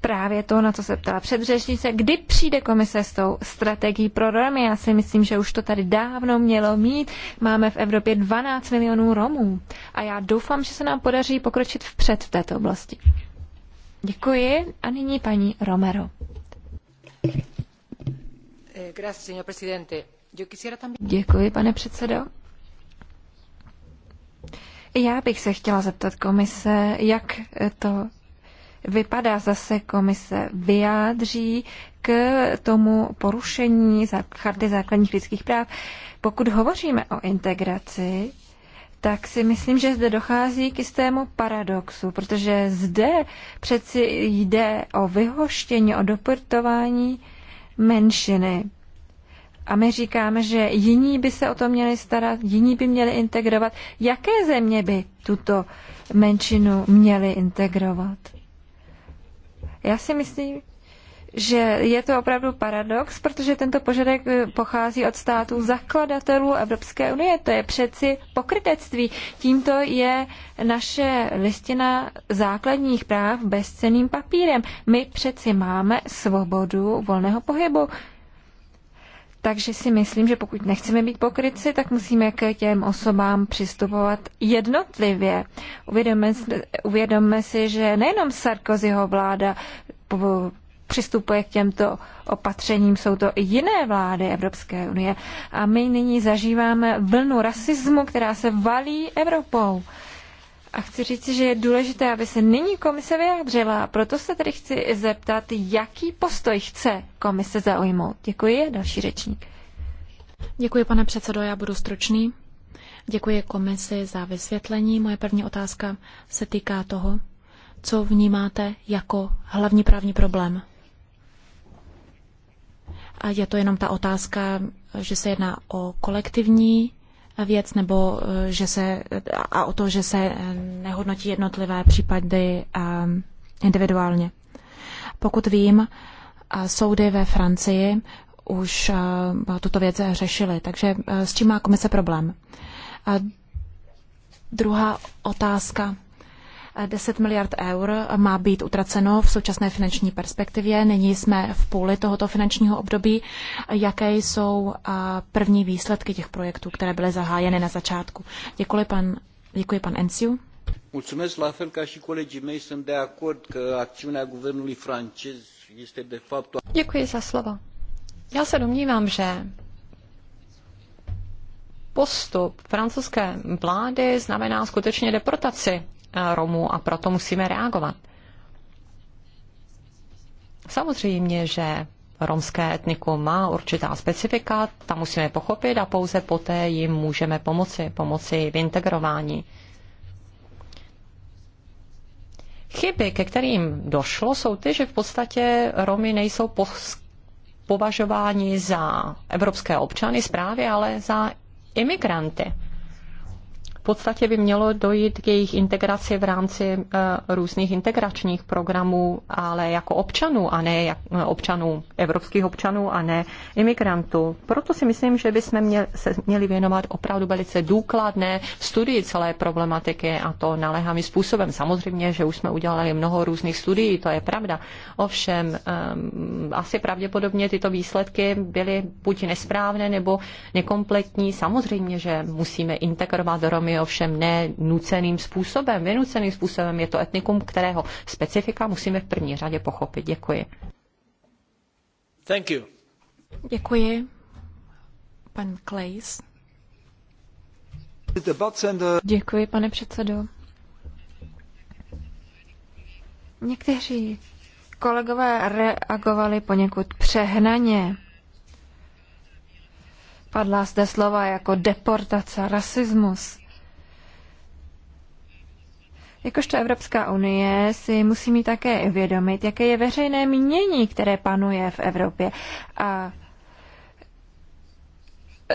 právě to, na co se ptala předřečnice, kdy přijde komise s tou strategií pro Romy. Já si myslím, že už to tady dávno mělo mít. Máme v Evropě 12 milionů Romů a já doufám, že se nám podaří pokročit vpřed v této oblasti. Děkuji a nyní paní Romero. Eh, Děkuji, pane předsedo. Já bych se chtěla zeptat komise, jak to vypadá, zase komise vyjádří k tomu porušení charty základních lidských práv. Pokud hovoříme o integraci, tak si myslím, že zde dochází k jistému paradoxu, protože zde přeci jde o vyhoštění, o doportování menšiny. A my říkáme, že jiní by se o to měli starat, jiní by měli integrovat. Jaké země by tuto menšinu měly integrovat? Já si myslím, že je to opravdu paradox, protože tento požadavek eh, pochází od států zakladatelů Evropské unie. To je přeci pokrytectví. Tímto je naše listina základních práv bezceným papírem. My přeci máme svobodu volného pohybu. Takže si myslím, že pokud nechceme být pokryci, tak musíme k těm osobám přistupovat jednotlivě. Uvědomme, uvědomme si, že nejenom Sarkozyho vláda přistupuje k těmto opatřením, jsou to i jiné vlády Evropské unie. A my nyní zažíváme vlnu rasismu, která se valí Evropou. A chci říct, že je důležité, aby se nyní komise vyjádřila. Proto se tedy chci zeptat, jaký postoj chce komise zaujmout. Děkuji. Další řečník. Děkuji, pane předsedo, já budu stručný. Děkuji komisi za vysvětlení. Moje první otázka se týká toho, co vnímáte jako hlavní právní problém. A je to jenom ta otázka, že se jedná o kolektivní věc nebo eh, že se, a o to, že se eh, nehodnotí jednotlivé případy ehm, individuálně. Pokud vím, eh, soudy ve Francii už tuto věc řešily, takže s čím má komise problém? A druhá otázka 10 miliard eur má být utraceno v současné finanční perspektivě. Nyní jsme v půli tohoto finančního období. Jaké jsou první výsledky těch projektů, které byly zahájeny na začátku? Děkuji pan, děkuji pan Enciu. Mulțumesc, la fel ca și colegii mei, sunt de acord că acțiunea guvernului francez este de fapt... Děkuji za slovo. Já se domnívám, že postup francouzské vlády znamená skutečně deportaci Romů a proto musíme reagovat. Samozřejmě, že romské etnikum má určitá specifika, ta musíme pochopit a pouze poté jim můžeme pomoci, pomoci v integrování. Chyby, ke kterým došlo, jsou ty, že v podstatě Romy nejsou považováni za evropské občany zprávy, ale za imigranty podstatě by mělo dojít k jejich integraci v rámci eh, různých integračních programů, ale jako občanů a ne jak eh, občanů, evropských občanů a ne imigrantů. Proto si myslím, že bychom měli, se měli věnovat opravdu velice důkladné studii celé problematiky a to naléhavým způsobem. Samozřejmě, že už jsme udělali mnoho různých studií, to je pravda. Ovšem, ehm, asi pravděpodobně tyto výsledky byly buď nesprávné nebo nekompletní. Samozřejmě, že musíme integrovat Romy ovšem ne nuceným způsobem. Vynuceným způsobem je to etnikum, kterého specifika musíme v první řadě pochopit. Děkuji. Thank you. Děkuji. Pan Klejs. Děkuji, pane předsedo. Někteří kolegové reagovali poněkud přehnaně. Padla zde slova jako deportace, rasismus. Jakožto Evropská unie si musí mít také vědomit, jaké je veřejné mínění, které panuje v Evropě. A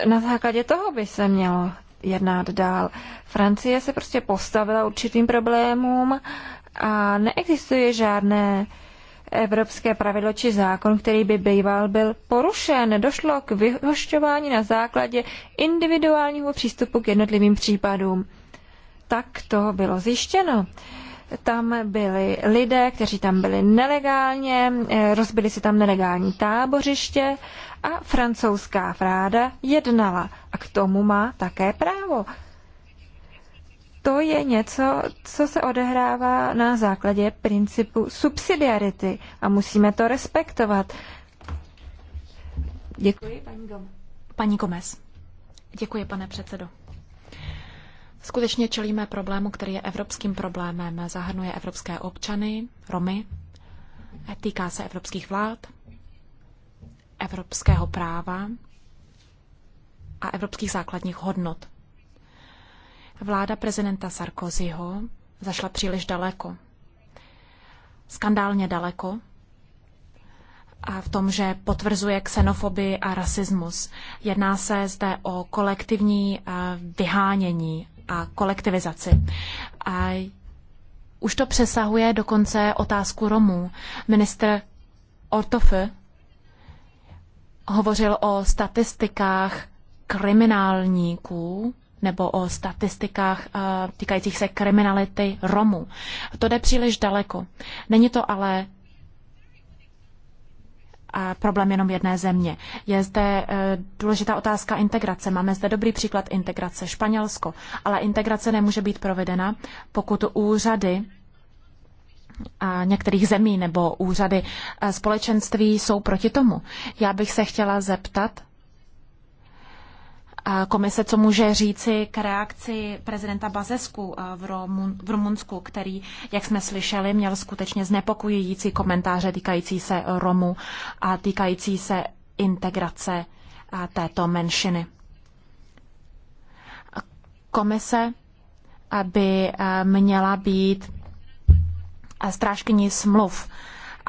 na základě toho by se mělo jednat dál. Francie se prostě postavila určitým problémům a neexistuje žádné evropské pravidlo či zákon, který by býval byl porušen. Došlo k vyhošťování na základě individuálního přístupu k jednotlivým případům tak to bylo zjištěno. Tam byli lidé, kteří tam byli nelegálně, eh, rozbili si tam nelegální tábořiště a francouzská fráda jednala. A k tomu má také právo. To je něco, co se odehrává na základě principu subsidiarity a musíme to respektovat. Děkuji, paní Gomez. Paní Gomez. Děkuji, pane předsedo. Skutečně čelíme problému, který je evropským problémem. Zahrnuje evropské občany, Romy, e, týká se evropských vlád, evropského práva a evropských základních hodnot. Vláda prezidenta Sarkozyho zašla příliš daleko. Skandálně daleko, a v tom, že potvrzuje xenofobii a rasismus. Jedná se zde o kolektivní e, vyhánění a kolektivizaci. A už to přesahuje dokonce otázku Romů. Ministr Ortofe hovořil o statistikách kriminálníků nebo o statistikách eh, týkajících se kriminality Romů. To jde příliš daleko. Není to ale problém jenom jedné země. Je zde eh, důležitá otázka integrace. Máme zde dobrý příklad integrace, Španělsko, ale integrace nemůže být provedena, pokud úřady některých zemí nebo úřady eh, společenství jsou proti tomu. Já bych se chtěla zeptat, komise, co může říci k reakci prezidenta Bazesku eh, v, Rumun, v Rumunsku, který, jak jsme slyšeli, měl skutečně znepokojující komentáře týkající se Romu a týkající se integrace eh, této menšiny. Komise eh, by měla být strážkyní smluv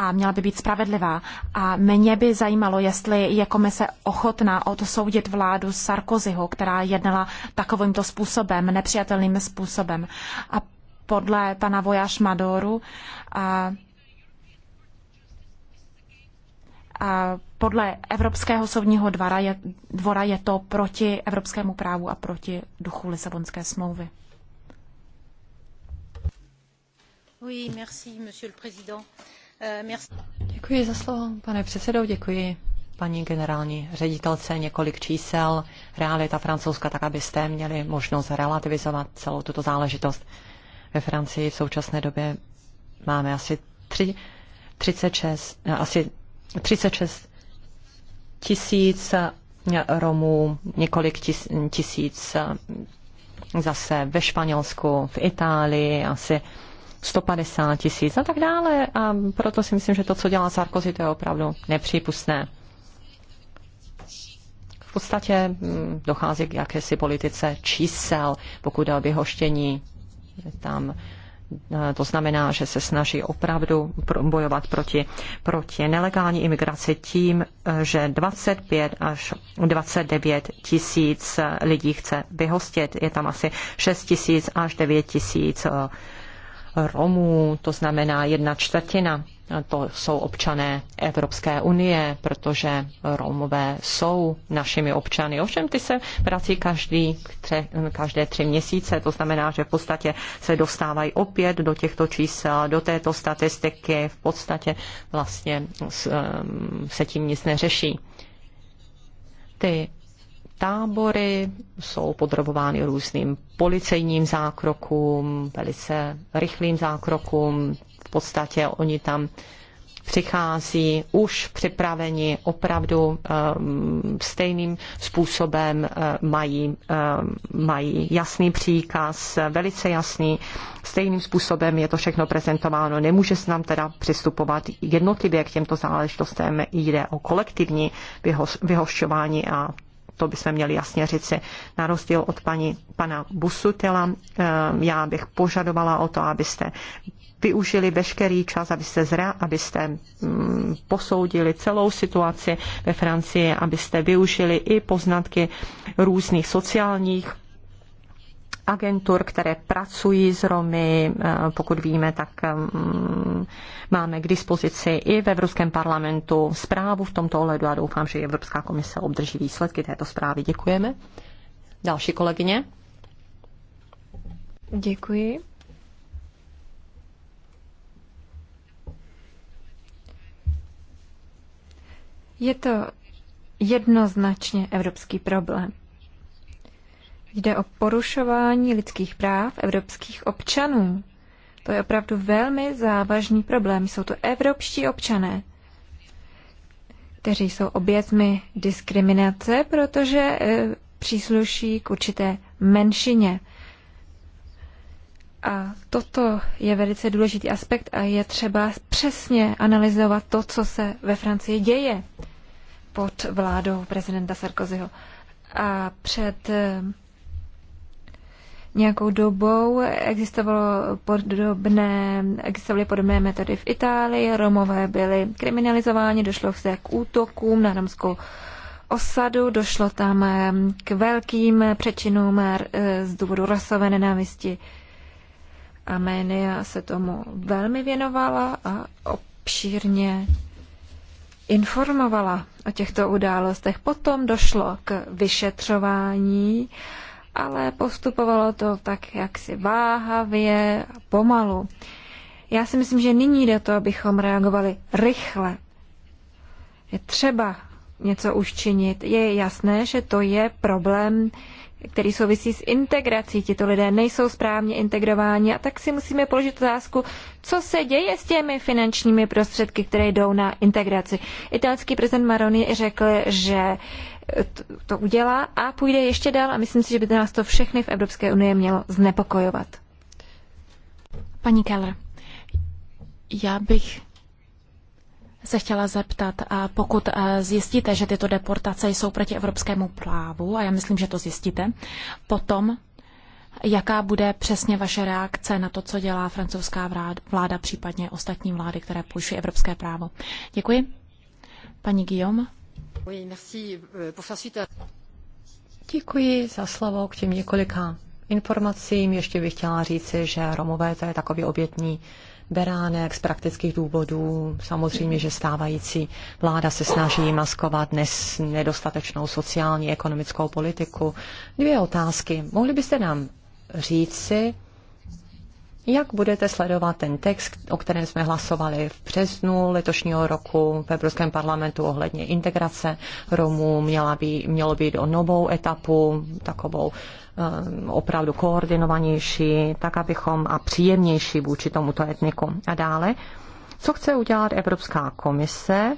a měla by být spravedlivá. A mě by zajímalo, jestli je komise ochotná odsoudit vládu Sarkozyho, která jednala takovýmto způsobem, nepřijatelným způsobem. A podle pana Vojáš Madoru a, a podle Evropského soudního dvora je, dvora je to proti evropskému právu a proti duchu Lisabonské smlouvy. Oui, merci, monsieur le président. Děkuji za slovo, pane předsedo, děkuji paní generální ředitelce několik čísel, realita francouzska, tak abyste měli možnost relativizovat celou tuto záležitost. Ve Francii v současné době máme asi 3, 36, asi 36 tisíc Romů, několik tisíc zase ve Španělsku, v Itálii asi 150 tisíc a tak dále. A proto si myslím, že to, co dělá Sarkozy, to je opravdu nepřípustné. V podstatě mm, dochází k jakési politice čísel, pokud je o vyhoštění. Tam e, to znamená, že se snaží opravdu bojovat proti, proti nelegální imigraci tím, e, že 25 až 29 tisíc lidí chce vyhostit. Je tam asi 6 tisíc až 9 tisíc e, Romů, to znamená jedna čtvrtina, to jsou občané Evropské unie, protože Romové jsou našimi občany. Ovšem ty se vrací každý, tře, každé tři měsíce, to znamená, že v podstatě se dostávají opět do těchto čísel, do této statistiky, v podstatě vlastně um, se tím nic neřeší. Ty tábory, jsou podrobovány různým policejním zákrokům, velice rychlým zákrokům. V podstatě oni tam přichází už připraveni opravdu um, stejným způsobem um, mají, um, mají jasný příkaz, velice jasný, stejným způsobem je to všechno prezentováno. Nemůže se nám teda přistupovat jednotlivě k těmto záležitostem, jde o kolektivní vyho- vyhošťování a to bychom měli jasně říci. Na rozdíl od paní, pana Busutela. Eh, já bych požadovala o to, abyste využili veškerý čas, abyste, zra, abyste mm, posoudili celou situaci ve Francii, abyste využili i poznatky různých sociálních agentur, které pracují s Romy. Eh, pokud víme, tak mm, máme k dispozici i v Evropském parlamentu zprávu v tomto ohledu a doufám, že Evropská komise obdrží výsledky této zprávy. Děkujeme. Další kolegyně. Děkuji. Je to jednoznačně evropský problém. Jde o porušování lidských práv evropských občanů. To je opravdu velmi závažný problém. Jsou to evropští občané, kteří jsou obětmi diskriminace, protože e, přísluší k určité menšině. A toto je velice důležitý aspekt a je třeba přesně analyzovat to, co se ve Francii děje pod vládou prezidenta Sarkozyho. A před e, nějakou dobou existovalo podobné, existovaly podobné metody v Itálii, Romové byli kriminalizováni, došlo se k útokům na romskou osadu, došlo tam eh, k velkým přečinům eh, z důvodu rasové nenávisti. Aménia se tomu velmi věnovala a obšírně informovala o těchto událostech. Potom došlo k vyšetřování ale postupovalo to tak jaksi váhavě a pomalu. Já si myslím, že nyní jde to, abychom reagovali rychle. Je třeba něco už činit. Je jasné, že to je problém, který souvisí s integrací. Tito lidé nejsou správně integrováni a tak si musíme položit otázku, co se děje s těmi finančními prostředky, které jdou na integraci. Italský prezident Maroni řekl, že to udělá a půjde ještě dál a myslím si, že by to nás to všechny v Evropské unii mělo znepokojovat. Paní Keller, já bych se chtěla zeptat, pokud zjistíte, že tyto deportace jsou proti evropskému právu, a já myslím, že to zjistíte, potom jaká bude přesně vaše reakce na to, co dělá francouzská vláda, případně ostatní vlády, které porušují evropské právo. Děkuji. Paní Guillaume. Euh, Děkuji za slovo k těm několika informacím. Ještě bych chtěla říci, že Romové to je takový obětní beránek z praktických důvodů. Samozřejmě, že stávající vláda se snaží maskovat dnes nedostatečnou sociální ekonomickou politiku. Dvě otázky. Mohli byste nám říci, jak budete sledovat ten text, o kterém jsme hlasovali v březnu letošního roku v Evropském parlamentu ohledně integrace Romů? Měla by, mělo být o novou etapu, takovou um, opravdu koordinovanější, tak abychom a příjemnější vůči tomuto etniku. A dále, co chce udělat Evropská komise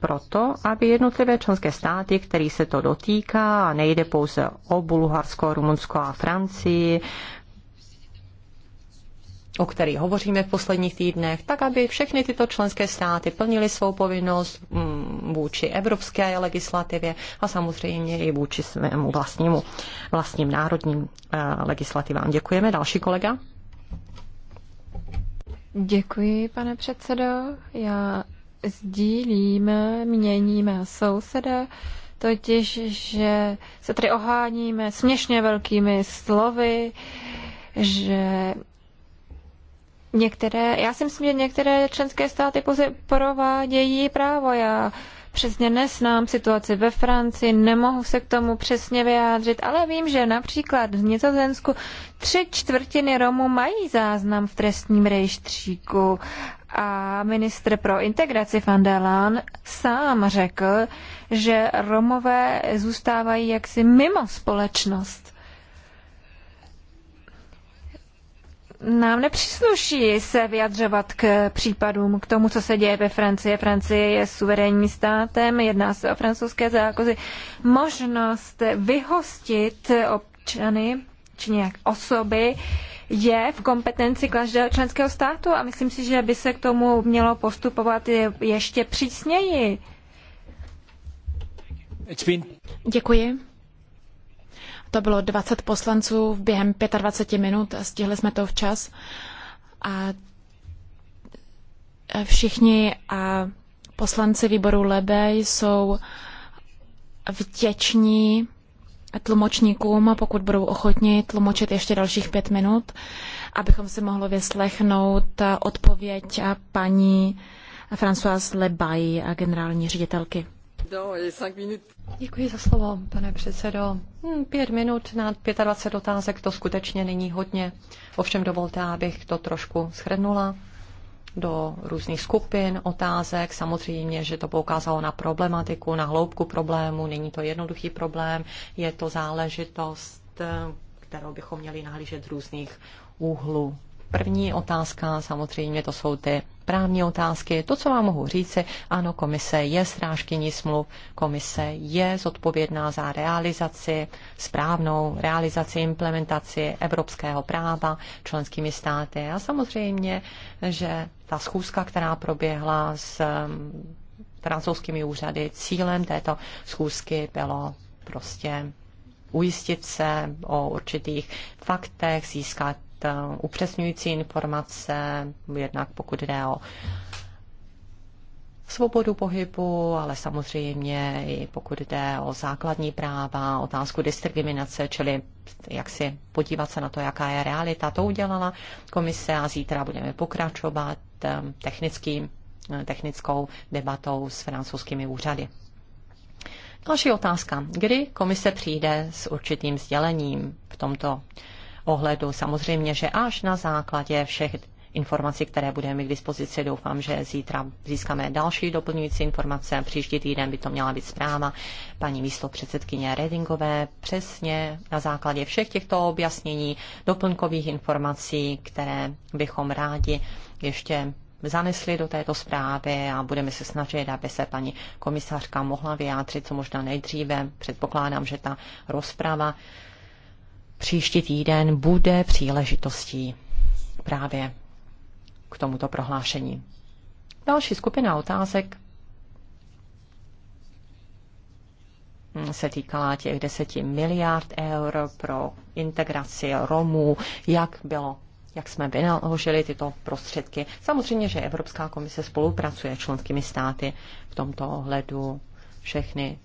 proto, aby jednotlivé členské státy, který se to dotýká, a nejde pouze o Bulharsko, Rumunsko a Francii, o který hovoříme v posledních týdnech, tak aby všechny tyto členské státy plnily svou povinnost mm, vůči evropské legislativě a samozřejmě i vůči svému vlastnímu, vlastním národním eh, legislativám. Děkujeme. Další kolega. Děkuji, pane předsedo. Já sdílím mění mé souseda, totiž, že se tady oháníme směšně velkými slovy, že Některé, já si myslím, že některé členské státy pouze provádějí právo. Já přesně neznám situaci ve Francii, nemohu se k tomu přesně vyjádřit, ale vím, že například v Nizozemsku tři čtvrtiny Romů mají záznam v trestním rejstříku a ministr pro integraci van der Laan sám řekl, že Romové zůstávají jaksi mimo společnost. nám nepřísluší se vyjadřovat k případům, k tomu, co se děje ve Francii. Francie je suverénním státem, jedná se o francouzské zákazy. Možnost vyhostit občany či nějak osoby je v kompetenci každého členského státu a myslím si, že by se k tomu mělo postupovat ještě přísněji. Děkuji. To bylo 20 poslanců během 25 minut, stihli jsme to včas. A všichni a poslanci výboru Lebe jsou vděční tlumočníkům, pokud budou ochotni tlumočit ještě dalších pět minut, abychom si mohli vyslechnout odpověď paní Françoise Lebay, generální ředitelky za slovo, pane předsedo. Hm, pět minut na pětadvacet otázek to skutečně není hodně. Ovšem dovolte, abych to trošku shrnula do různých skupin otázek. Samozřejmě, že to poukázalo na problematiku, na hloubku problému. Není to jednoduchý problém, je to záležitost, kterou bychom měli nahlížet z různých úhlů. První otázka, samozřejmě, to jsou ty právní otázky. To, co vám mohu říci, ano, komise je strážkyní smluv, komise je zodpovědná za realizaci, správnou realizaci, implementaci evropského práva členskými státy. A samozřejmě, že ta schůzka, která proběhla s um, francouzskými úřady, cílem této schůzky bylo prostě ujistit se o určitých faktech, získat upřesňující informace, jednak pokud jde o svobodu pohybu, ale samozřejmě i pokud jde o základní práva, otázku diskriminace, čili jak si podívat se na to, jaká je realita. To udělala komise a zítra budeme pokračovat ehm, technickým, ehm, technickou debatou s francouzskými úřady. Další otázka. Kdy komise přijde s určitým sdělením v tomto ohledu. Samozřejmě, že až na základě všech informací, které budeme mít k dispozici. Doufám, že zítra získáme další doplňující informace. Příští týden by to měla být zpráva paní místo předsedkyně Redingové. Přesně na základě všech těchto objasnění, doplňkových informací, které bychom rádi ještě zanesli do této zprávy a budeme se snažit, aby se paní komisařka mohla vyjádřit co možná nejdříve. Předpokládám, že ta rozprava příští týden bude příležitostí právě k tomuto prohlášení. Další skupina otázek se týkala těch 10 miliard eur pro integraci Romů, jak bylo jak jsme vynaložili tyto prostředky. Samozřejmě, že Evropská komise spolupracuje s členskými státy v tomto ohledu. Všechny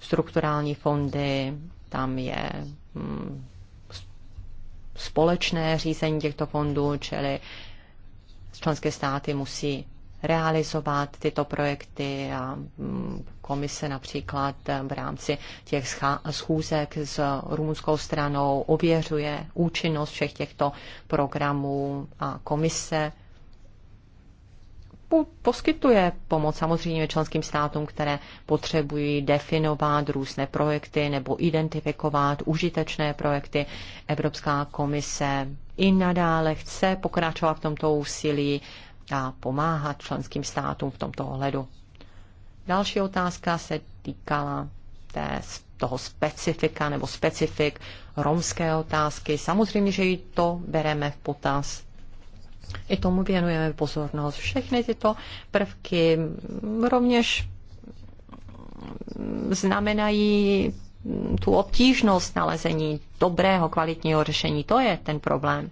strukturální fondy, tam je hm, společné řízení těchto fondů, čili členské státy musí realizovat tyto projekty a mm, komise například v rámci těch schůzek s rumunskou stranou ověřuje účinnost všech těchto programů a komise poskytuje pomoc samozřejmě členským státům, které potřebují definovat různé projekty nebo identifikovat užitečné projekty. Evropská komise i nadále chce pokračovat v tomto úsilí a pomáhat členským státům v tomto ohledu. Další otázka se týkala té, toho specifika nebo specifik romské otázky. Samozřejmě, že i to bereme v potaz i tomu věnujeme pozornost. Všechny tyto prvky rovněž znamenají tu obtížnost nalezení dobrého, kvalitního řešení. To je ten problém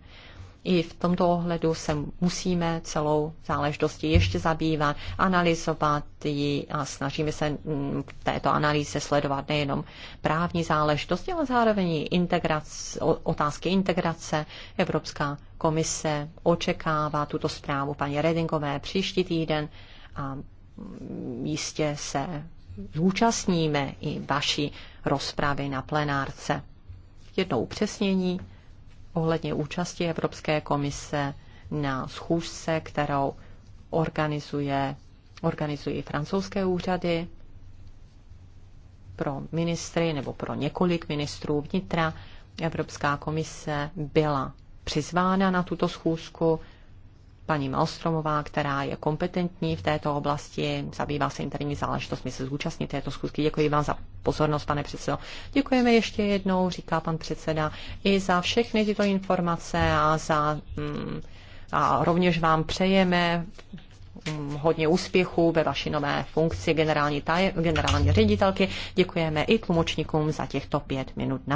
i v tomto ohledu se musíme celou záležitostí ještě zabývat, analyzovat ji a snažíme se mm, v této analýze sledovat nejenom právní záležitosti, ale zároveň integrace, otázky integrace. Evropská komise očekává tuto zprávu paní Redingové příští týden a mm, jistě se zúčastníme i vaší rozpravy na plenárce. Jedno upřesnění ohledně účasti Evropské komise na schůzce, kterou organizuje, organizují francouzské úřady pro ministry nebo pro několik ministrů vnitra. Evropská komise byla přizvána na tuto schůzku paní Malstromová, která je kompetentní v této oblasti, zabývá se interní záležitostmi se zúčastnit této schůzky. Děkuji vám za pozornost, pane předsedo. Děkujeme ještě jednou, říká pan předseda, i za všechny tyto informace a za mm, a rovněž vám přejeme mm, hodně úspěchů ve vaší nové funkci generální, taj, generální ředitelky. Děkujeme i tlumočníkům za těchto pět minut. Na